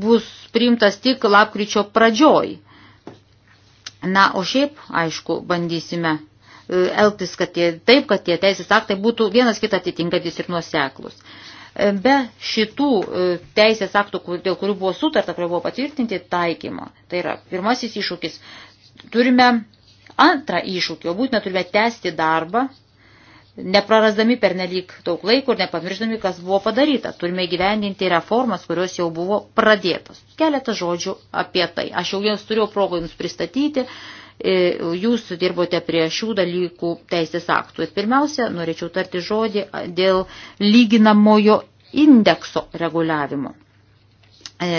bus priimtas tik lapkričio pradžioj. Na, o šiaip, aišku, bandysime e, elgtis kad tie, taip, kad tie teisės aktai būtų vienas kitą atitinkantis ir nuoseklus be šitų e, teisės aktų, dėl kurių buvo sutarta, kurie buvo patvirtinti, taikymo. Tai yra pirmasis iššūkis. Turime antrą iššūkį, o būtent turime tęsti darbą, neprarasdami per nelik daug laiko ir nepamiršdami, kas buvo padaryta. Turime gyvendinti reformas, kurios jau buvo pradėtos. Keletą žodžių apie tai. Aš jau jums turėjau progą jums pristatyti. Uh, E, jūs dirbote prie šių dalykų teisės aktų. Ir pirmiausia, norėčiau tarti žodį dėl lyginamojo indekso reguliavimo. E,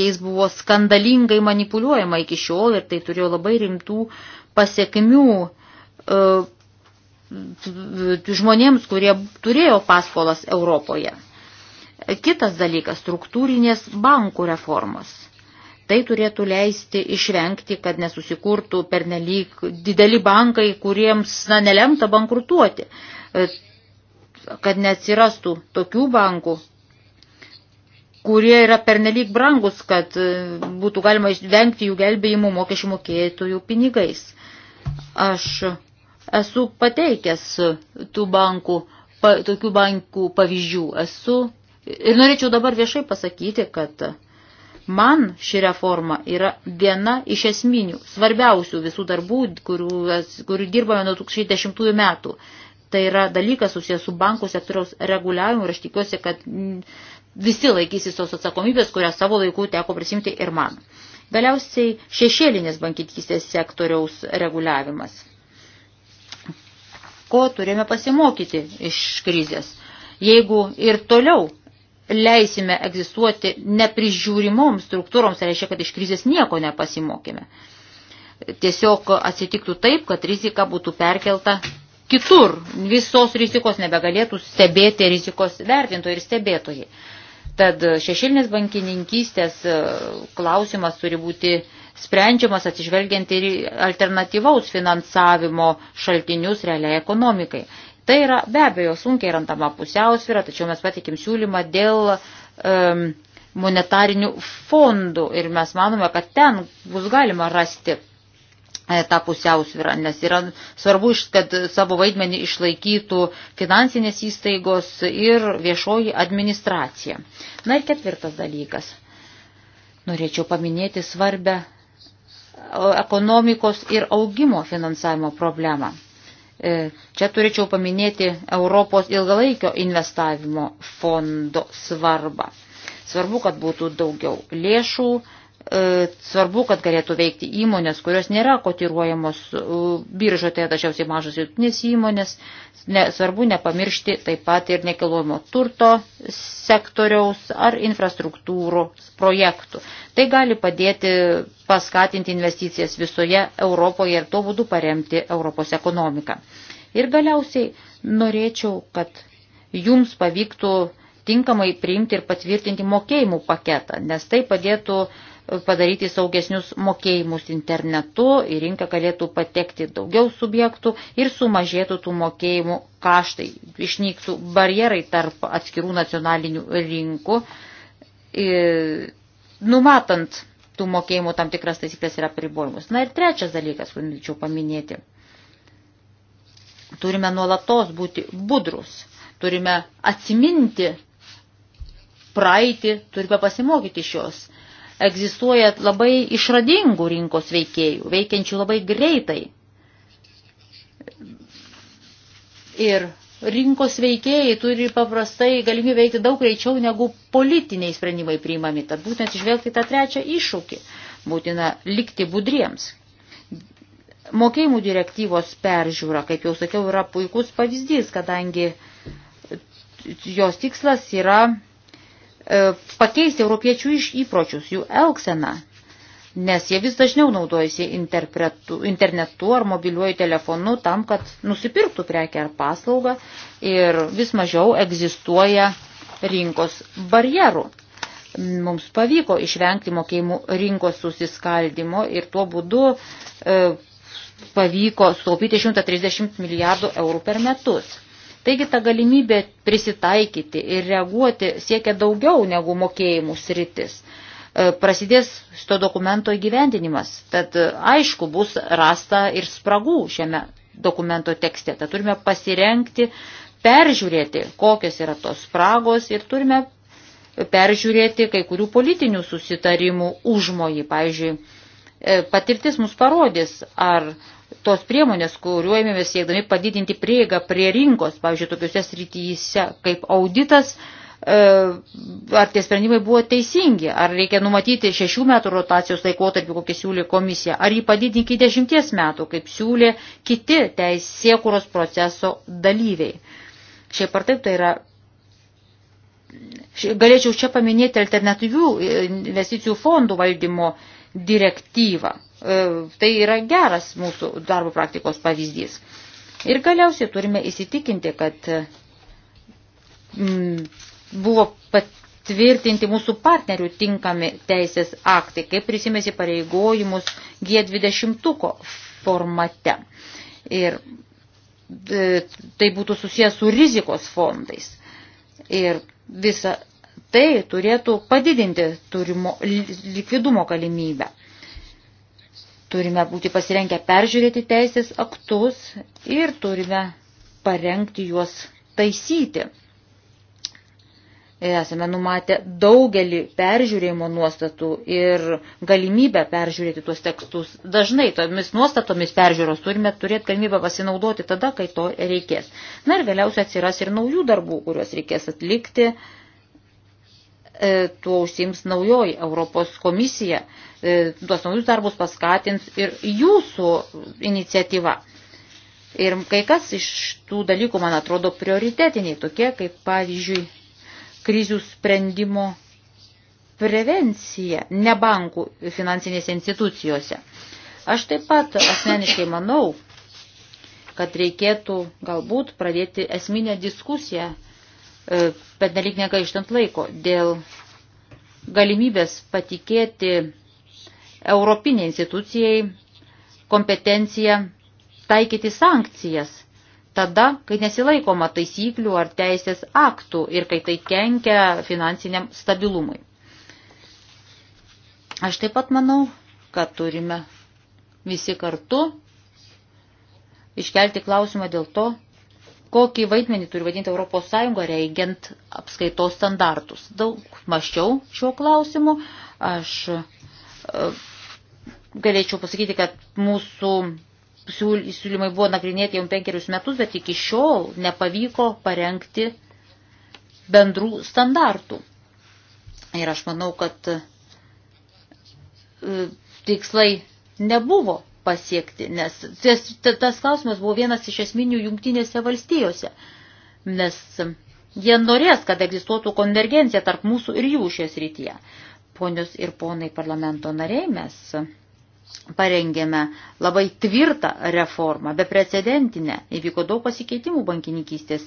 jais buvo skandalingai manipuliuojama iki šiol ir tai turėjo labai rimtų pasiekmių e, žmonėms, kurie turėjo paskolas Europoje. Kitas dalykas – struktūrinės bankų reformos – Tai turėtų leisti išvengti, kad nesusikurtų pernelyg dideli bankai, kuriems na, nelemta bankrutuoti, e, kad neatsirastų tokių bankų, kurie yra pernelyg brangus, kad e, būtų galima išvengti jų gelbėjimų mokesčių mokėtojų pinigais. Aš esu pateikęs tų bankų, pa, tokių bankų pavyzdžių. Esu ir norėčiau dabar viešai pasakyti, kad Man ši reforma yra viena iš esminių, svarbiausių visų darbų, kurių, kurių dirbame nuo 2010 metų. Tai yra dalykas susijęs su bankų sektoriaus reguliavimu ir aš tikiuosi, kad mm, visi laikysis tos atsakomybės, kurią savo laiku teko prisimti ir man. Galiausiai šešėlinės bankitystės sektoriaus reguliavimas. Ko turime pasimokyti iš krizės? Jeigu ir toliau leisime egzistuoti neprižiūrimoms struktūroms, tai reiškia, kad iš krizės nieko nepasimokėme. Tiesiog atsitiktų taip, kad rizika būtų perkelta kitur. Visos rizikos nebegalėtų stebėti rizikos vertintojai ir stebėtojai. Tad šešilinės bankininkystės e, klausimas turi būti sprendžiamas atsižvelgiant ir alternatyvaus finansavimo šaltinius realiai ekonomikai. Tai yra be abejo sunkiai randama pusiausvyrą, tačiau mes patikim siūlymą dėl um, monetarinių fondų ir mes manome, kad ten bus galima rasti e, tą pusiausvyrą, nes yra svarbu, kad savo vaidmenį išlaikytų finansinės įstaigos ir viešoji administracija. Na ir ketvirtas dalykas. Norėčiau paminėti svarbę e, ekonomikos ir augimo finansavimo problemą. E, čia turėčiau paminėti Europos ilgalaikio investavimo fondo svarbą. Svarbu, kad būtų daugiau lėšų, E, svarbu, kad galėtų veikti įmonės, kurios nėra kotiruojamos e, biržoje, tai dažniausiai mažos jūtinės įmonės. Ne, svarbu nepamiršti taip pat ir nekilojimo turto sektoriaus ar infrastruktūros projektų. Tai gali padėti paskatinti investicijas visoje Europoje ir tuo būdu paremti Europos ekonomiką. Ir galiausiai norėčiau, kad jums pavyktų tinkamai priimti ir patvirtinti mokėjimų paketą, nes tai padėtų uh, padaryti saugesnius mokėjimus internetu, į rinką galėtų patekti daugiau subjektų ir sumažėtų tų mokėjimų kaštai, išnyktų barjerai tarp atskirų nacionalinių rinkų, e, numatant tų mokėjimų tam tikras taisyklės ir apribojimus. Na ir trečias dalykas, kurį norėčiau paminėti. Turime nuolatos būti budrus, turime atsiminti praeitį, turime pasimokyti šios egzistuoja labai išradingų rinkos veikėjų, veikiančių labai greitai. Ir rinkos veikėjai turi paprastai galimybę veikti daug greičiau negu politiniai sprendimai priimami. Tad būtent išvelgti tą trečią iššūkį būtina likti budriems. Mokėjimų direktyvos peržiūra, kaip jau sakiau, yra puikus pavyzdys, kadangi jos tikslas yra E, pakeisti europiečių iš įpročius, jų elkseną, nes jie vis dažniau naudojasi internetu ar mobiliuoju telefonu tam, kad nusipirktų prekę ar paslaugą ir vis mažiau egzistuoja rinkos barjerų. Mums pavyko išvengti mokėjimų rinkos susiskaldimo ir tuo būdu e, pavyko sutaupyti 130 milijardų eurų per metus. Taigi ta galimybė prisitaikyti ir reaguoti siekia daugiau negu mokėjimų sritis. E, prasidės to dokumento įgyvendinimas, tad e, aišku bus rasta ir spragų šiame dokumento tekste. Tad turime pasirenkti, peržiūrėti, kokios yra tos spragos ir turime peržiūrėti kai kurių politinių susitarimų užmojį. Pavyzdžiui, e, patirtis mus parodys, ar tos priemonės, kuriuo ėmėmės siekdami padidinti prieigą prie rinkos, pavyzdžiui, tokiuose srityse kaip auditas, e, ar tie sprendimai buvo teisingi, ar reikia numatyti šešių metų rotacijos laikotarpį, kokį siūlė komisija, ar jį padidinti iki dešimties metų, kaip siūlė kiti teisėkuros proceso dalyviai. Šiaip ar taip tai yra. Galėčiau čia paminėti alternatyvių e, investicijų fondų valdymo direktyvą. E, tai yra geras mūsų darbo praktikos pavyzdys. Ir galiausiai turime įsitikinti, kad mm, buvo patvirtinti mūsų partnerių tinkami teisės aktai, kaip prisimėsi pareigojimus G20 formate. Ir e, tai būtų susijęs su rizikos fondais. Ir visa tai turėtų padidinti turimo likvidumo galimybę. Turime būti pasirengę peržiūrėti teisės aktus ir turime parengti juos taisyti. Esame numatę daugelį peržiūrėjimo nuostatų ir galimybę peržiūrėti tuos tekstus. Dažnai tomis nuostatomis peržiūros turime turėti galimybę pasinaudoti tada, kai to reikės. Na ir galiausiai atsiras ir naujų darbų, kuriuos reikės atlikti. Uh, E, tuo užsims naujoji Europos komisija, e, tuos naujus darbus paskatins ir jūsų iniciatyva. Ir kai kas iš tų dalykų, man atrodo, prioritetiniai, tokie kaip, pavyzdžiui, krizių sprendimo prevencija ne bankų finansinėse institucijose. Aš taip pat asmeniškai manau, kad reikėtų galbūt pradėti esminę diskusiją bet nelik negaištant laiko, dėl galimybės patikėti Europinė institucijai kompetencija taikyti sankcijas tada, kai nesilaikoma taisyklių ar teisės aktų ir kai tai kenkia finansiniam stabilumui. Aš taip pat manau, kad turime visi kartu iškelti klausimą dėl to, kokį vaidmenį turi vadinti ES reigiant apskaitos standartus. Daug maščiau šiuo klausimu. Aš e, galėčiau pasakyti, kad mūsų siūlymai buvo nagrinėti jau penkerius metus, bet iki šiol nepavyko parengti bendrų standartų. Ir aš manau, kad e, tikslai nebuvo pasiekti, nes tas, tas klausimas buvo vienas iš esminių jungtinėse valstijose, nes jie norės, kad egzistuotų konvergencija tarp mūsų ir jų šios rytyje. Ponios ir ponai parlamento nariai, mes parengėme labai tvirtą reformą, beprecedentinę. Įvyko daug pasikeitimų bankininkystės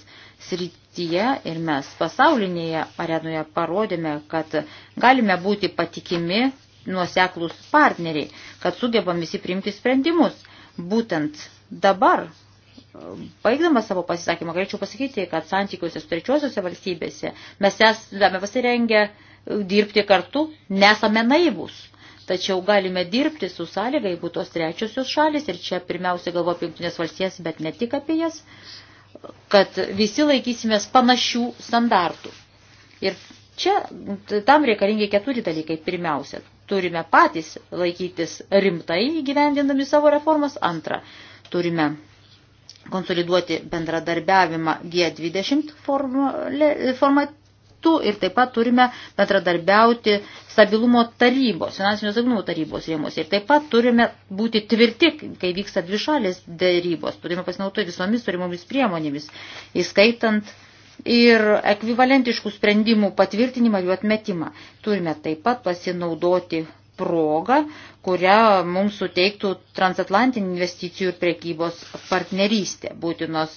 srityje ir mes pasaulinėje arenoje parodėme, kad galime būti patikimi nuoseklus partneriai, kad sugebam visi priimti sprendimus. Būtent dabar, baigdamas savo pasisakymą, galėčiau pasakyti, kad santykiuose su trečiosiuose valstybėse mes esame pasirengę dirbti kartu, nesame naivus. Tačiau galime dirbti su sąlyga, jeigu tos trečiosios šalis, ir čia pirmiausia galvo apie jungtinės valstijas, bet ne tik apie jas, kad visi laikysimės panašių standartų. Ir čia tam reikalingi keturi dalykai. Pirmiausia, turime patys laikytis rimtai įgyvendindami savo reformas. Antra, turime konsoliduoti bendradarbiavimą G20 formatu ir taip pat turime bendradarbiauti stabilumo tarybos, finansinio stabilumo tarybos rėmose. Ir taip pat turime būti tvirti, kai vyksta dvišalės dėrybos. Turime pasinaudoti visomis turimomis priemonėmis, įskaitant uh, ir ekvivalentiškų sprendimų patvirtinimą ir jų atmetimą. Turime taip pat pasinaudoti progą, kurią mums suteiktų transatlantinį investicijų ir prekybos partnerystė. Būtinos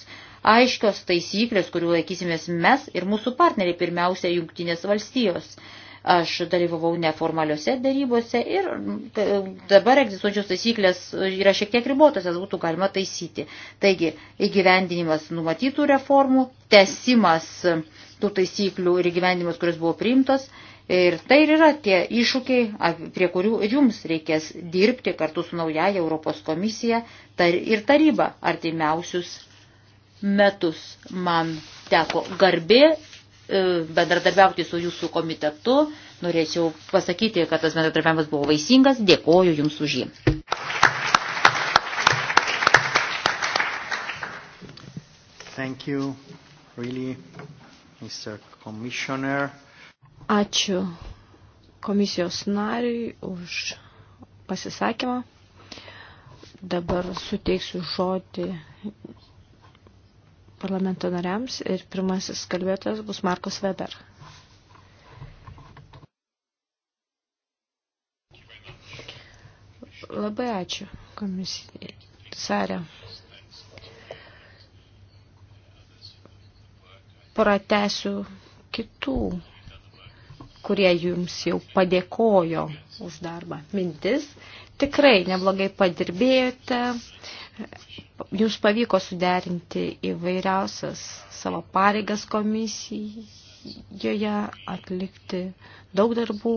aiškios taisyklės, kurių laikysimės mes ir mūsų partneriai, pirmiausia, jungtinės valstijos. Aš dalyvavau neformaliuose darybose ir dabar egzistuojančios taisyklės yra šiek tiek ribotos, jas būtų galima taisyti. Taigi, įgyvendinimas numatytų reformų, tesimas tų taisyklių ir įgyvendinimas, kuris buvo priimtos. Ir tai ir yra tie iššūkiai, prie kurių jums reikės dirbti kartu su naujaja Europos komisija ir taryba artimiausius metus. Man teko garbė E, bendradarbiauti su jūsų komitetu. Norėčiau pasakyti, kad tas bendradarbiavimas buvo vaisingas. Dėkoju Jums už jį. Thank you, really, Mr. Commissioner. Ačiū komisijos nariui už pasisakymą. Dabar suteiksiu žodį parlamento nariams ir pirmasis kalbėtojas bus Markus Weber. Labai ačiū, komisarė. Pratesiu kitų, kurie jums jau padėkojo už darbą. Mintis, tikrai neblogai padirbėjote, Jums pavyko suderinti įvairiausias savo pareigas komisijoje, atlikti daug darbų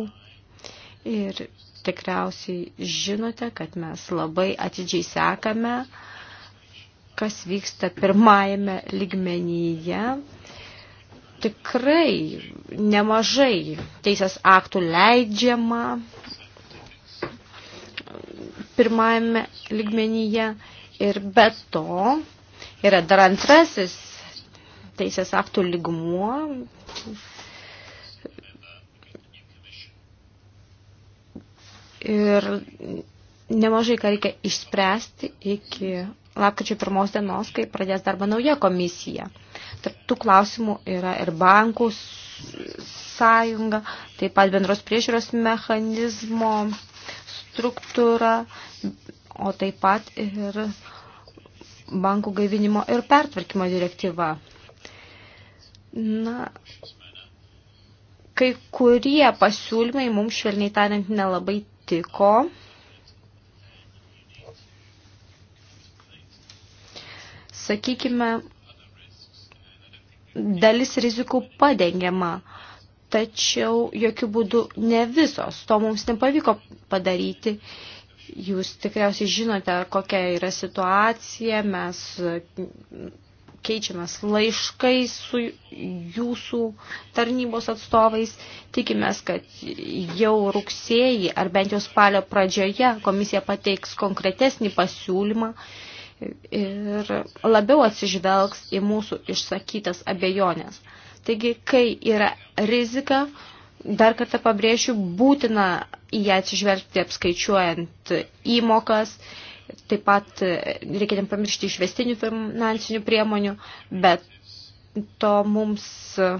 ir tikriausiai žinote, kad mes labai atidžiai sekame, kas vyksta pirmajame ligmenyje. Tikrai nemažai teisės aktų leidžiama pirmajame ligmenyje Ir be to yra dar antrasis teisės aktų lygmuo. Ir nemažai ką reikia išspręsti iki lapkričio pirmos dienos, kai pradės darbą nauja komisija. Tarp tų klausimų yra ir bankų sąjunga, taip pat bendros priežiūros mechanizmo struktūra, o taip pat ir bankų gaivinimo ir pertvarkymo direktyva. Na, kai kurie pasiūlymai mums švelniai tariant nelabai tiko. Sakykime, dalis rizikų padengiama, tačiau jokių būdų ne visos. To mums nepavyko padaryti Jūs tikriausiai žinote, kokia yra situacija, mes keičiamės laiškais su jūsų tarnybos atstovais. Tikimės, kad jau rugsėjį ar bent jau spalio pradžioje komisija pateiks konkretesnį pasiūlymą ir labiau atsižvelgs į mūsų išsakytas abejonės. Taigi, kai yra rizika, Dar kartą pabrėšiu, būtina į ją atsižvelgti apskaičiuojant įmokas, taip pat e, reikia nepamiršti išvestinių finansinių priemonių, bet to mums e,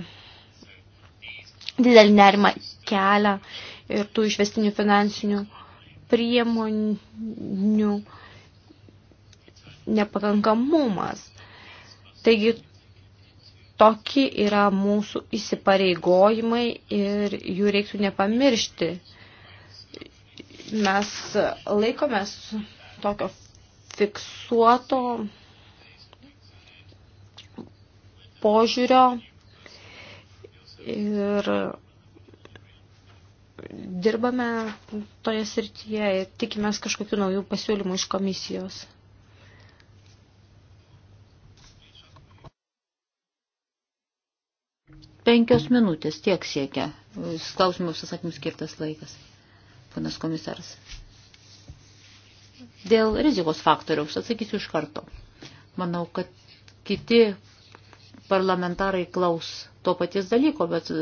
didelį nerimą kelia ir tų išvestinių finansinių priemonių nepakankamumas. Taigi Tokie yra mūsų įsipareigojimai ir jų reiktų nepamiršti. Mes laikomės tokio fiksuoto požiūrio ir dirbame toje srityje ir tikimės kažkokių naujų pasiūlymų iš komisijos. Penkios minutės tiek siekia. Klausimus atsakymus skirtas laikas, panas komisaras. Dėl rizikos faktoriaus atsakysiu iš karto. Manau, kad kiti parlamentarai klaus to paties dalyko, bet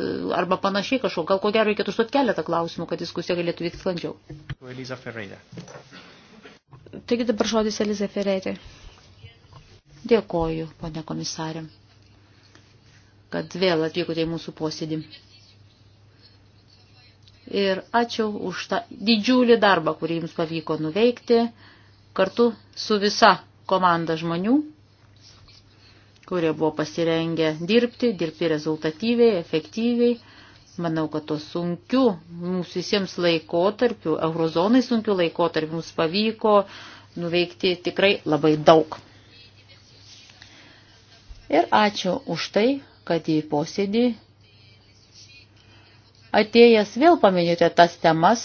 arba panašiai kažko. Gal ko gero reikėtų užduoti keletą klausimų, kad diskusija galėtų vykti sklandžiau. Eliza Ferreira. Taigi dabar žodis Eliza Ferreira. Dėkoju, pane komisarė kad vėl atvykote į mūsų posėdį. Ir ačiū už tą didžiulį darbą, kurį jums pavyko nuveikti kartu su visa komanda žmonių, kurie buvo pasirengę dirbti, dirbti rezultatyviai, efektyviai. Manau, kad to sunkiu mums visiems laikotarpiu, eurozonai sunkiu laikotarpiu mums pavyko nuveikti tikrai labai daug. Ir ačiū už tai, kad į posėdį atėjęs vėl paminėjote tas temas,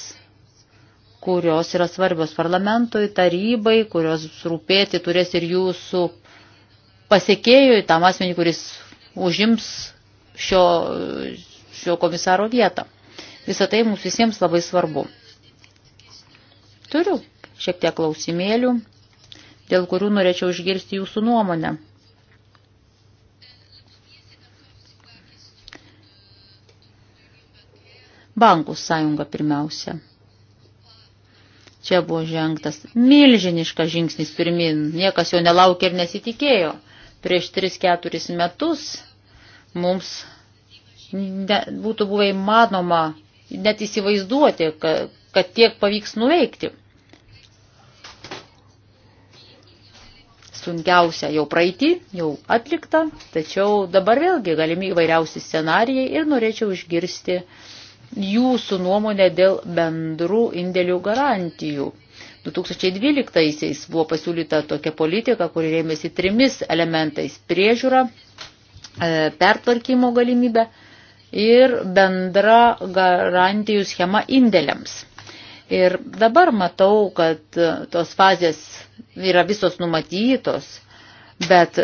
kurios yra svarbios parlamentui, tarybai, kurios rūpėti turės ir jūsų pasiekėjui, tam asmeniui, kuris užims šio, šio komisaro vietą. Visą tai mums visiems labai svarbu. Turiu šiek tiek klausimėlių, dėl kurių norėčiau išgirsti jūsų nuomonę. Bankų sąjunga pirmiausia. Čia buvo žengtas milžiniškas žingsnis pirmin, niekas jo nelaukė ir nesitikėjo. Prieš 3-4 metus mums ne, būtų buvę įmanoma net įsivaizduoti, kad, kad tiek pavyks nuveikti. sunkiausia jau praeitį, jau atlikta, tačiau dabar vėlgi galimi įvairiausi scenarijai ir norėčiau išgirsti jūsų nuomonė dėl bendrų indėlių garantijų. 2012-aisiais buvo pasiūlyta tokia politika, kuri rėmėsi trimis elementais – priežiūra, e, pertvarkymo galimybė ir bendra garantijų schema indėliams. Ir dabar matau, kad tos fazės yra visos numatytos – bet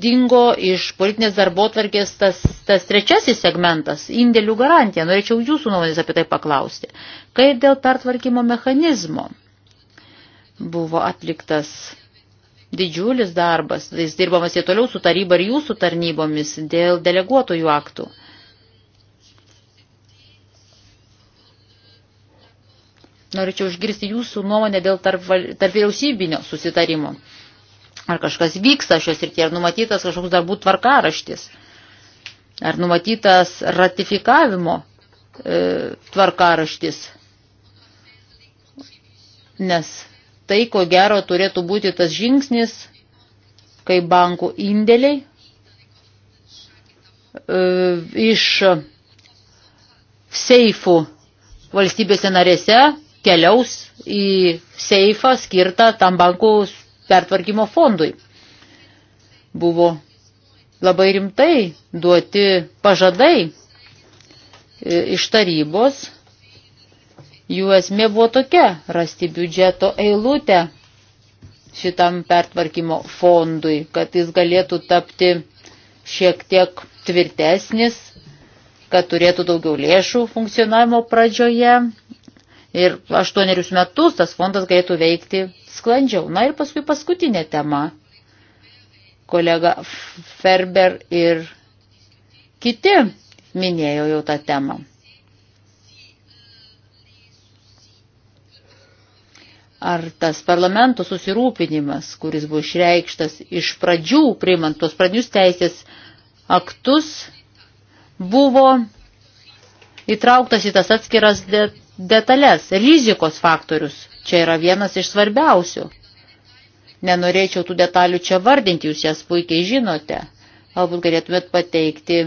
dingo iš politinės darbotvarkės tas, tas trečiasis segmentas – indėlių garantija. Norėčiau jūsų nuomonės apie tai paklausti. Kaip dėl pertvarkymo mechanizmo buvo atliktas didžiulis darbas, jis dirbamas ir toliau su taryba ir jūsų tarnybomis dėl deleguotojų aktų. Norėčiau išgirsti jūsų nuomonę dėl tarp, tarp vyriausybinio susitarimo ar kažkas vyksta šios ir tie, ar numatytas kažkoks darbų tvarkaraštis, ar numatytas ratifikavimo e, tvarkaraštis. Nes tai, ko gero, turėtų būti tas žingsnis, kai bankų indėliai e, iš seifų valstybėse narėse keliaus į seifą skirtą tam bankų pertvarkymo fondui. Buvo labai rimtai duoti pažadai e, iš tarybos. Jų esmė buvo tokia – rasti biudžeto eilutę šitam pertvarkymo fondui, kad jis galėtų tapti šiek tiek tvirtesnis, kad turėtų daugiau lėšų funkcionavimo pradžioje ir aštuonerius metus tas fondas galėtų veikti sklandžiau. Na ir paskui paskutinė tema. Kolega Ferber ir kiti minėjo jau tą temą. Ar tas parlamento susirūpinimas, kuris buvo išreikštas iš pradžių, priimant tos pradinius teisės aktus, buvo įtrauktas į tas atskiras detalės, rizikos faktorius Čia yra vienas iš svarbiausių. Nenorėčiau tų detalių čia vardinti, jūs jas puikiai žinote. Galbūt galėtumėt pateikti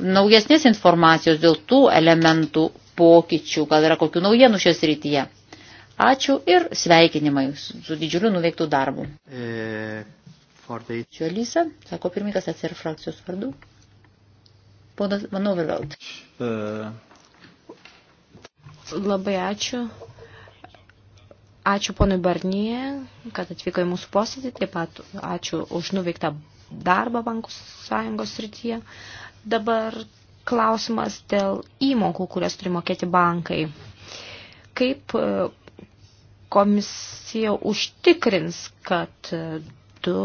naujesnės informacijos dėl tų elementų pokyčių, gal yra kokių naujienų šios rytyje. Ačiū ir sveikinimai su didžiuliu nuveiktų darbu. E, the... Čia Lysa, sako pirmininkas atsir frakcijos vardu. Ponas Manovelvelt. E... Labai ačiū. Ačiū ponui Barnie, kad atvyko į mūsų posėdį, taip pat ačiū už nuveiktą darbą bankų sąjungos srityje. Dabar klausimas dėl įmokų, kurias turi mokėti bankai. Kaip e, komisija užtikrins, kad du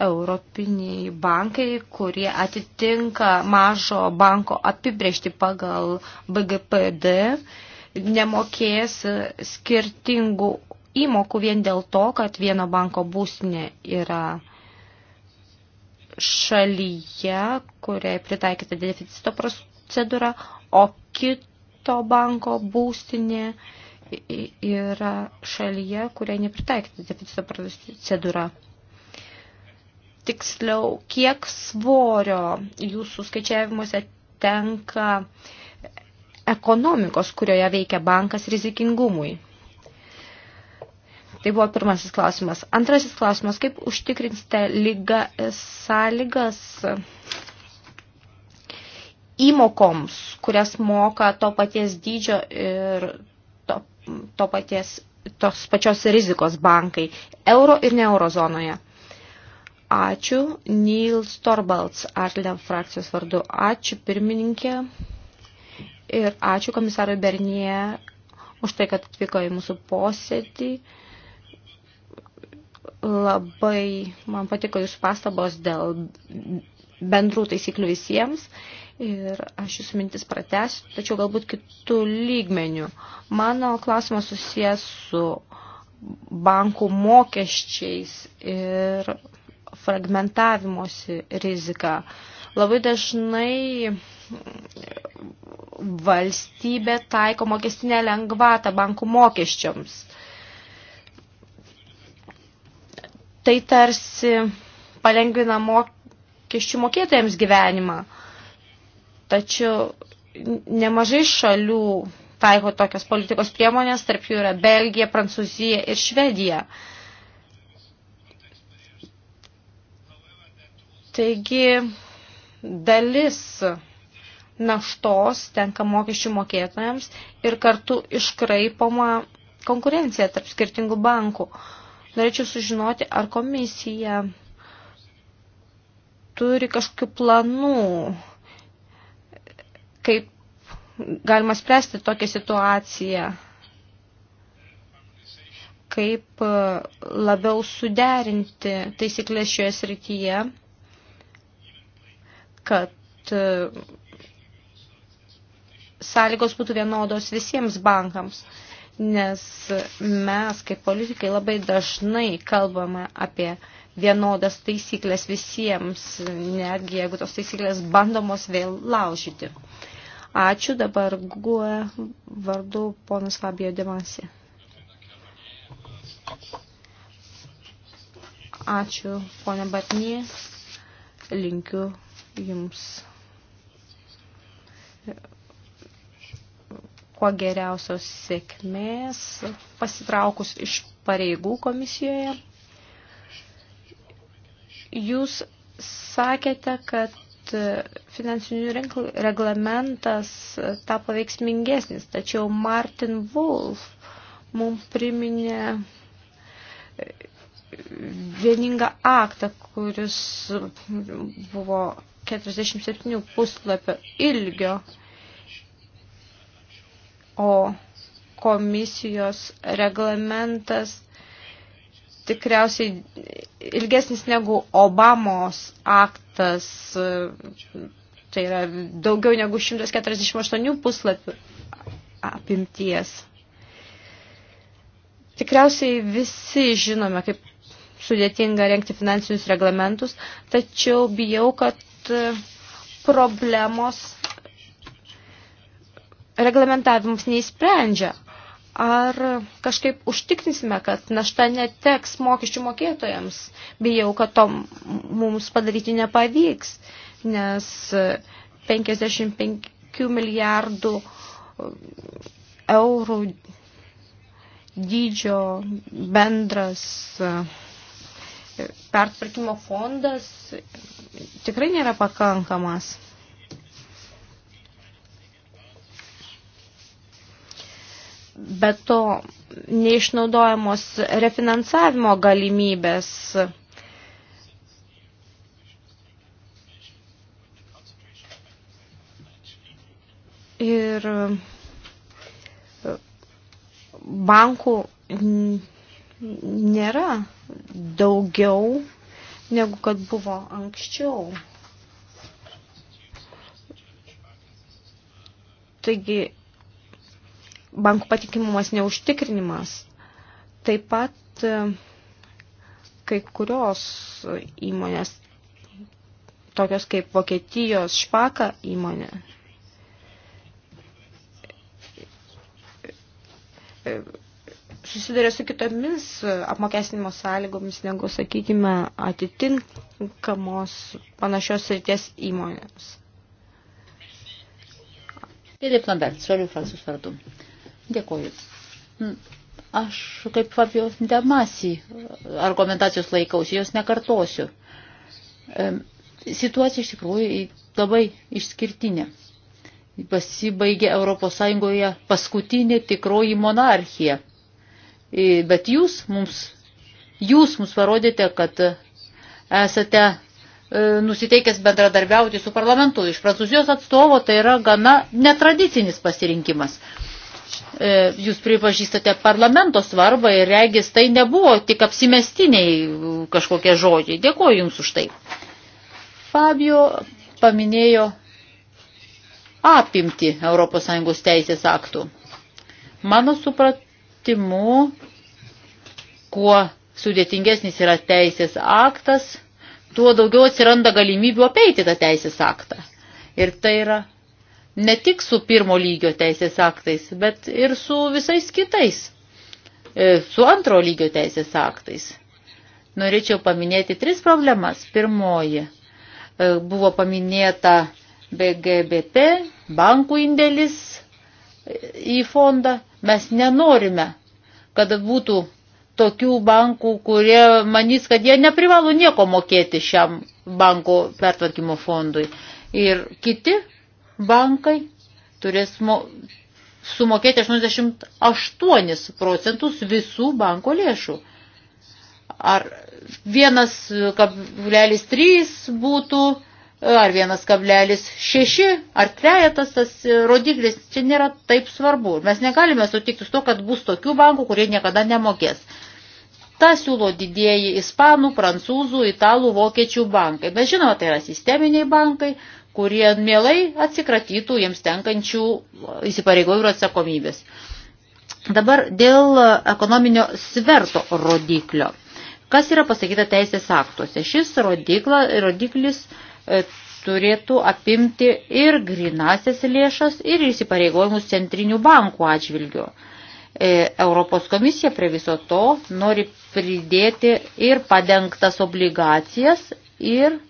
europiniai bankai, kurie atitinka mažo banko apibrėžti pagal BGPD, nemokės skirtingų įmokų vien dėl to, kad vieno banko būstinė yra šalyje, kuriai pritaikyta deficito procedūra, o kito banko būstinė yra šalyje, kuriai nepritaikyta deficito procedūra. Tiksliau, kiek svorio jūsų skaičiavimuose tenka uh, ekonomikos, kurioje veikia bankas rizikingumui. Tai buvo pirmasis klausimas. Antrasis klausimas, kaip užtikrinsite lyga, sąlygas įmokoms, kurias moka to paties dydžio ir to, to paties, tos pačios rizikos bankai, euro ir ne eurozonoje. Ačiū, Nils Torbalds, Arlen frakcijos vardu. Ačiū, pirmininkė. Ir ačiū komisarui Bernie už tai, kad atvyko į mūsų posėdį. Labai man patiko jūsų pastabos dėl bendrų taisyklių visiems ir aš jūsų mintis pratęsiu, tačiau galbūt kitų lygmenių. Mano klausimas susijęs su bankų mokesčiais ir fragmentavimosi rizika. Labai dažnai valstybė taiko mokestinę lengvatą bankų mokesčiams. Tai tarsi palengvina mokesčių mokėtojams gyvenimą. Tačiau nemažai šalių taiko tokios politikos priemonės, tarp jų yra Belgija, Prancūzija ir Švedija. Taigi dalis naštos tenka mokesčių mokėtojams ir kartu iškraipoma konkurencija tarp skirtingų bankų. Norėčiau sužinoti, ar komisija turi kažkokių planų, kaip galima spręsti tokią situaciją, kaip labiau suderinti taisyklės šioje srityje, kad sąlygos būtų vienodos visiems bankams, nes mes kaip politikai labai dažnai kalbame apie vienodas taisyklės visiems, netgi jeigu tos taisyklės bandomos vėl laužyti. Ačiū dabar guoja vardu ponas Fabio Demasi. Ačiū ponė Batnie, linkiu jums kuo geriausios sėkmės pasitraukus iš pareigų komisijoje. Jūs sakėte, kad finansinių rinkų reglamentas tapo veiksmingesnis, tačiau Martin Wolf mums priminė vieningą aktą, kuris buvo 47 puslapio ilgio o komisijos reglamentas tikriausiai ilgesnis negu Obamos aktas, tai yra daugiau negu 148 puslapių apimties. Tikriausiai visi žinome, kaip sudėtinga renkti finansinius reglamentus, tačiau bijau, kad e, problemos reglamentavimus neįsprendžia. Ar kažkaip užtikrinsime, kad našta neteks mokesčių mokėtojams? Bijau, kad to mums padaryti nepavyks, nes 55 milijardų e, eurų dydžio bendras e, pertvarkymo fondas tikrai nėra pakankamas. Be to, neišnaudojamos refinansavimo galimybės. Ir bankų nėra daugiau negu kad buvo anksčiau. Taigi bankų patikimumas neužtikrinimas. Taip pat e, kai kurios įmonės, tokios kaip Vokietijos špaka įmonė, e, susiduria su kitomis apmokestinimo sąlygomis negu, sakykime, atitinkamos panašios srities įmonės. Filip Lambert, Šalių frakcijos vardu. Dėkuoju. Mm. Aš kaip Fabio Demasi e, argumentacijos laikausi, jos nekartosiu. E, situacija iš tikrųjų labai išskirtinė. Pasibaigė Europos Sąjungoje paskutinė tikroji monarchija. E, bet jūs mums, jūs mums parodėte, kad esate nusiteikęs bendradarbiauti su parlamentu. Iš Prancūzijos atstovo tai yra gana netradicinis pasirinkimas. E, jūs pripažįstate parlamento svarbą ir regis tai nebuvo tik apsimestiniai kažkokie žodžiai. Dėkuoju Jums už tai. Fabio paminėjo apimti ES teisės aktų. Mano supratimu, kuo sudėtingesnis yra teisės aktas, tuo daugiau atsiranda galimybių apeiti tą teisės aktą. Ir tai yra ne tik su pirmo lygio teisės aktais, bet ir su visais kitais, e, su antro lygio teisės aktais. Norėčiau paminėti tris problemas. Pirmoji e, buvo paminėta BGBT, bankų indėlis e, į fondą. Mes nenorime, kad būtų tokių bankų, kurie manys, kad jie neprivalo nieko mokėti šiam banko pertvarkymo fondui. Ir kiti bankai turės mo, sumokėti 88 procentus visų banko lėšų. Ar 1,3 būtų, ar 1,6, ar trejetas tas rodiklis, čia nėra taip svarbu. Mes negalime sutikti su to, kad bus tokių bankų, kurie niekada nemokės. Ta siūlo didieji ispanų, prancūzų, italų, vokiečių bankai. Mes žinoma, tai yra sisteminiai bankai, kurie mielai atsikratytų jiems tenkančių įsipareigojimų ir atsakomybės. Dabar dėl ekonominio sverto rodiklio. Kas yra pasakyta teisės aktuose? Šis rodikla, rodiklis e, turėtų apimti ir grinasias lėšas, ir įsipareigojimus centrinių bankų atžvilgių. E, Europos komisija prie viso to nori pridėti ir padengtas obligacijas, ir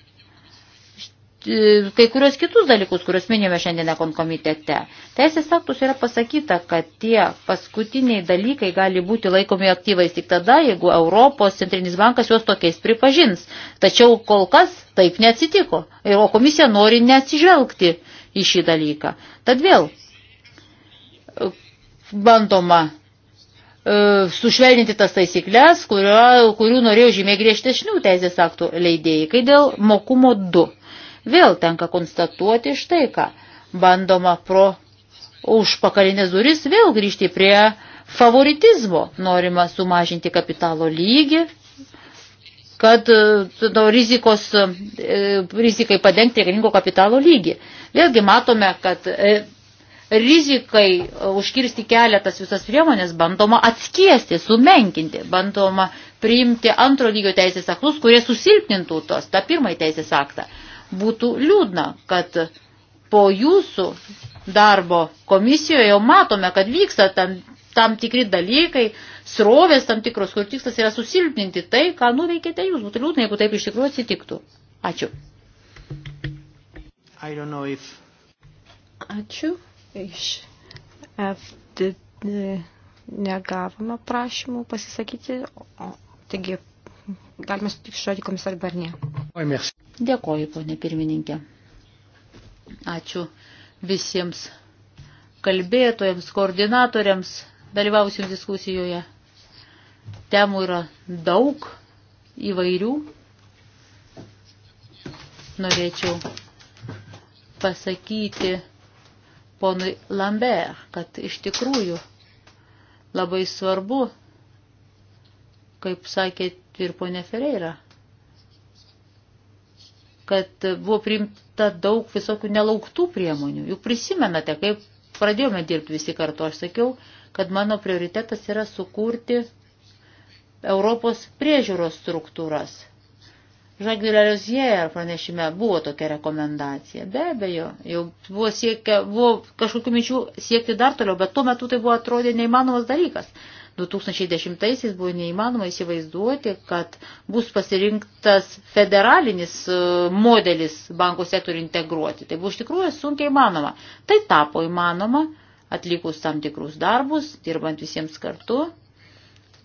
E, kai kurios kitus dalykus, kuriuos minėjome šiandieną konkomitete. Teisės aktus yra pasakyta, kad tie paskutiniai dalykai gali būti laikomi aktyvais tik tada, jeigu Europos centrinis bankas juos tokiais pripažins. Tačiau kol kas taip neatsitiko. Ir o komisija nori neatsižvelgti į šį dalyką. Tad vėl e, bandoma e, sušvelninti tas taisyklės, kurio, kurių norėjo žymiai griežtesnių teisės aktų leidėjai, kai dėl mokumo 2. Vėl tenka konstatuoti štai ką. Bandoma pro užpakalinės duris vėl grįžti prie favoritizmo. Norima sumažinti kapitalo lygį, kad no, e, rizikos, e, rizikai padengti reikalingo kapitalo lygį. Vėlgi matome, kad e, rizikai užkirsti kelią tas visas priemonės bandoma atskiesti, sumenkinti, bandoma priimti antro lygio teisės aktus, kurie susilpnintų tos, tą pirmąjį teisės aktą būtų liūdna, kad po jūsų darbo komisijoje jau matome, kad vyksta tam, tam tikri dalykai, srovės tam tikros, kur tikslas yra susilpninti tai, ką nuveikėte jūs. Būtų liūdna, jeigu taip iš tikrųjų atsitiktų. Ačiū. If... Ačiū. Iš FDD negavome prašymų pasisakyti. O, taigi galime sutikti žodį komisarį Barnė. Dėkoju, ponė pirmininkė. Ačiū visiems kalbėtojams, koordinatoriams, dalyvausiams diskusijoje. Temų yra daug, įvairių. Norėčiau pasakyti ponui Lambert, kad iš tikrųjų labai svarbu, kaip sakė ir ponė Fereira, kad buvo priimta daug visokių nelauktų priemonių. Juk prisimenate, kaip pradėjome dirbti visi kartu, aš sakiau, kad mano prioritetas yra sukurti Europos priežiūros struktūras. Žagvileriuzier pranešime buvo tokia rekomendacija. Be abejo, jau buvo, siekia, buvo kažkokių minčių siekti dar toliau, bet tuo metu tai buvo atrodė neįmanomas dalykas. 2010-aisiais buvo neįmanoma įsivaizduoti, kad bus pasirinktas federalinis e, modelis bankų sektorių integruoti. Tai buvo iš tikrųjų sunkiai įmanoma. Tai tapo įmanoma atlikus tam tikrus darbus, dirbant visiems kartu,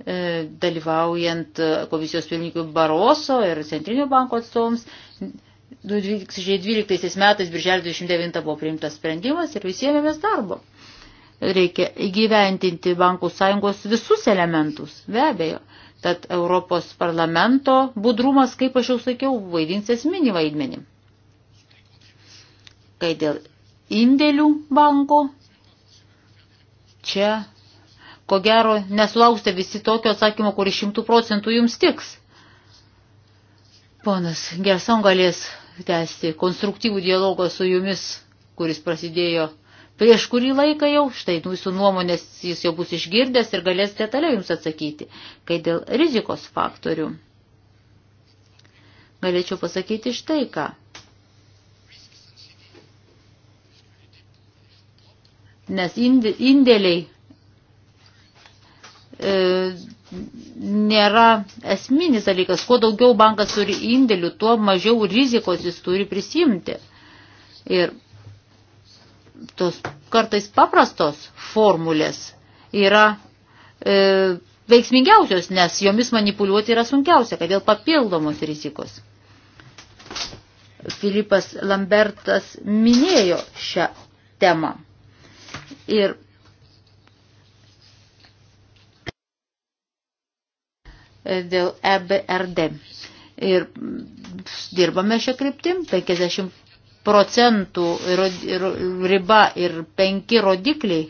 e, dalyvaujant komisijos pirmininkui Baroso ir Centrinio banko atstovams. 2012 metais, birželio 29 buvo priimtas sprendimas ir visiems darbo reikia įgyventinti bankų sąjungos visus elementus, be abejo. Tad Europos parlamento budrumas, kaip aš jau sakiau, vaidins esminį vaidmenį. Kai dėl indėlių banko, čia, ko gero, nesulauksite visi tokio atsakymo, kuris šimtų procentų jums tiks. Ponas Gerson galės tęsti konstruktyvų dialogą su jumis, kuris prasidėjo Prieš kurį laiką jau, štai jūsų nuomonės jis jau bus išgirdęs ir galės detaliau jums atsakyti, kai dėl rizikos faktorių. Galėčiau pasakyti štai ką. Nes indėliai e, nėra esminis dalykas. Kuo daugiau bankas turi indėlių, tuo mažiau rizikos jis turi prisimti. Ir tos kartais paprastos formulės yra e, veiksmingiausios, nes jomis manipuliuoti yra sunkiausia, kad dėl papildomos rizikos. Filipas Lambertas minėjo šią temą. Ir dėl EBRD. Ir dirbame šią kryptim, 50 procentų riba ir penki rodikliai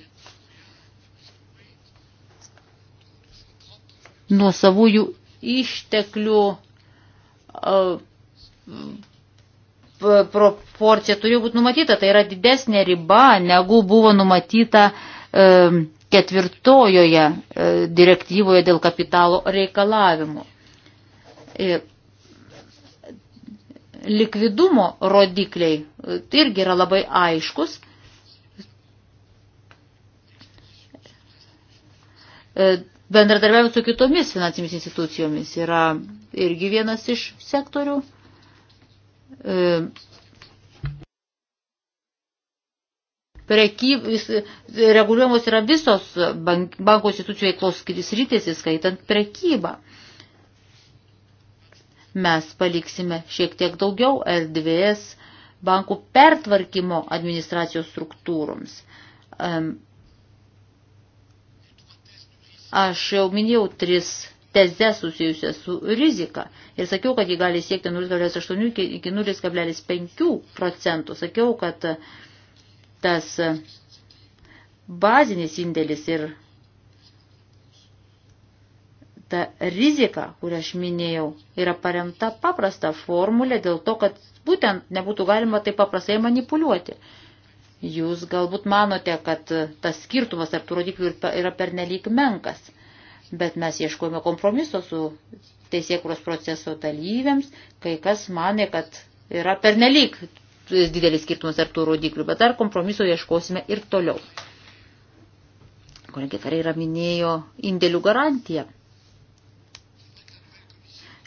nuo savųjų išteklių proporcija turi būti numatyta, tai yra didesnė riba, negu buvo numatyta e, ketvirtojoje e, direktyvoje dėl kapitalo reikalavimų. Ir likvidumo rodikliai e, tai irgi yra labai aiškus. E, bendradarbiavimas su kitomis finansinėmis institucijomis yra irgi vienas iš sektorių. E, prekyb, reguliuojamos yra visos bank, banko institucijų veiklos sritis, įskaitant prekybą. E, mes paliksime šiek tiek daugiau erdvės bankų pertvarkymo administracijos struktūroms. Aš jau minėjau tris tezes susijusias su rizika ir sakiau, kad ji gali siekti 0,8 iki 0,5 procentų. Sakiau, kad tas bazinis indėlis ir ta rizika, kurią aš minėjau, yra paremta paprasta formulė dėl to, kad būtent nebūtų galima taip paprastai manipuliuoti. Jūs galbūt manote, kad tas skirtumas tarp tų rodiklių yra pernelyg menkas, bet mes ieškojame kompromiso su teisėkuros proceso dalyviams, kai kas manė, kad yra pernelyg didelis skirtumas tarp tų rodiklių, bet dar kompromiso ieškosime ir toliau. Kolegė Kareira minėjo indėlių garantiją.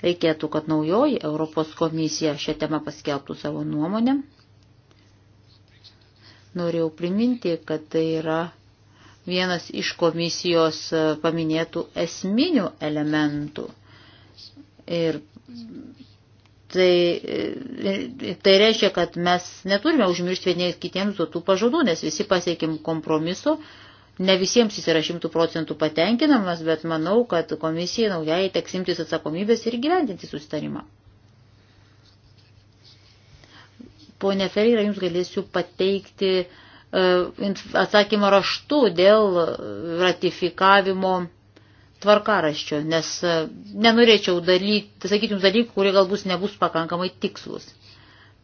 Reikėtų, kad naujoji Europos komisija šią temą paskelbtų savo nuomonę. Norėjau priminti, kad tai yra vienas iš komisijos e, paminėtų esminių elementų. Ir tai, e, e, tai reiškia, kad mes neturime užmiršti vieni kitiems duotų pažadų, nes visi pasiekėm kompromiso, Ne visiems jis yra šimtų procentų patenkinamas, bet manau, kad komisijai naujai teks imtis atsakomybės ir gyventinti susitarimą. Pone Ferreira, jums galėsiu pateikti e, atsakymą raštu dėl ratifikavimo tvarkaraščio, nes e, nenorėčiau dalyti, sakyti jums dalykų, kurie galbūt nebus pakankamai tikslus.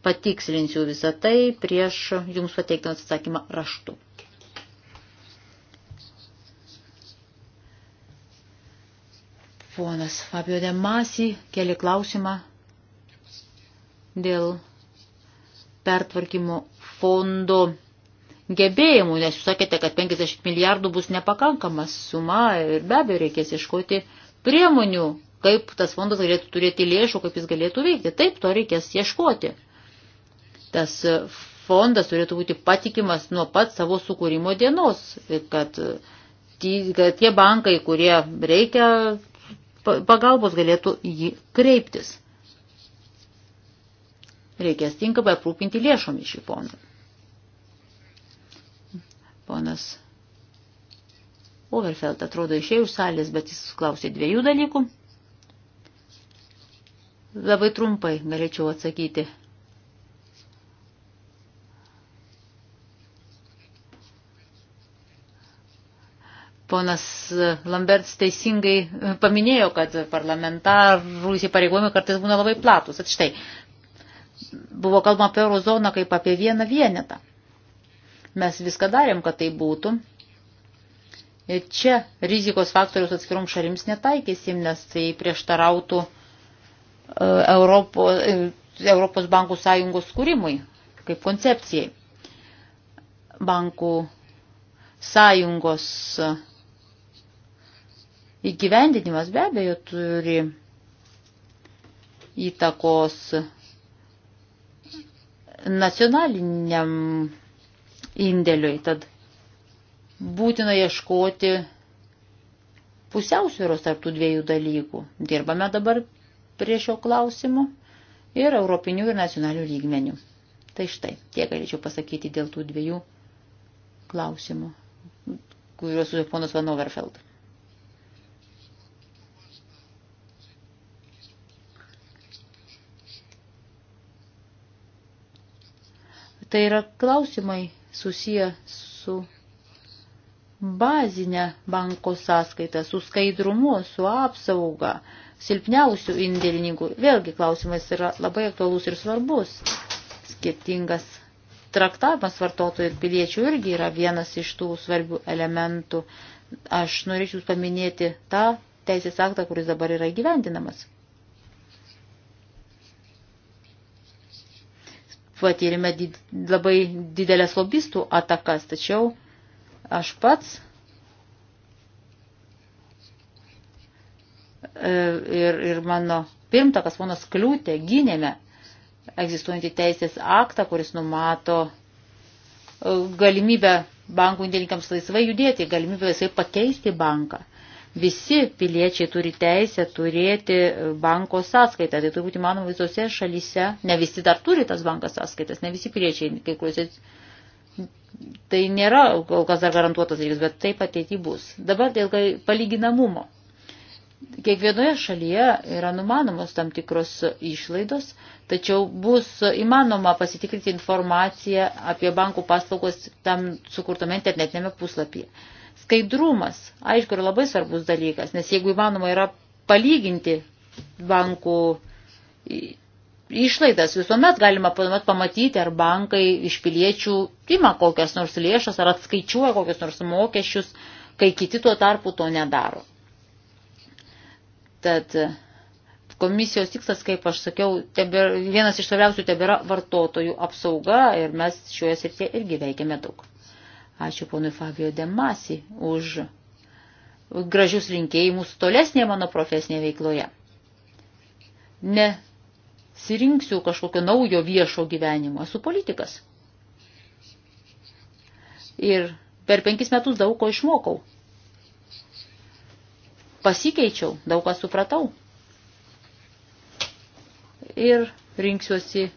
Patikslinsiu visą tai prieš jums pateiktą atsakymą raštu. Ponas Fabio Demasi keli klausimą dėl pertvarkymo fondo gebėjimų, nes jūs sakėte, kad 50 milijardų bus nepakankamas suma ir be abejo reikės iškoti priemonių, kaip tas fondas galėtų turėti lėšų, kaip jis galėtų veikti. Taip, to reikės ieškoti. Tas fondas turėtų būti patikimas nuo pat savo sukūrimo dienos, kad, kad tie bankai, kurie reikia pagalbos galėtų jį kreiptis. Reikės tinkamai aprūpinti lėšomis šį fondą. Ponas Overfeld atrodo išėjo iš salės, bet jis klausė dviejų dalykų. Labai trumpai galėčiau atsakyti Ponas Lamberts teisingai e, paminėjo, kad parlamentarų įsipareigojimai kartais būna labai platus. At štai, buvo kalbama apie eurozoną kaip apie vieną vienetą. Mes viską darėm, kad tai būtų. Ir čia rizikos faktorius atskirom šalims netaikysim, nes tai prieštarautų e, Europos, e, Europos bankų sąjungos kūrimui kaip koncepcijai. Bankų sąjungos uh, Įgyvendinimas be abejo turi įtakos nacionaliniam indėliui, tad būtina ieškoti pusiausvėros tarptų dviejų dalykų. Dirbame dabar prie šio klausimų ir europinių ir nacionalių lygmenių. Tai štai, tiek galėčiau pasakyti dėl tų dviejų klausimų, kuriuos su ponas Van Overfeld. Tai yra klausimai susiję su bazinė banko sąskaita, su skaidrumu, su apsauga, silpniausių indėlininkų. Vėlgi klausimas yra labai aktualus ir svarbus. Skirtingas traktavimas vartotojų ir piliečių irgi yra vienas iš tų svarbių elementų. Aš norėčiau paminėti tą teisės aktą, kuris dabar yra įgyvendinamas. patyrėme did, labai didelės lobistų atakas, tačiau aš pats e, ir, ir mano pirmtakas, ponas Kliūtė, gynėme egzistuojantį teisės aktą, kuris numato e, galimybę bankų indėlinkams laisvai judėti, galimybę laisvai pakeisti banką. Visi piliečiai turi teisę turėti banko sąskaitą. Tai turbūt įmanoma visose šalyse. Ne visi dar turi tas bankas sąskaitas, ne visi piliečiai kai kuriuose. Tai nėra kol kas dar garantuotas dalykas, bet taip ateity bus. Dabar dėl palyginamumo kiekvienoje šalyje yra numanomos tam tikros išlaidos, tačiau bus įmanoma pasitikrinti informaciją apie bankų paslaugos tam sukurtame internetinėme puslapyje. Skaidrumas, aišku, yra labai svarbus dalykas, nes jeigu įmanoma yra palyginti bankų išlaidas, visuomet galima pamatyti, ar bankai iš piliečių ima kokias nors lėšas, ar atskaičiuoja kokias nors mokesčius, kai kiti tuo tarpu to nedaro. Tad e, komisijos tikslas, kaip aš sakiau, tebėra, vienas iš svarbiausių tebėra vartotojų apsauga ir mes šioje srityje irgi veikiame daug. Ačiū ponui Fabio Demasi už gražius linkėjimus tolesnėje mano profesinėje veikloje. Ne sirinksiu kažkokio naujo viešo gyvenimo, esu politikas. Ir per penkis metus daug ko išmokau. Pasikeičiau, daug ką supratau. Ir rinksiuosi,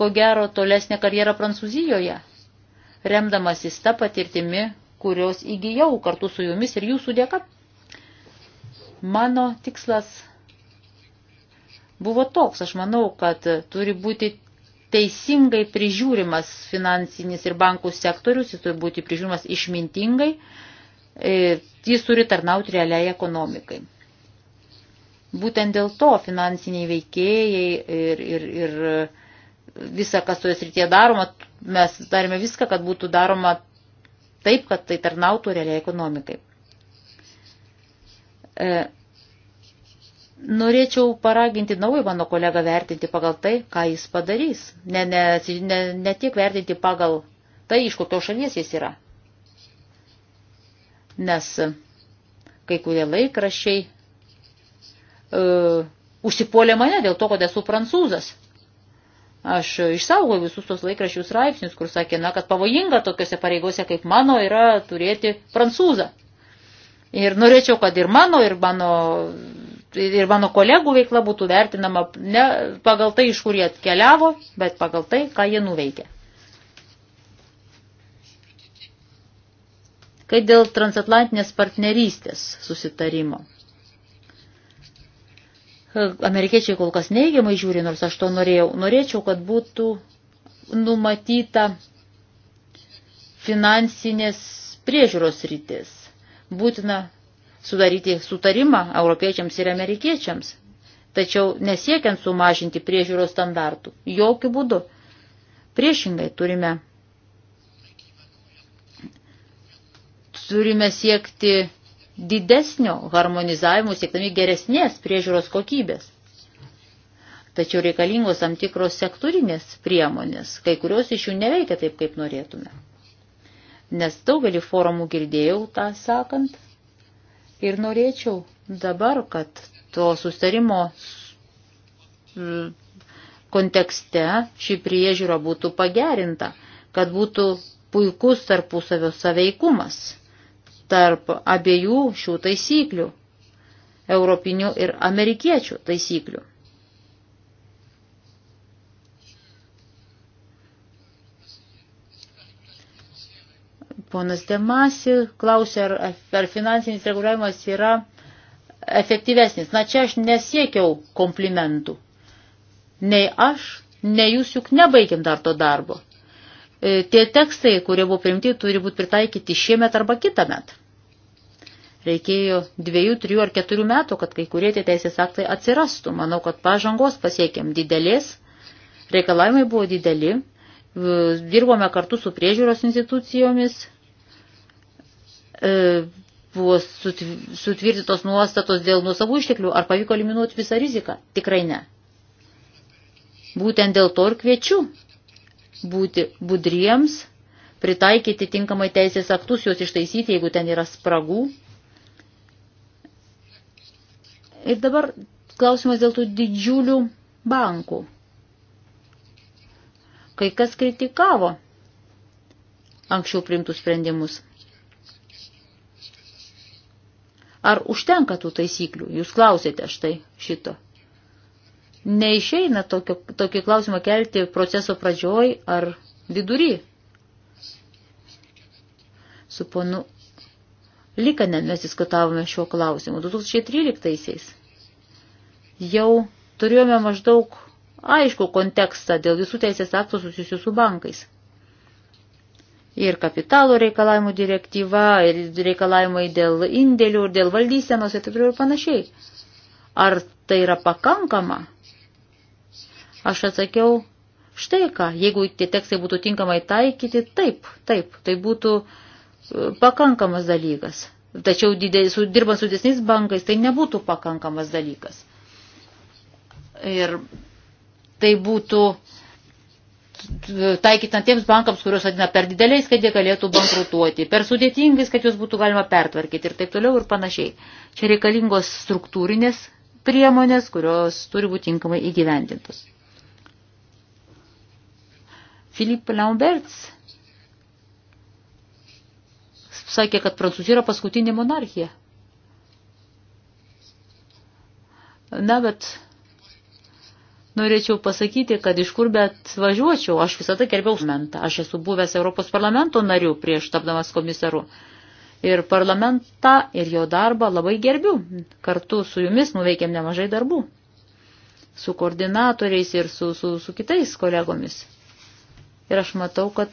ko gero, tolesnę karjerą Prancūzijoje remdamasis tą patirtimi, kurios įgyjau kartu su jumis ir jūsų dėka. Mano tikslas buvo toks, aš manau, kad turi būti teisingai prižiūrimas finansinis ir bankų sektorius, jis turi būti prižiūrimas išmintingai, e, jis turi tarnauti realiai ekonomikai. Būtent dėl to finansiniai veikėjai ir, ir, ir visą, kas toje srityje daroma, mes darėme viską, kad būtų daroma taip, kad tai tarnautų realiai ekonomikai. E, norėčiau paraginti naują mano kolegą vertinti pagal tai, ką jis padarys. Ne, ne, ne, ne tiek vertinti pagal tai, iš kokios šalies jis yra. Nes kai kurie laikrašiai uh, e, užsipuolė mane dėl to, kad esu prancūzas. Aš išsaugau visus tos laikraščių straipsnius, kur sakė, na, kad pavojinga tokiuose pareigose kaip mano yra turėti prancūzą. Ir norėčiau, kad ir mano, ir mano, ir mano kolegų veikla būtų vertinama ne pagal tai, iš kur jie atkeliavo, bet pagal tai, ką jie nuveikė. Kai dėl transatlantinės partnerystės susitarimo. Amerikiečiai kol kas neigiamai žiūri, nors aš to norėjau. Norėčiau, kad būtų numatyta finansinės priežiūros rytis. Būtina sudaryti sutarimą europiečiams ir amerikiečiams, tačiau nesiekiant sumažinti priežiūros standartų. Jokių būdų. Priešingai turime, turime siekti didesnio harmonizavimo, siekdami geresnės priežiūros kokybės. Tačiau reikalingos tam tikros sektorinės priemonės, kai kurios iš jų neveikia taip, kaip norėtume. Nes daugelį forumų girdėjau tą sakant ir norėčiau dabar, kad to sustarimo kontekste šį priežiūrą būtų pagerinta, kad būtų puikus tarpusavio saveikumas tarp abiejų šių taisyklių - europinių ir amerikiečių taisyklių. Ponas Demasi klausė, ar, ar finansinis reguliavimas yra efektyvesnis. Na čia aš nesiekiau komplimentų. Nei aš, nei jūs juk nebaigim dar to darbo. E, tie tekstai, kurie buvo priimti, turi būti pritaikyti šiemet arba kitą metą. Reikėjo dviejų, trijų ar keturių metų, kad kai kurie tie teisės aktai atsirastų. Manau, kad pažangos pasiekėm didelės, reikalavimai buvo dideli, dirbome kartu su priežiūros institucijomis, e, buvo sutvirtytos nuostatos dėl nuosavų išteklių, ar pavyko eliminuoti visą riziką? Tikrai ne. Būtent dėl to ir kviečiu būti budriems, pritaikyti tinkamai teisės aktus, juos ištaisyti, jeigu ten yra spragų. Ir dabar klausimas dėl tų didžiulių bankų. Kai kas kritikavo anksčiau primtų sprendimus. Ar užtenka tų taisyklių? Jūs klausėte štai šito. Neišeina tokio, tokį klausimą kelti proceso pradžioj ar vidury. Su ponu Likanen mes diskutavome šiuo klausimu 2013-aisiais. Jau turėjome maždaug aišku kontekstą dėl visų teisės aktų susijusių su bankais. Ir kapitalo reikalavimų direktyva, ir reikalavimai dėl indėlių, ir dėl valdysenos, ir taip ir panašiai. Ar tai yra pakankama? Aš atsakiau, štai ką, jeigu tie tekstai būtų tinkamai taikyti, taip, taip, tai būtų e, pakankamas dalykas. Tačiau su, dirbant su didesniais bankais tai nebūtų pakankamas dalykas. Ir tai būtų taikytant tiems bankams, kuriuos vadina per dideliais, kad jie galėtų bankrutuoti, per sudėtingais, kad juos būtų galima pertvarkyti ir taip toliau ir panašiai. Čia reikalingos struktūrinės priemonės, kurios turi būti tinkamai įgyvendintos. Filip Lamberts sakė, kad Prancūzija yra paskutinė monarchija. Na, bet norėčiau pasakyti, kad iš kur bet važiuočiau, aš visada gerbiau parlamentą. Aš esu buvęs Europos parlamento nariu prieš tapdamas komisaru. Ir parlamentą ir jo darbą labai gerbiu. Kartu su jumis nuveikėm nemažai darbų. Su koordinatoriais ir su, su, su kitais kolegomis ir aš matau, kad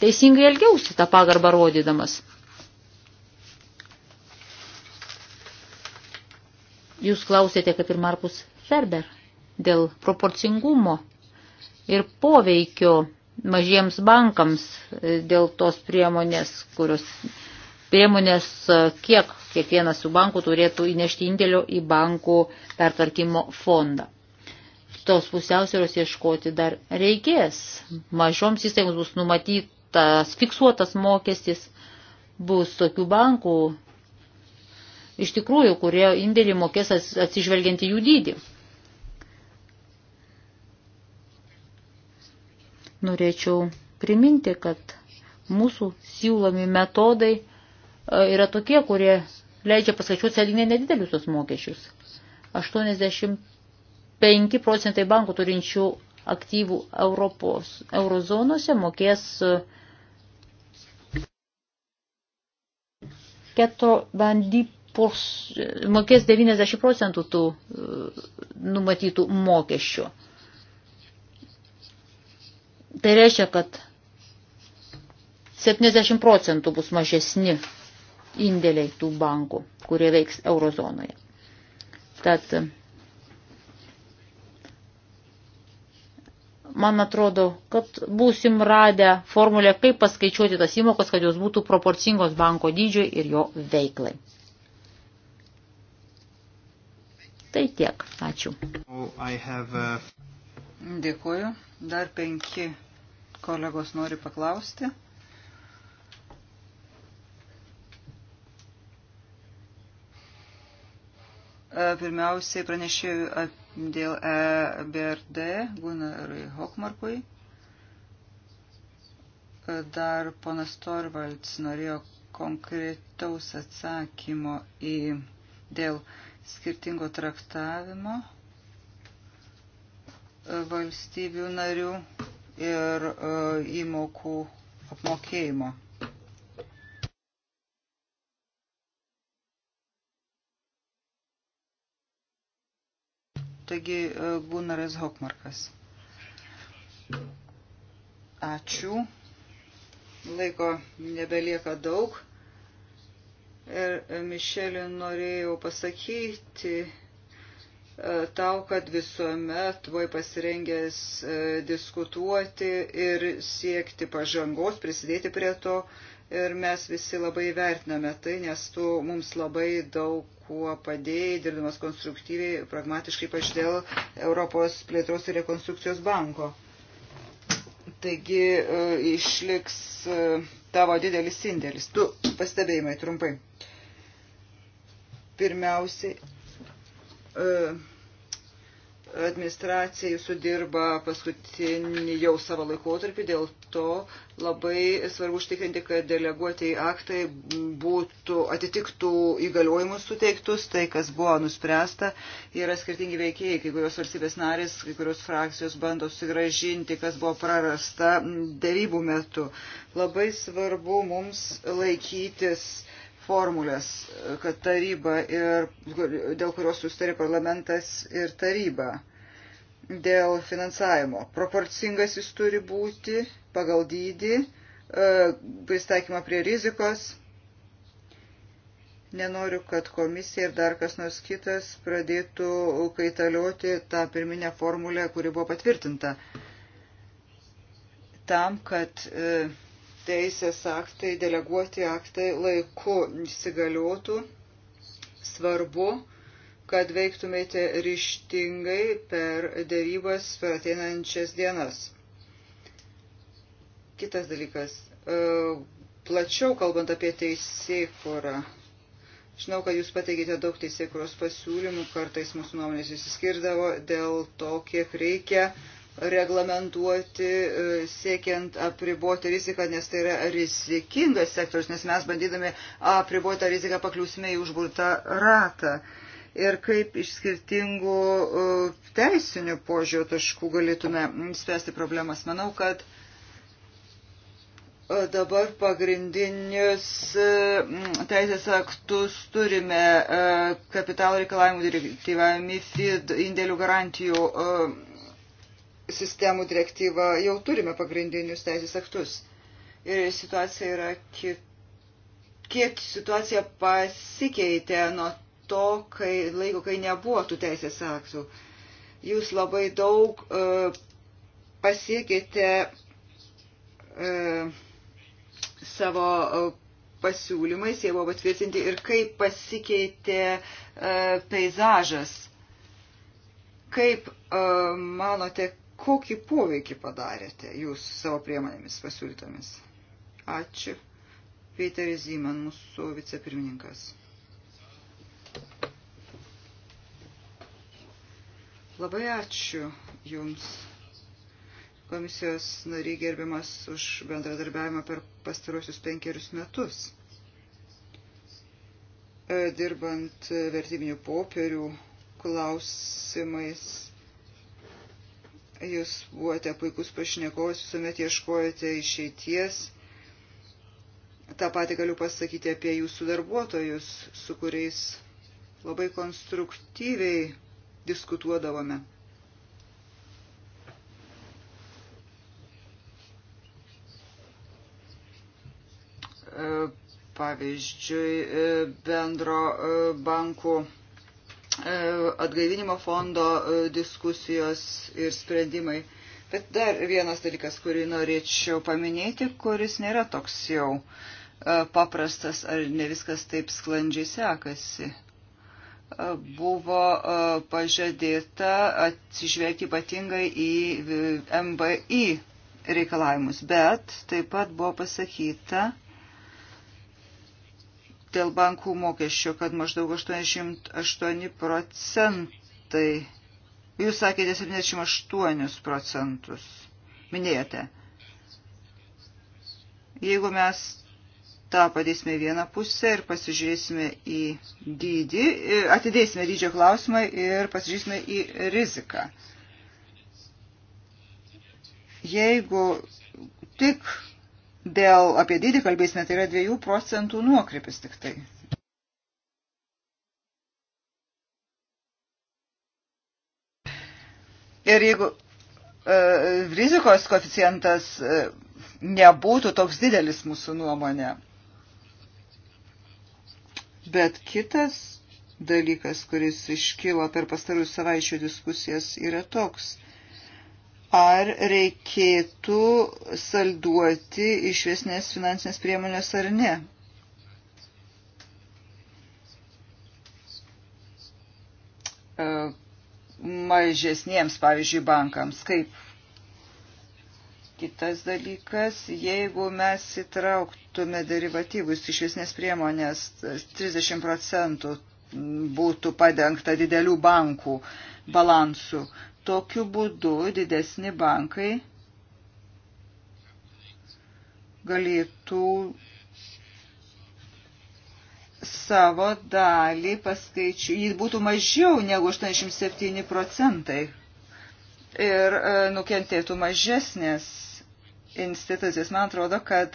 teisingai elgiausi tą pagarbą rodydamas. Jūs klausėte, kaip ir Markus Ferber, dėl proporcingumo ir poveikio mažiems bankams e, dėl tos priemonės, kurios priemonės, e, kiek kiekvienas jų bankų turėtų įnešti indėlio į bankų pertvarkymo fondą tos pusiausvėros ieškoti dar reikės. Mažoms įstaigoms bus numatytas fiksuotas mokestis, bus tokių bankų, iš tikrųjų, kurie indėlį mokės atsižvelgianti jų dydį. Norėčiau priminti, kad mūsų siūlomi metodai e, yra tokie, kurie leidžia paskaičiuoti sąlyginai nedidelius tos mokesčius. 80 5 procentai bankų turinčių aktyvų Europos eurozonose mokės 90 procentų tų e, numatytų mokesčių. Tai reiškia, kad 70 procentų bus mažesni indėliai tų bankų, kurie veiks eurozonoje. Tad man atrodo, kad būsim radę formulę, kaip paskaičiuoti tas įmokas, kad jos būtų proporcingos banko dydžiui ir jo veiklai. Tai tiek. Ačiū. Uh, Dėkuoju. Dar penki kolegos nori paklausti. Uh, pirmiausiai pranešėjau apie dėl EBRD Gunarui Hokmarkui. Dar ponas Torvalds norėjo konkretaus atsakymo į dėl skirtingo traktavimo valstybių narių ir e, įmokų apmokėjimo. Taigi e, Gunaras Hokmarkas. Ačiū. Laiko nebelieka daug. Ir Mišelė norėjau pasakyti e, tau, kad visuomet buvai pasirengęs e, diskutuoti ir siekti pažangos, prisidėti prie to ir mes visi labai vertiname tai, nes tu mums labai daug kuo padėjai, dirbdamas konstruktyviai, pragmatiškai, ypač dėl Europos plėtros ir rekonstrukcijos banko. Taigi e, išliks e, tavo didelis indėlis. Tu pastebėjimai trumpai. Pirmiausiai, e, administracija jūsų dirba paskutinį jau savo laikotarpį, dėl to labai svarbu užtikrinti, kad deleguotieji aktai būtų, atitiktų įgaliojimus suteiktus, tai kas buvo nuspręsta, yra skirtingi veikėjai, kai kurios valstybės narės, kai kurios frakcijos bando sugražinti, kas buvo prarasta dėrybų metu. Labai svarbu mums laikytis formulės, kad taryba ir dėl kurios sustarė parlamentas ir taryba. Dėl finansavimo. Proporcingas jis turi būti pagal dydį, e, pristaikymą prie rizikos. Nenoriu, kad komisija ir dar kas nors kitas pradėtų kaitalioti tą pirminę formulę, kuri buvo patvirtinta. Tam, kad e, teisės aktai, deleguoti aktai laiku įsigaliotų. Svarbu, kad veiktumėte ryštingai per dėrybas per ateinančias dienas. Kitas dalykas. E, plačiau kalbant apie teisėkurą. Žinau, kad jūs pateikite daug teisėkuros pasiūlymų, kartais mūsų nuomonės įsiskirdavo dėl to, kiek reikia uh, reglamentuoti, e, siekiant apriboti riziką, nes tai yra rizikingas sektorius, nes mes bandydami apriboti tą riziką pakliūsime į užburtą ratą. Ir kaip iš skirtingų e, teisinių požiūrio taškų galėtume spręsti problemas. Manau, kad e, dabar pagrindinius teisės aktus turime kapitalo reikalavimų direktyvą, MIFID, indėlių garantijų sistemų direktyvą, jau turime pagrindinius teisės aktus. Ir situacija yra kit... kiek situacija pasikeitė nuo to kai, laiko, kai nebuvo tų teisės aktų. Jūs labai daug uh, e, pasiekėte uh, savo uh, pasiūlymais, jie buvo patvirtinti ir kaip pasikeitė uh, peizažas. Kaip uh, manote, kokį poveikį padarėte jūs savo priemonėmis pasiūlytomis. Ačiū. Peteris Zyman, mūsų vicepirmininkas. Labai ačiū Jums, komisijos nariai gerbiamas, už bendradarbiavimą per pastarosius penkerius metus. Dirbant vertybinių popierių klausimais Jūs buvote puikus pašnekovas, visuomet ieškojate išeities. Ta pati galiu pasakyti apie jūsų darbuotojus, su kuriais labai konstruktyviai diskutuodavome. E, pavyzdžiui, e, bendro e, bankų E, atgaivinimo fondo e, diskusijos ir sprendimai. Bet dar vienas dalykas, kurį norėčiau paminėti, kuris nėra toks jau e, paprastas ar ne viskas taip sklandžiai sekasi. Buvo pažadėta atsižvelgti ypatingai į MBI reikalavimus, bet taip pat buvo pasakyta, dėl bankų mokesčio, kad maždaug 88 procentai, jūs sakėte 78 procentus, minėjote. Jeigu mes tą padėsime vieną pusę ir pasižiūrėsime į dydį, e, atidėsime dydžio klausimą ir pasižiūrėsime į riziką. Jeigu tik dėl apie dydį kalbėsime, tai yra 2 procentų nuokrypis tik tai. Ir jeigu e, rizikos koficijantas e, nebūtų toks didelis mūsų nuomonė. Bet kitas dalykas, kuris iškilo per pastarųjų savaičių diskusijas, yra toks ar reikėtų salduoti išvesnės finansinės priemonės ar ne. E, mažesniems, pavyzdžiui, bankams. Kaip? Kitas dalykas, jeigu mes įtrauktume derivatyvus išvesnės priemonės, 30 procentų būtų padengta didelių bankų balansų. Tokiu būdu didesni bankai galėtų savo dalį paskaičiu, jį būtų mažiau negu 87 procentai ir e, nukentėtų mažesnės institucijas. Man atrodo, kad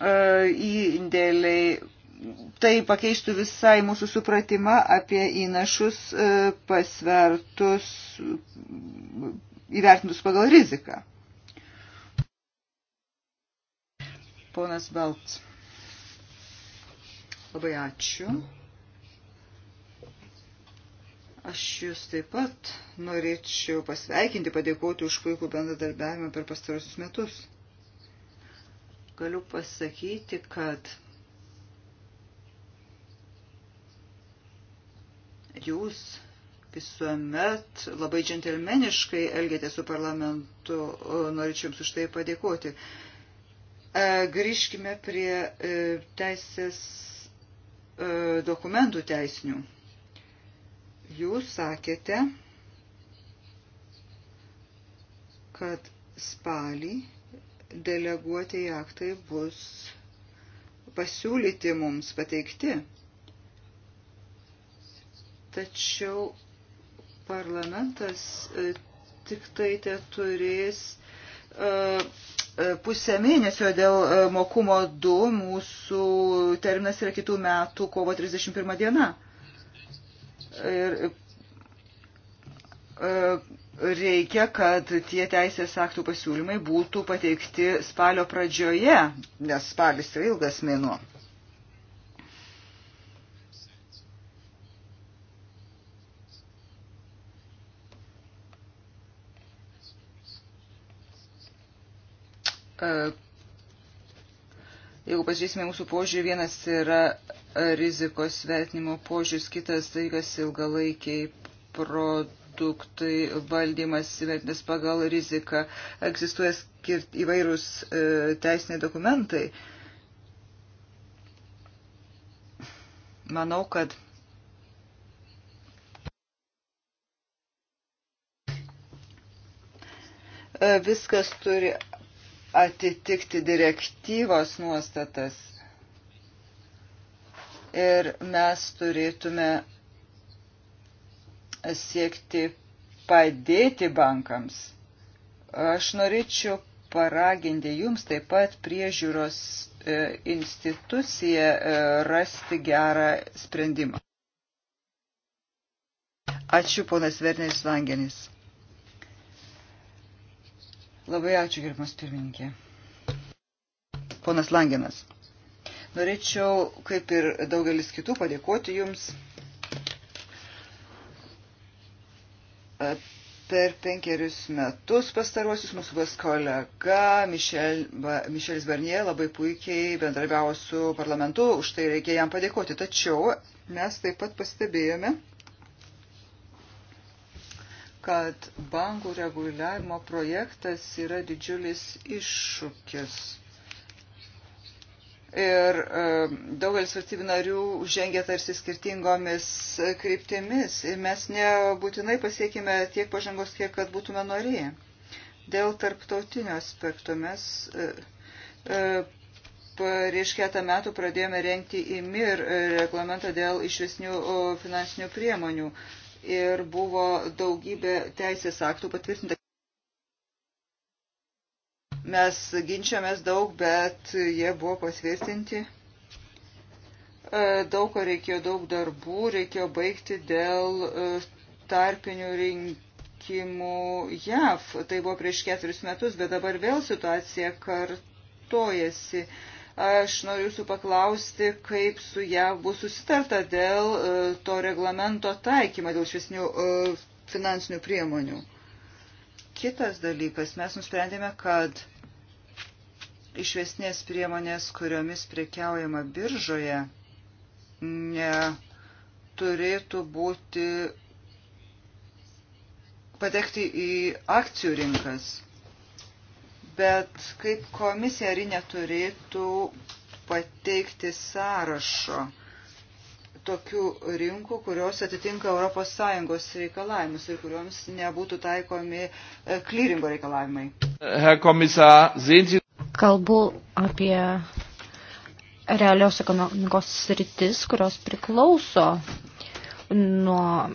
e, įdėliai tai pakeistų visai mūsų supratimą apie įnašus e, pasvertus, įvertintus pagal riziką. Ponas Balts. Labai ačiū. Aš jūs taip pat norėčiau pasveikinti, padėkoti už puikų bendradarbiavimą per pastarusius metus. Galiu pasakyti, kad jūs visuomet labai džentelmeniškai elgėte su parlamentu, norėčiau jums už tai padėkoti. E, grįžkime prie e, teisės e, dokumentų teisinių. Jūs sakėte, kad spalį deleguoti aktai bus pasiūlyti mums pateikti Tačiau parlamentas e, tik tai te turės e, e, pusę mėnesio dėl mokumo 2 mūsų terminas yra kitų metų kovo 31 diena. Ir reikia, kad tie teisės aktų pasiūlymai būtų pateikti spalio pradžioje, nes spalis yra ilgas mėnuo. E, jeigu pasižiūrėsime mūsų požiūrį, vienas yra rizikos vertinimo požiūris, kitas dalykas ilgalaikiai produktai valdymas vertinas pagal riziką. Egzistuoja skirt, įvairūs e, teisiniai dokumentai. Manau, kad viskas turi atitikti direktyvos nuostatas. Ir mes turėtume siekti padėti bankams. Aš norėčiau paraginti jums taip pat priežiūros e, instituciją e, rasti gerą sprendimą. Ačiū, ponas Verneris Langenis. Labai ačiū, gerbimas pirmininkė. Ponas Langenas. Norėčiau, kaip ir daugelis kitų, padėkoti Jums. Per penkerius metus pastaruosius mūsų buvęs kolega Mišel, Mišelis Barnie labai puikiai bendrabiavo su parlamentu, už tai reikia jam padėkoti. Tačiau mes taip pat pastebėjome, kad bankų reguliavimo projektas yra didžiulis iššūkis. Ir e, daugelis valstybių narių žengia tarsi skirtingomis kryptimis ir mes nebūtinai pasiekime tiek pažangos, kiek kad būtume norėję. Dėl tarptautinio aspekto mes e, e, prieš keletą metų pradėjome renkti IMIR reglamentą dėl išvisnių finansinių priemonių ir buvo daugybė teisės aktų patvirtinta. Mes ginčiamės daug, bet jie buvo patvirtinti. E, daug ko reikėjo daug darbų, reikėjo baigti dėl e, tarpinių rinkimų rinkimų JAV. Tai buvo prieš keturis metus, bet dabar vėl situacija kartojasi. Aš noriu jūsų paklausti, kaip su JAV bus susitarta dėl e, to reglamento taikymą, dėl šviesnių e, finansinių priemonių. Kitas dalykas, mes nusprendėme, kad išvesnės priemonės, kuriomis prekiaujama biržoje, ne, turėtų būti patekti į akcijų rinkas bet kaip komisija ar neturėtų pateikti sąrašo tokių rinkų, kurios atitinka ES reikalavimus ir kurioms nebūtų taikomi e, klyringo reikalavimai. Kalbu apie realios ekonomikos sritis, kurios priklauso nuo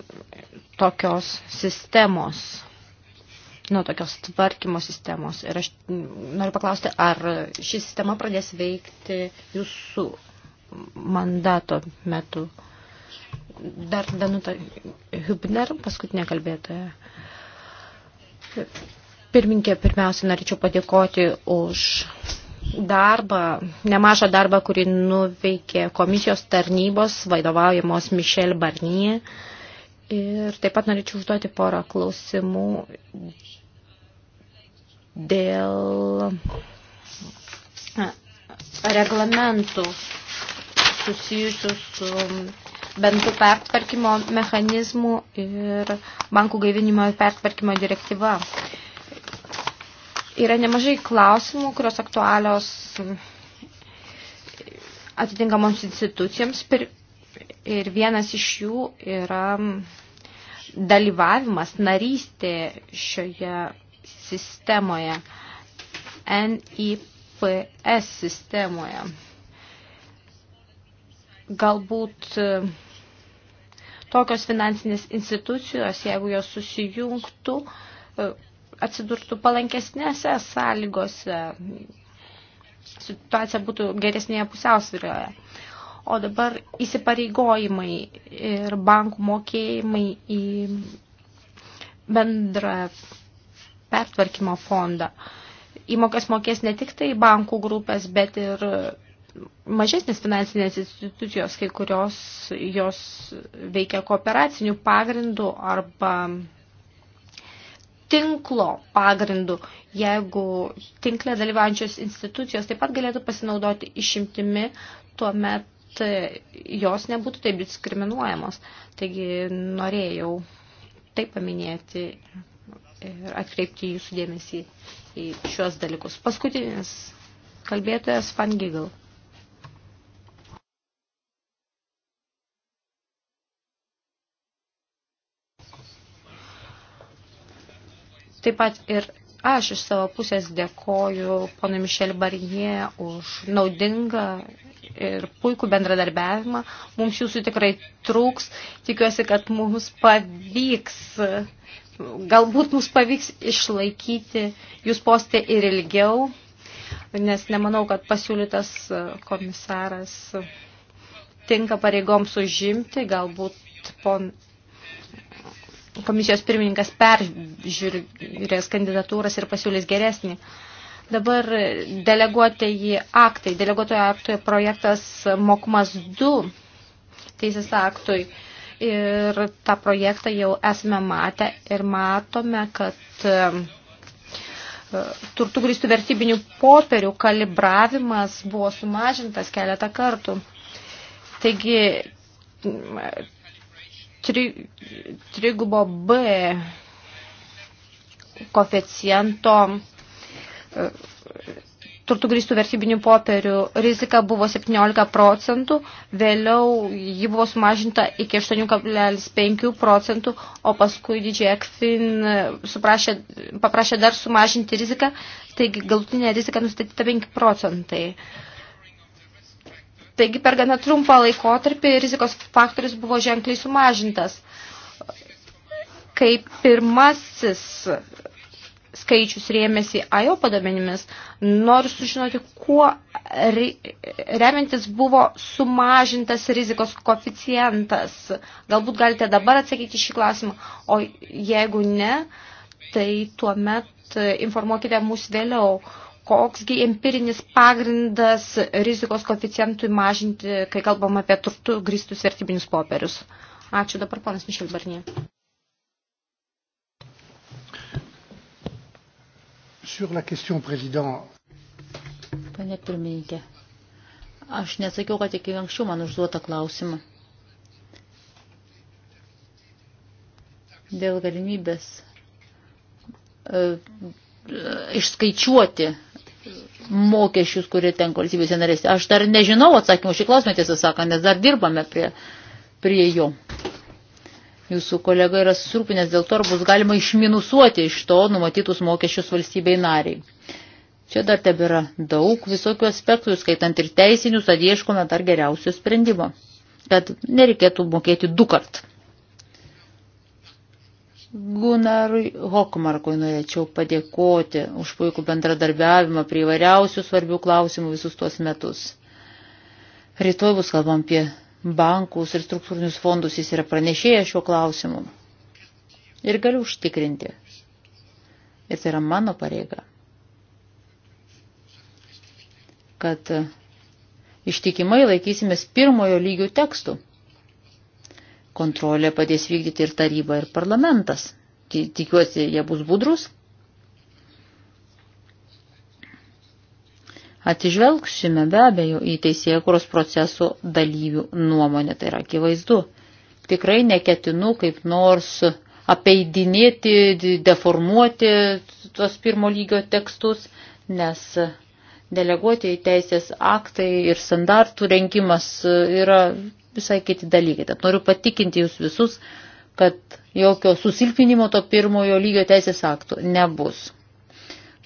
tokios sistemos nuo tokios tvarkymo sistemos. Ir aš noriu paklausti, ar ši sistema pradės veikti jūsų mandato metu. Dar Danuta Hübner, paskutinė kalbėtoja. Pirminkė, pirmiausia, norėčiau padėkoti už darbą, nemažą darbą, kurį nuveikė komisijos tarnybos, vadovaujamos Mišel Barnie. Uh, Ir taip pat norėčiau užduoti porą klausimų dėl reglamentų susijusių su bendru pertvarkymo mechanizmu ir bankų gaivinimo ir pertvarkymo direktyva. Yra nemažai klausimų, kurios aktualios atitinkamoms institucijoms. Pir Ir vienas iš jų yra dalyvavimas, narystė šioje sistemoje, NIPS sistemoje. Galbūt e, tokios finansinės institucijos, jeigu jos susijungtų, e, atsidurtų palankesnėse sąlygose, situacija būtų geresnėje pusiausvyroje. O dabar įsipareigojimai ir bankų mokėjimai į bendrą pertvarkymo fondą. Įmokas mokės ne tik tai bankų grupės, bet ir mažesnės finansinės institucijos, kai kurios jos veikia kooperacinių pagrindų arba tinklo pagrindų, jeigu tinklė dalyvaujančios institucijos taip pat galėtų pasinaudoti išimtimi, tuomet jos nebūtų taip diskriminuojamos. Taigi norėjau tai paminėti ir atkreipti jūsų dėmesį į šios dalykus. Paskutinis kalbėtojas Van Gigal. Taip pat ir Aš iš savo pusės dėkoju ponui Mišel Barnie už naudingą ir puikų bendradarbiavimą. Mums jūsų tikrai trūks. Tikiuosi, kad mums pavyks, galbūt mums pavyks išlaikyti jūs postę ir ilgiau, nes nemanau, kad pasiūlytas komisaras tinka pareigoms užimti, galbūt pon komisijos pirmininkas peržiūrės kandidatūras ir pasiūlys geresnį. Dabar deleguotieji aktai, deleguotojo aktoje projektas Mokmas 2 teisės aktui. Ir tą projektą jau esame matę ir matome, kad um, turtų grįstų vertybinių popierių kalibravimas buvo sumažintas keletą kartų. Taigi tri, trigubo B koeficiento e, turtų grįstų vertybinių popierių rizika buvo 17 procentų, vėliau ji buvo sumažinta iki 8,5 procentų, o paskui didžiai ECFIN e, suprašė, paprašė dar sumažinti riziką, taigi galutinė rizika nustatyta 5 procentai. Uh, Taigi per gana trumpą laikotarpį rizikos faktorius buvo ženkliai sumažintas. Kaip pirmasis skaičius rėmėsi AIO padomenimis, noriu sužinoti, kuo remiantis buvo sumažintas rizikos koficientas. Galbūt galite dabar atsakyti šį klausimą, o jeigu ne, tai tuomet informuokite mus vėliau koksgi empirinis pagrindas rizikos koeficientui mažinti, kai kalbam apie turtų grįstus vertybinius popierius. Ačiū dabar, panas Mišel Barnie. Sur la question, président. Pane pirmininkė, aš nesakiau, kad iki anksčiau man užduotą klausimą. Dėl galimybės e, išskaičiuoti mokesčius, kurie tenka valstybėse narėse. Aš dar nežinau atsakymų šį klausimą, tiesą sakant, nes dar dirbame prie, prie jo. Jūsų kolega yra susirūpinęs dėl to, ar bus galima išminusuoti iš to numatytus mokesčius valstybei nariai. Čia dar tebėra daug visokių aspektų, skaitant ir teisinius, tad ieškome dar geriausio sprendimo, kad nereikėtų mokėti du kart. Gunarui Hokmarkui norėčiau padėkoti už puikų bendradarbiavimą prie įvairiausių svarbių klausimų visus tuos metus. Rytoj bus kalbam apie bankus ir struktūrinius fondus, jis yra pranešėjęs šiuo klausimu. Ir galiu užtikrinti. Ir tai yra mano pareiga. Kad ištikimai laikysimės pirmojo lygių tekstų Kontrolė padės vykdyti ir taryba, ir parlamentas. Tikiuosi, jie bus budrus. Atižvelgsime be abejo į teisėjų kuros procesų dalyvių nuomonę, tai yra akivaizdu. Tikrai neketinu kaip nors apeidinėti, deformuoti tuos pirmo lygio tekstus, nes deleguoti į teisės aktai ir standartų rengimas yra visai kiti dalykai. Tad noriu patikinti jūs visus, kad jokio susilpninimo to pirmojo lygio teisės aktų nebus.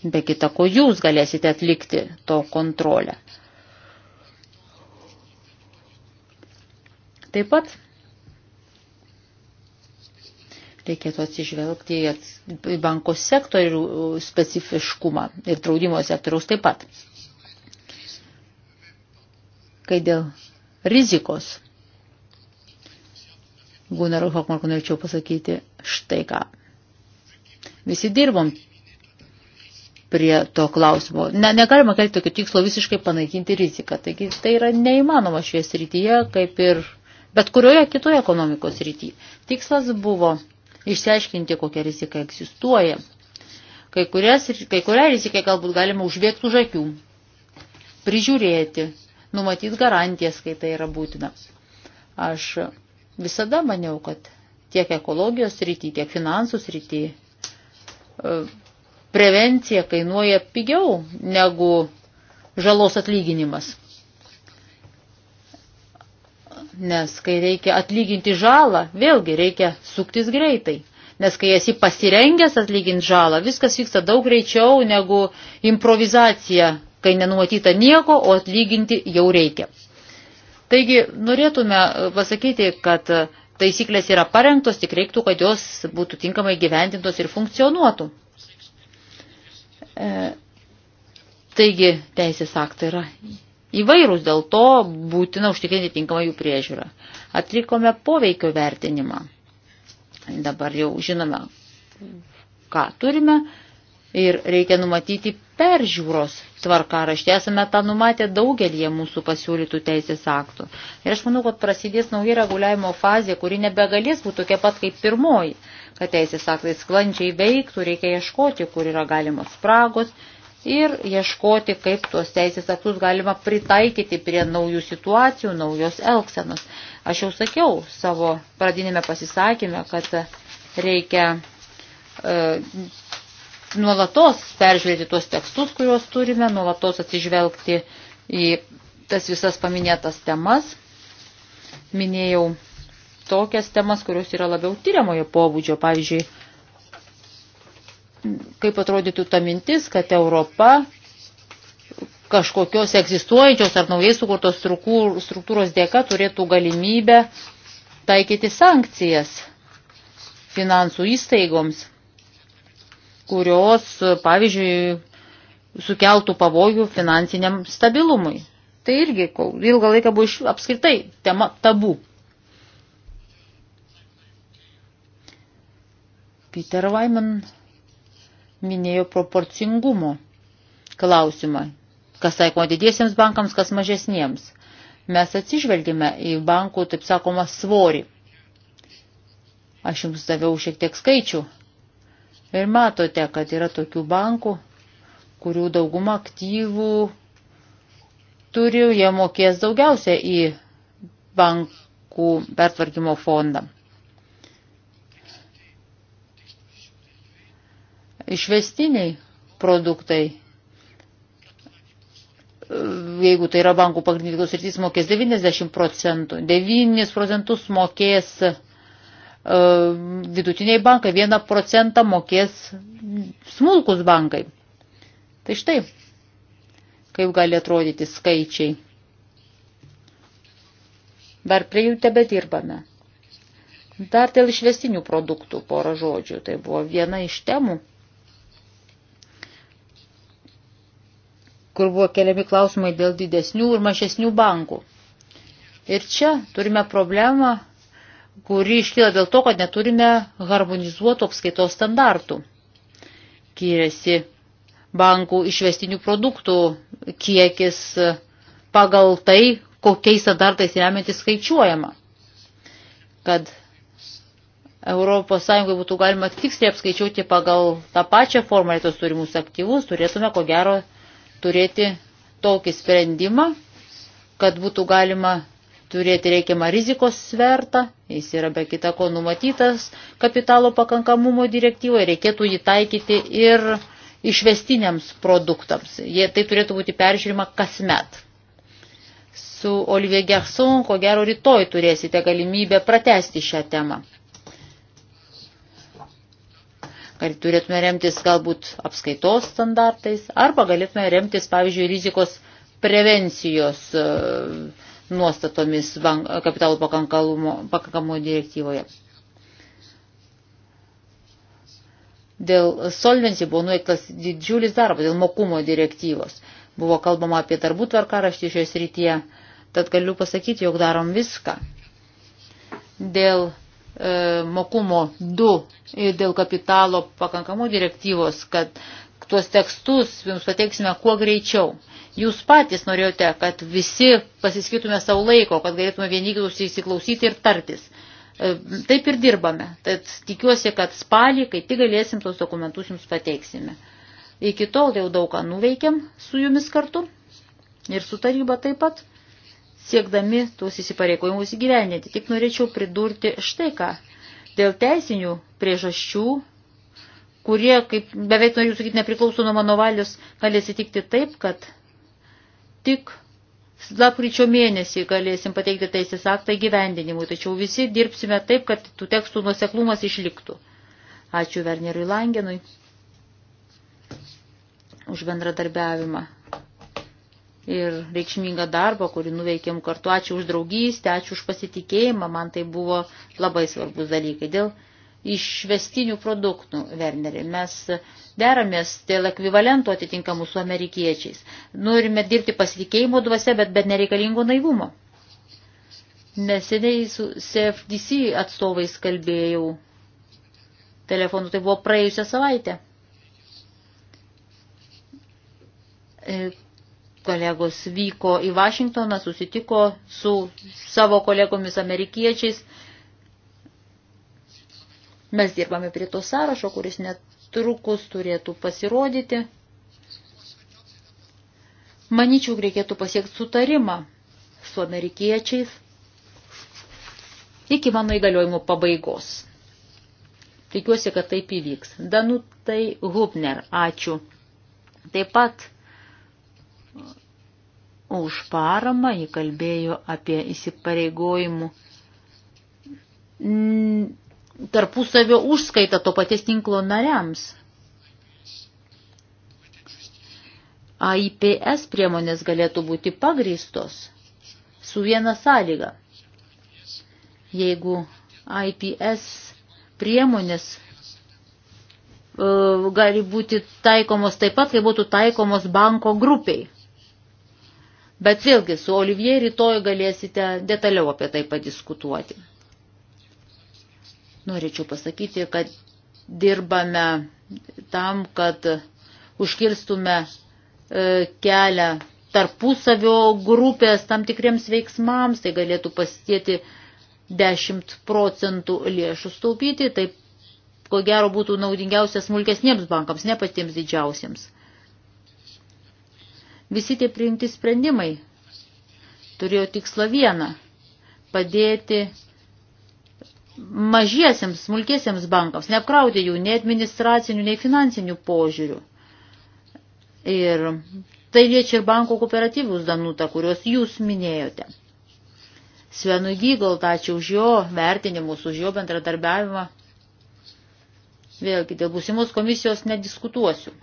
Be kita ko, jūs galėsite atlikti to kontrolę. Taip pat reikėtų atsižvelgti į banko sektorių specifiškumą ir draudimo sektoriaus taip pat. Kai dėl rizikos Gunarui Hokmarku norėčiau pasakyti štai ką. Visi dirbom prie to klausimo. Ne, negalima kelti tokio tikslo visiškai panaikinti riziką. Taigi tai yra neįmanoma šioje srityje, kaip ir bet kurioje kitoje ekonomikos srityje. Tikslas buvo išsiaiškinti, kokia rizika egzistuoja. Kai, kurias, kai kurią riziką galbūt galima užbėgti už akių, prižiūrėti, numatyti garantijas, kai tai yra būtina. Aš Visada maniau, kad tiek ekologijos rytį, tiek finansų rytį e, prevencija kainuoja pigiau negu žalos atlyginimas. Nes kai reikia atlyginti žalą, vėlgi reikia suktis greitai. Nes kai esi pasirengęs atlyginti žalą, viskas vyksta daug greičiau negu improvizacija, kai nenumatyta nieko, o atlyginti jau reikia. Taigi norėtume e, pasakyti, kad e, taisyklės yra parengtos, tik reiktų, kad jos būtų tinkamai gyventintos ir funkcionuotų. E, taigi teisės aktai yra įvairūs, dėl to būtina užtikrinti tinkamą jų priežiūrą. Atlikome poveikio vertinimą. Dabar jau žinome, ką turime ir reikia numatyti peržiūros tvarkaraštį. Esame tą numatę daugelį mūsų pasiūlytų teisės aktų. Ir aš manau, kad prasidės nauja reguliavimo fazė, kuri nebegalės būti tokia pat kaip pirmoji, kad teisės aktai sklandžiai veiktų, reikia ieškoti, kur yra galimos spragos ir ieškoti, kaip tuos teisės aktus galima pritaikyti prie naujų situacijų, naujos elksenos. Aš jau sakiau savo pradinėme pasisakymę, kad reikia e, nuolatos peržvelgti tuos tekstus, kuriuos turime, nuolatos atsižvelgti į tas visas paminėtas temas. Minėjau tokias temas, kurios yra labiau tyriamojo pobūdžio. Pavyzdžiui, kaip atrodytų ta mintis, kad Europa kažkokios egzistuojančios ar naujai sukurtos struktūros dėka turėtų galimybę taikyti sankcijas finansų įstaigoms kurios, pavyzdžiui, sukeltų pavojų finansiniam stabilumui. Tai irgi ilgą laiką buvo iš, apskritai tema tabu. Peter Weiman minėjo proporcingumo klausimą, kas taikoma didiesiems bankams, kas mažesniems. Mes atsižvelgime į bankų, taip sakoma, svorį. Aš jums daviau šiek tiek skaičių Ir matote, kad yra tokių bankų, kurių dauguma aktyvų turi, jie mokės daugiausia į bankų pertvarkymo fondą. Išvestiniai produktai, jeigu tai yra bankų pagrindinės rytis, mokės 90 procentų, 9 procentus mokės E, vidutiniai bankai, 1 procentą mokės smulkus bankai. Tai štai, kaip gali atrodyti skaičiai. Dar prie jų tebe dirbame. Dar dėl išvestinių produktų porą žodžių. Tai buvo viena iš temų, kur buvo keliami klausimai dėl didesnių ir mažesnių bankų. Ir čia turime problemą, kuri iškyla dėl to, kad neturime harmonizuotų apskaitos standartų. Kyriasi bankų išvestinių produktų kiekis pagal tai, kokiais standartais remiantis skaičiuojama. Kad ES būtų galima tiksliai apskaičiuoti pagal tą pačią formą tos turimus aktyvus, turėtume ko gero turėti tokį sprendimą, kad būtų galima turėti reikiamą rizikos svertą, jis yra be kita ko numatytas kapitalo pakankamumo direktyvoje, reikėtų jį taikyti ir išvestiniams produktams. Jie, tai turėtų būti peržiūrima kasmet. Su Olivier Gerson, ko gero, rytoj turėsite galimybę pratesti šią temą. Gal turėtume remtis galbūt apskaitos standartais, arba galėtume remtis, pavyzdžiui, rizikos prevencijos uh, nuostatomis bank, kapitalo pakankamumo direktyvoje. Dėl solvency buvo nuveiktas didžiulis darbas, dėl mokumo direktyvos. Buvo kalbama apie darbų tvarkaraštį šioje srityje, tad galiu pasakyti, jog darom viską. Dėl e, mokumo 2 ir dėl kapitalo pakankamo direktyvos, kad tuos tekstus jums pateiksime kuo greičiau. Jūs patys norėjote, kad visi pasiskirtume savo laiko, kad galėtume vieni kitus įsiklausyti ir tartis. E, taip ir dirbame. Tad tikiuosi, kad spalį, kai tik galėsim, tuos dokumentus jums pateiksime. Iki tol jau daug ką nuveikėm su jumis kartu ir su taryba taip pat, siekdami tuos įsipareigojimus įgyvendinti. Tik norėčiau pridurti štai ką. Dėl teisinių priežasčių kurie, kaip beveik noriu sakyti, nepriklauso nuo mano valios, gali atsitikti taip, kad tik lapkričio mėnesį galėsim pateikti teisės aktą įgyvendinimui, tačiau visi dirbsime taip, kad tų tekstų nuoseklumas išliktų. Ačiū Vernerui Langenui už bendradarbiavimą ir reikšmingą darbą, kurį nuveikėm kartu. Ačiū už draugystę, ačiū už pasitikėjimą, man tai buvo labai svarbus dalykai. Dėl išvestinių produktų, Werneri. Mes deramės dėl ekvivalentų atitinkamų su amerikiečiais. Norime dirbti pasitikėjimo dvasia, bet, bet nereikalingo naivumo. Neseniai su CFDC atstovais kalbėjau telefonu, tai buvo praėjusią savaitę. E, kolegos vyko į Vašingtoną, susitiko su savo kolegomis amerikiečiais Mes dirbame prie to sąrašo, kuris netrukus turėtų pasirodyti. Maničiau, reikėtų pasiekti sutarimą su amerikiečiais iki mano įgaliojimo pabaigos. Tikiuosi, kad taip įvyks. Danutai Hubner, ačiū. Taip pat už paramą jį kalbėjo apie įsipareigojimų tarpusavio užskaita to paties tinklo nariams. AIPS priemonės galėtų būti pagrįstos su viena sąlyga. Jeigu IPS priemonės e, gali būti taikomos taip pat, kai būtų taikomos banko grupiai. Bet vėlgi, su Olivier rytoj galėsite detaliau apie tai padiskutuoti. Norėčiau pasakyti, kad dirbame tam, kad užkirstume e, kelią tarpusavio grupės tam tikriems veiksmams, tai galėtų pasitėti 10 procentų lėšų staupyti, tai ko gero būtų naudingiausias smulkesniems bankams, ne patiems didžiausiems. Visi tie priimti sprendimai turėjo tikslą vieną – padėti mažiesiems, smulkiesiems bankams, neapkrauti jų nei administracinių, nei finansinių požiūrių. Ir tai liečia ir banko kooperatyvus Danutą, kuriuos jūs minėjote. Svenui Gygalt, ačiū už jo vertinimus, už jo bendradarbiavimą. Vėlgi, dėl būsimos komisijos nediskutuosiu.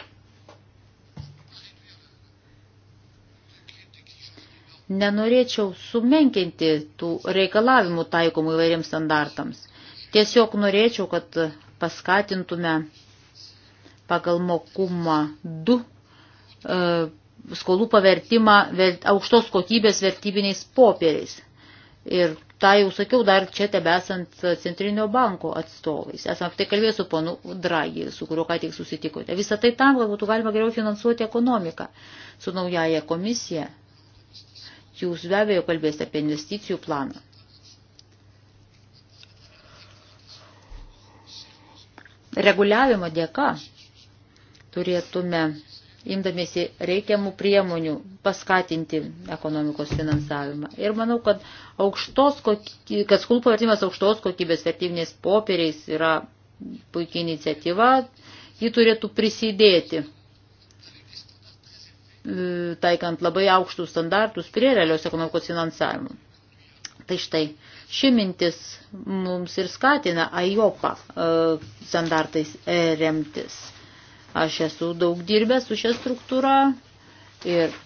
Nenorėčiau sumenkinti tų reikalavimų taikomų įvairiems standartams. Tiesiog norėčiau, kad paskatintume pagal mokumą 2 e, skolų pavertimą aukštos kokybės vertybiniais popieriais. Ir tą jau sakiau dar čia tebesant Centrinio banko atstovais. Esam apie tai kalbėję su ponu Dragi, su kuriuo ką tik susitikote. Visą tai tam, kad būtų galima geriau finansuoti ekonomiką su naujaja komisija. Jūs be abejo kalbėsite apie investicijų planą. Reguliavimo dėka turėtume, imdamėsi reikiamų priemonių, paskatinti ekonomikos finansavimą. Ir manau, kad, aukštos, kad skulpo vertimas aukštos kokybės vertybiniais popieriais yra puikia iniciatyva, ji turėtų prisidėti E, taikant labai aukštus standartus prie realios ekonomikos finansavimo. Tai štai, ši mintis mums ir skatina AIOPA e, standartais remtis. Aš esu daug dirbęs su šia struktūra ir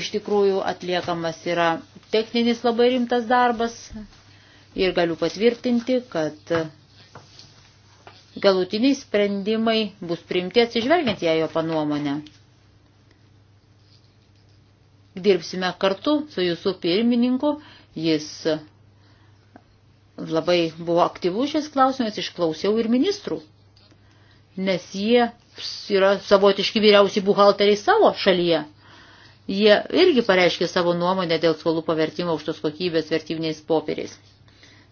iš tikrųjų atliekamas yra techninis labai rimtas darbas ir galiu patvirtinti, kad galutiniai sprendimai bus priimti atsižvelgiant į jo panuomonę dirbsime kartu su jūsų pirmininku. Jis labai buvo aktyvus šis klausimas, išklausiau ir ministrų, nes jie yra savotiški vyriausi buhalteriai savo šalyje. Jie irgi pareiškė savo nuomonę dėl skolų pavertimo aukštos kokybės vertybiniais popieriais.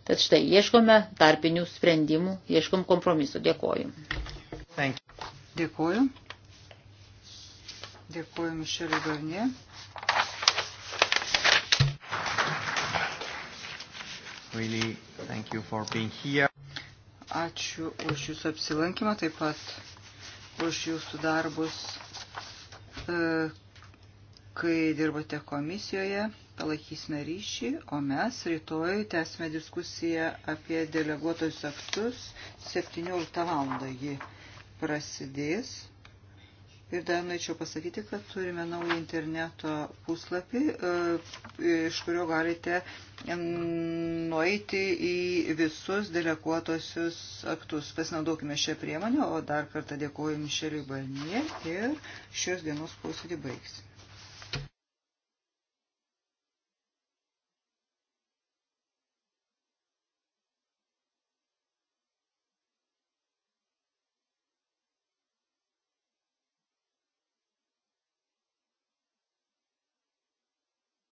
Tad štai, ieškome tarpinių sprendimų, ieškom kompromiso. Dėkoju. Dėkoju. Dėkoju Mišeliu Garnie. Really, thank you for being here. Ačiū už Jūsų apsilankymą, taip pat už Jūsų darbus, e, kai dirbote komisijoje. Palaikysime ryšį, o mes rytoj tęsime diskusiją apie deleguotojus aktus 17 val. ji prasidės. Ir dar norėčiau pasakyti, kad turime naują interneto puslapį, e, iš kurio galite nueiti į visus deleguotosius aktus. Pasinaudokime šią priemonę, o dar kartą dėkoju Mišeliui Balnie ir šios dienos posėdį baigsime.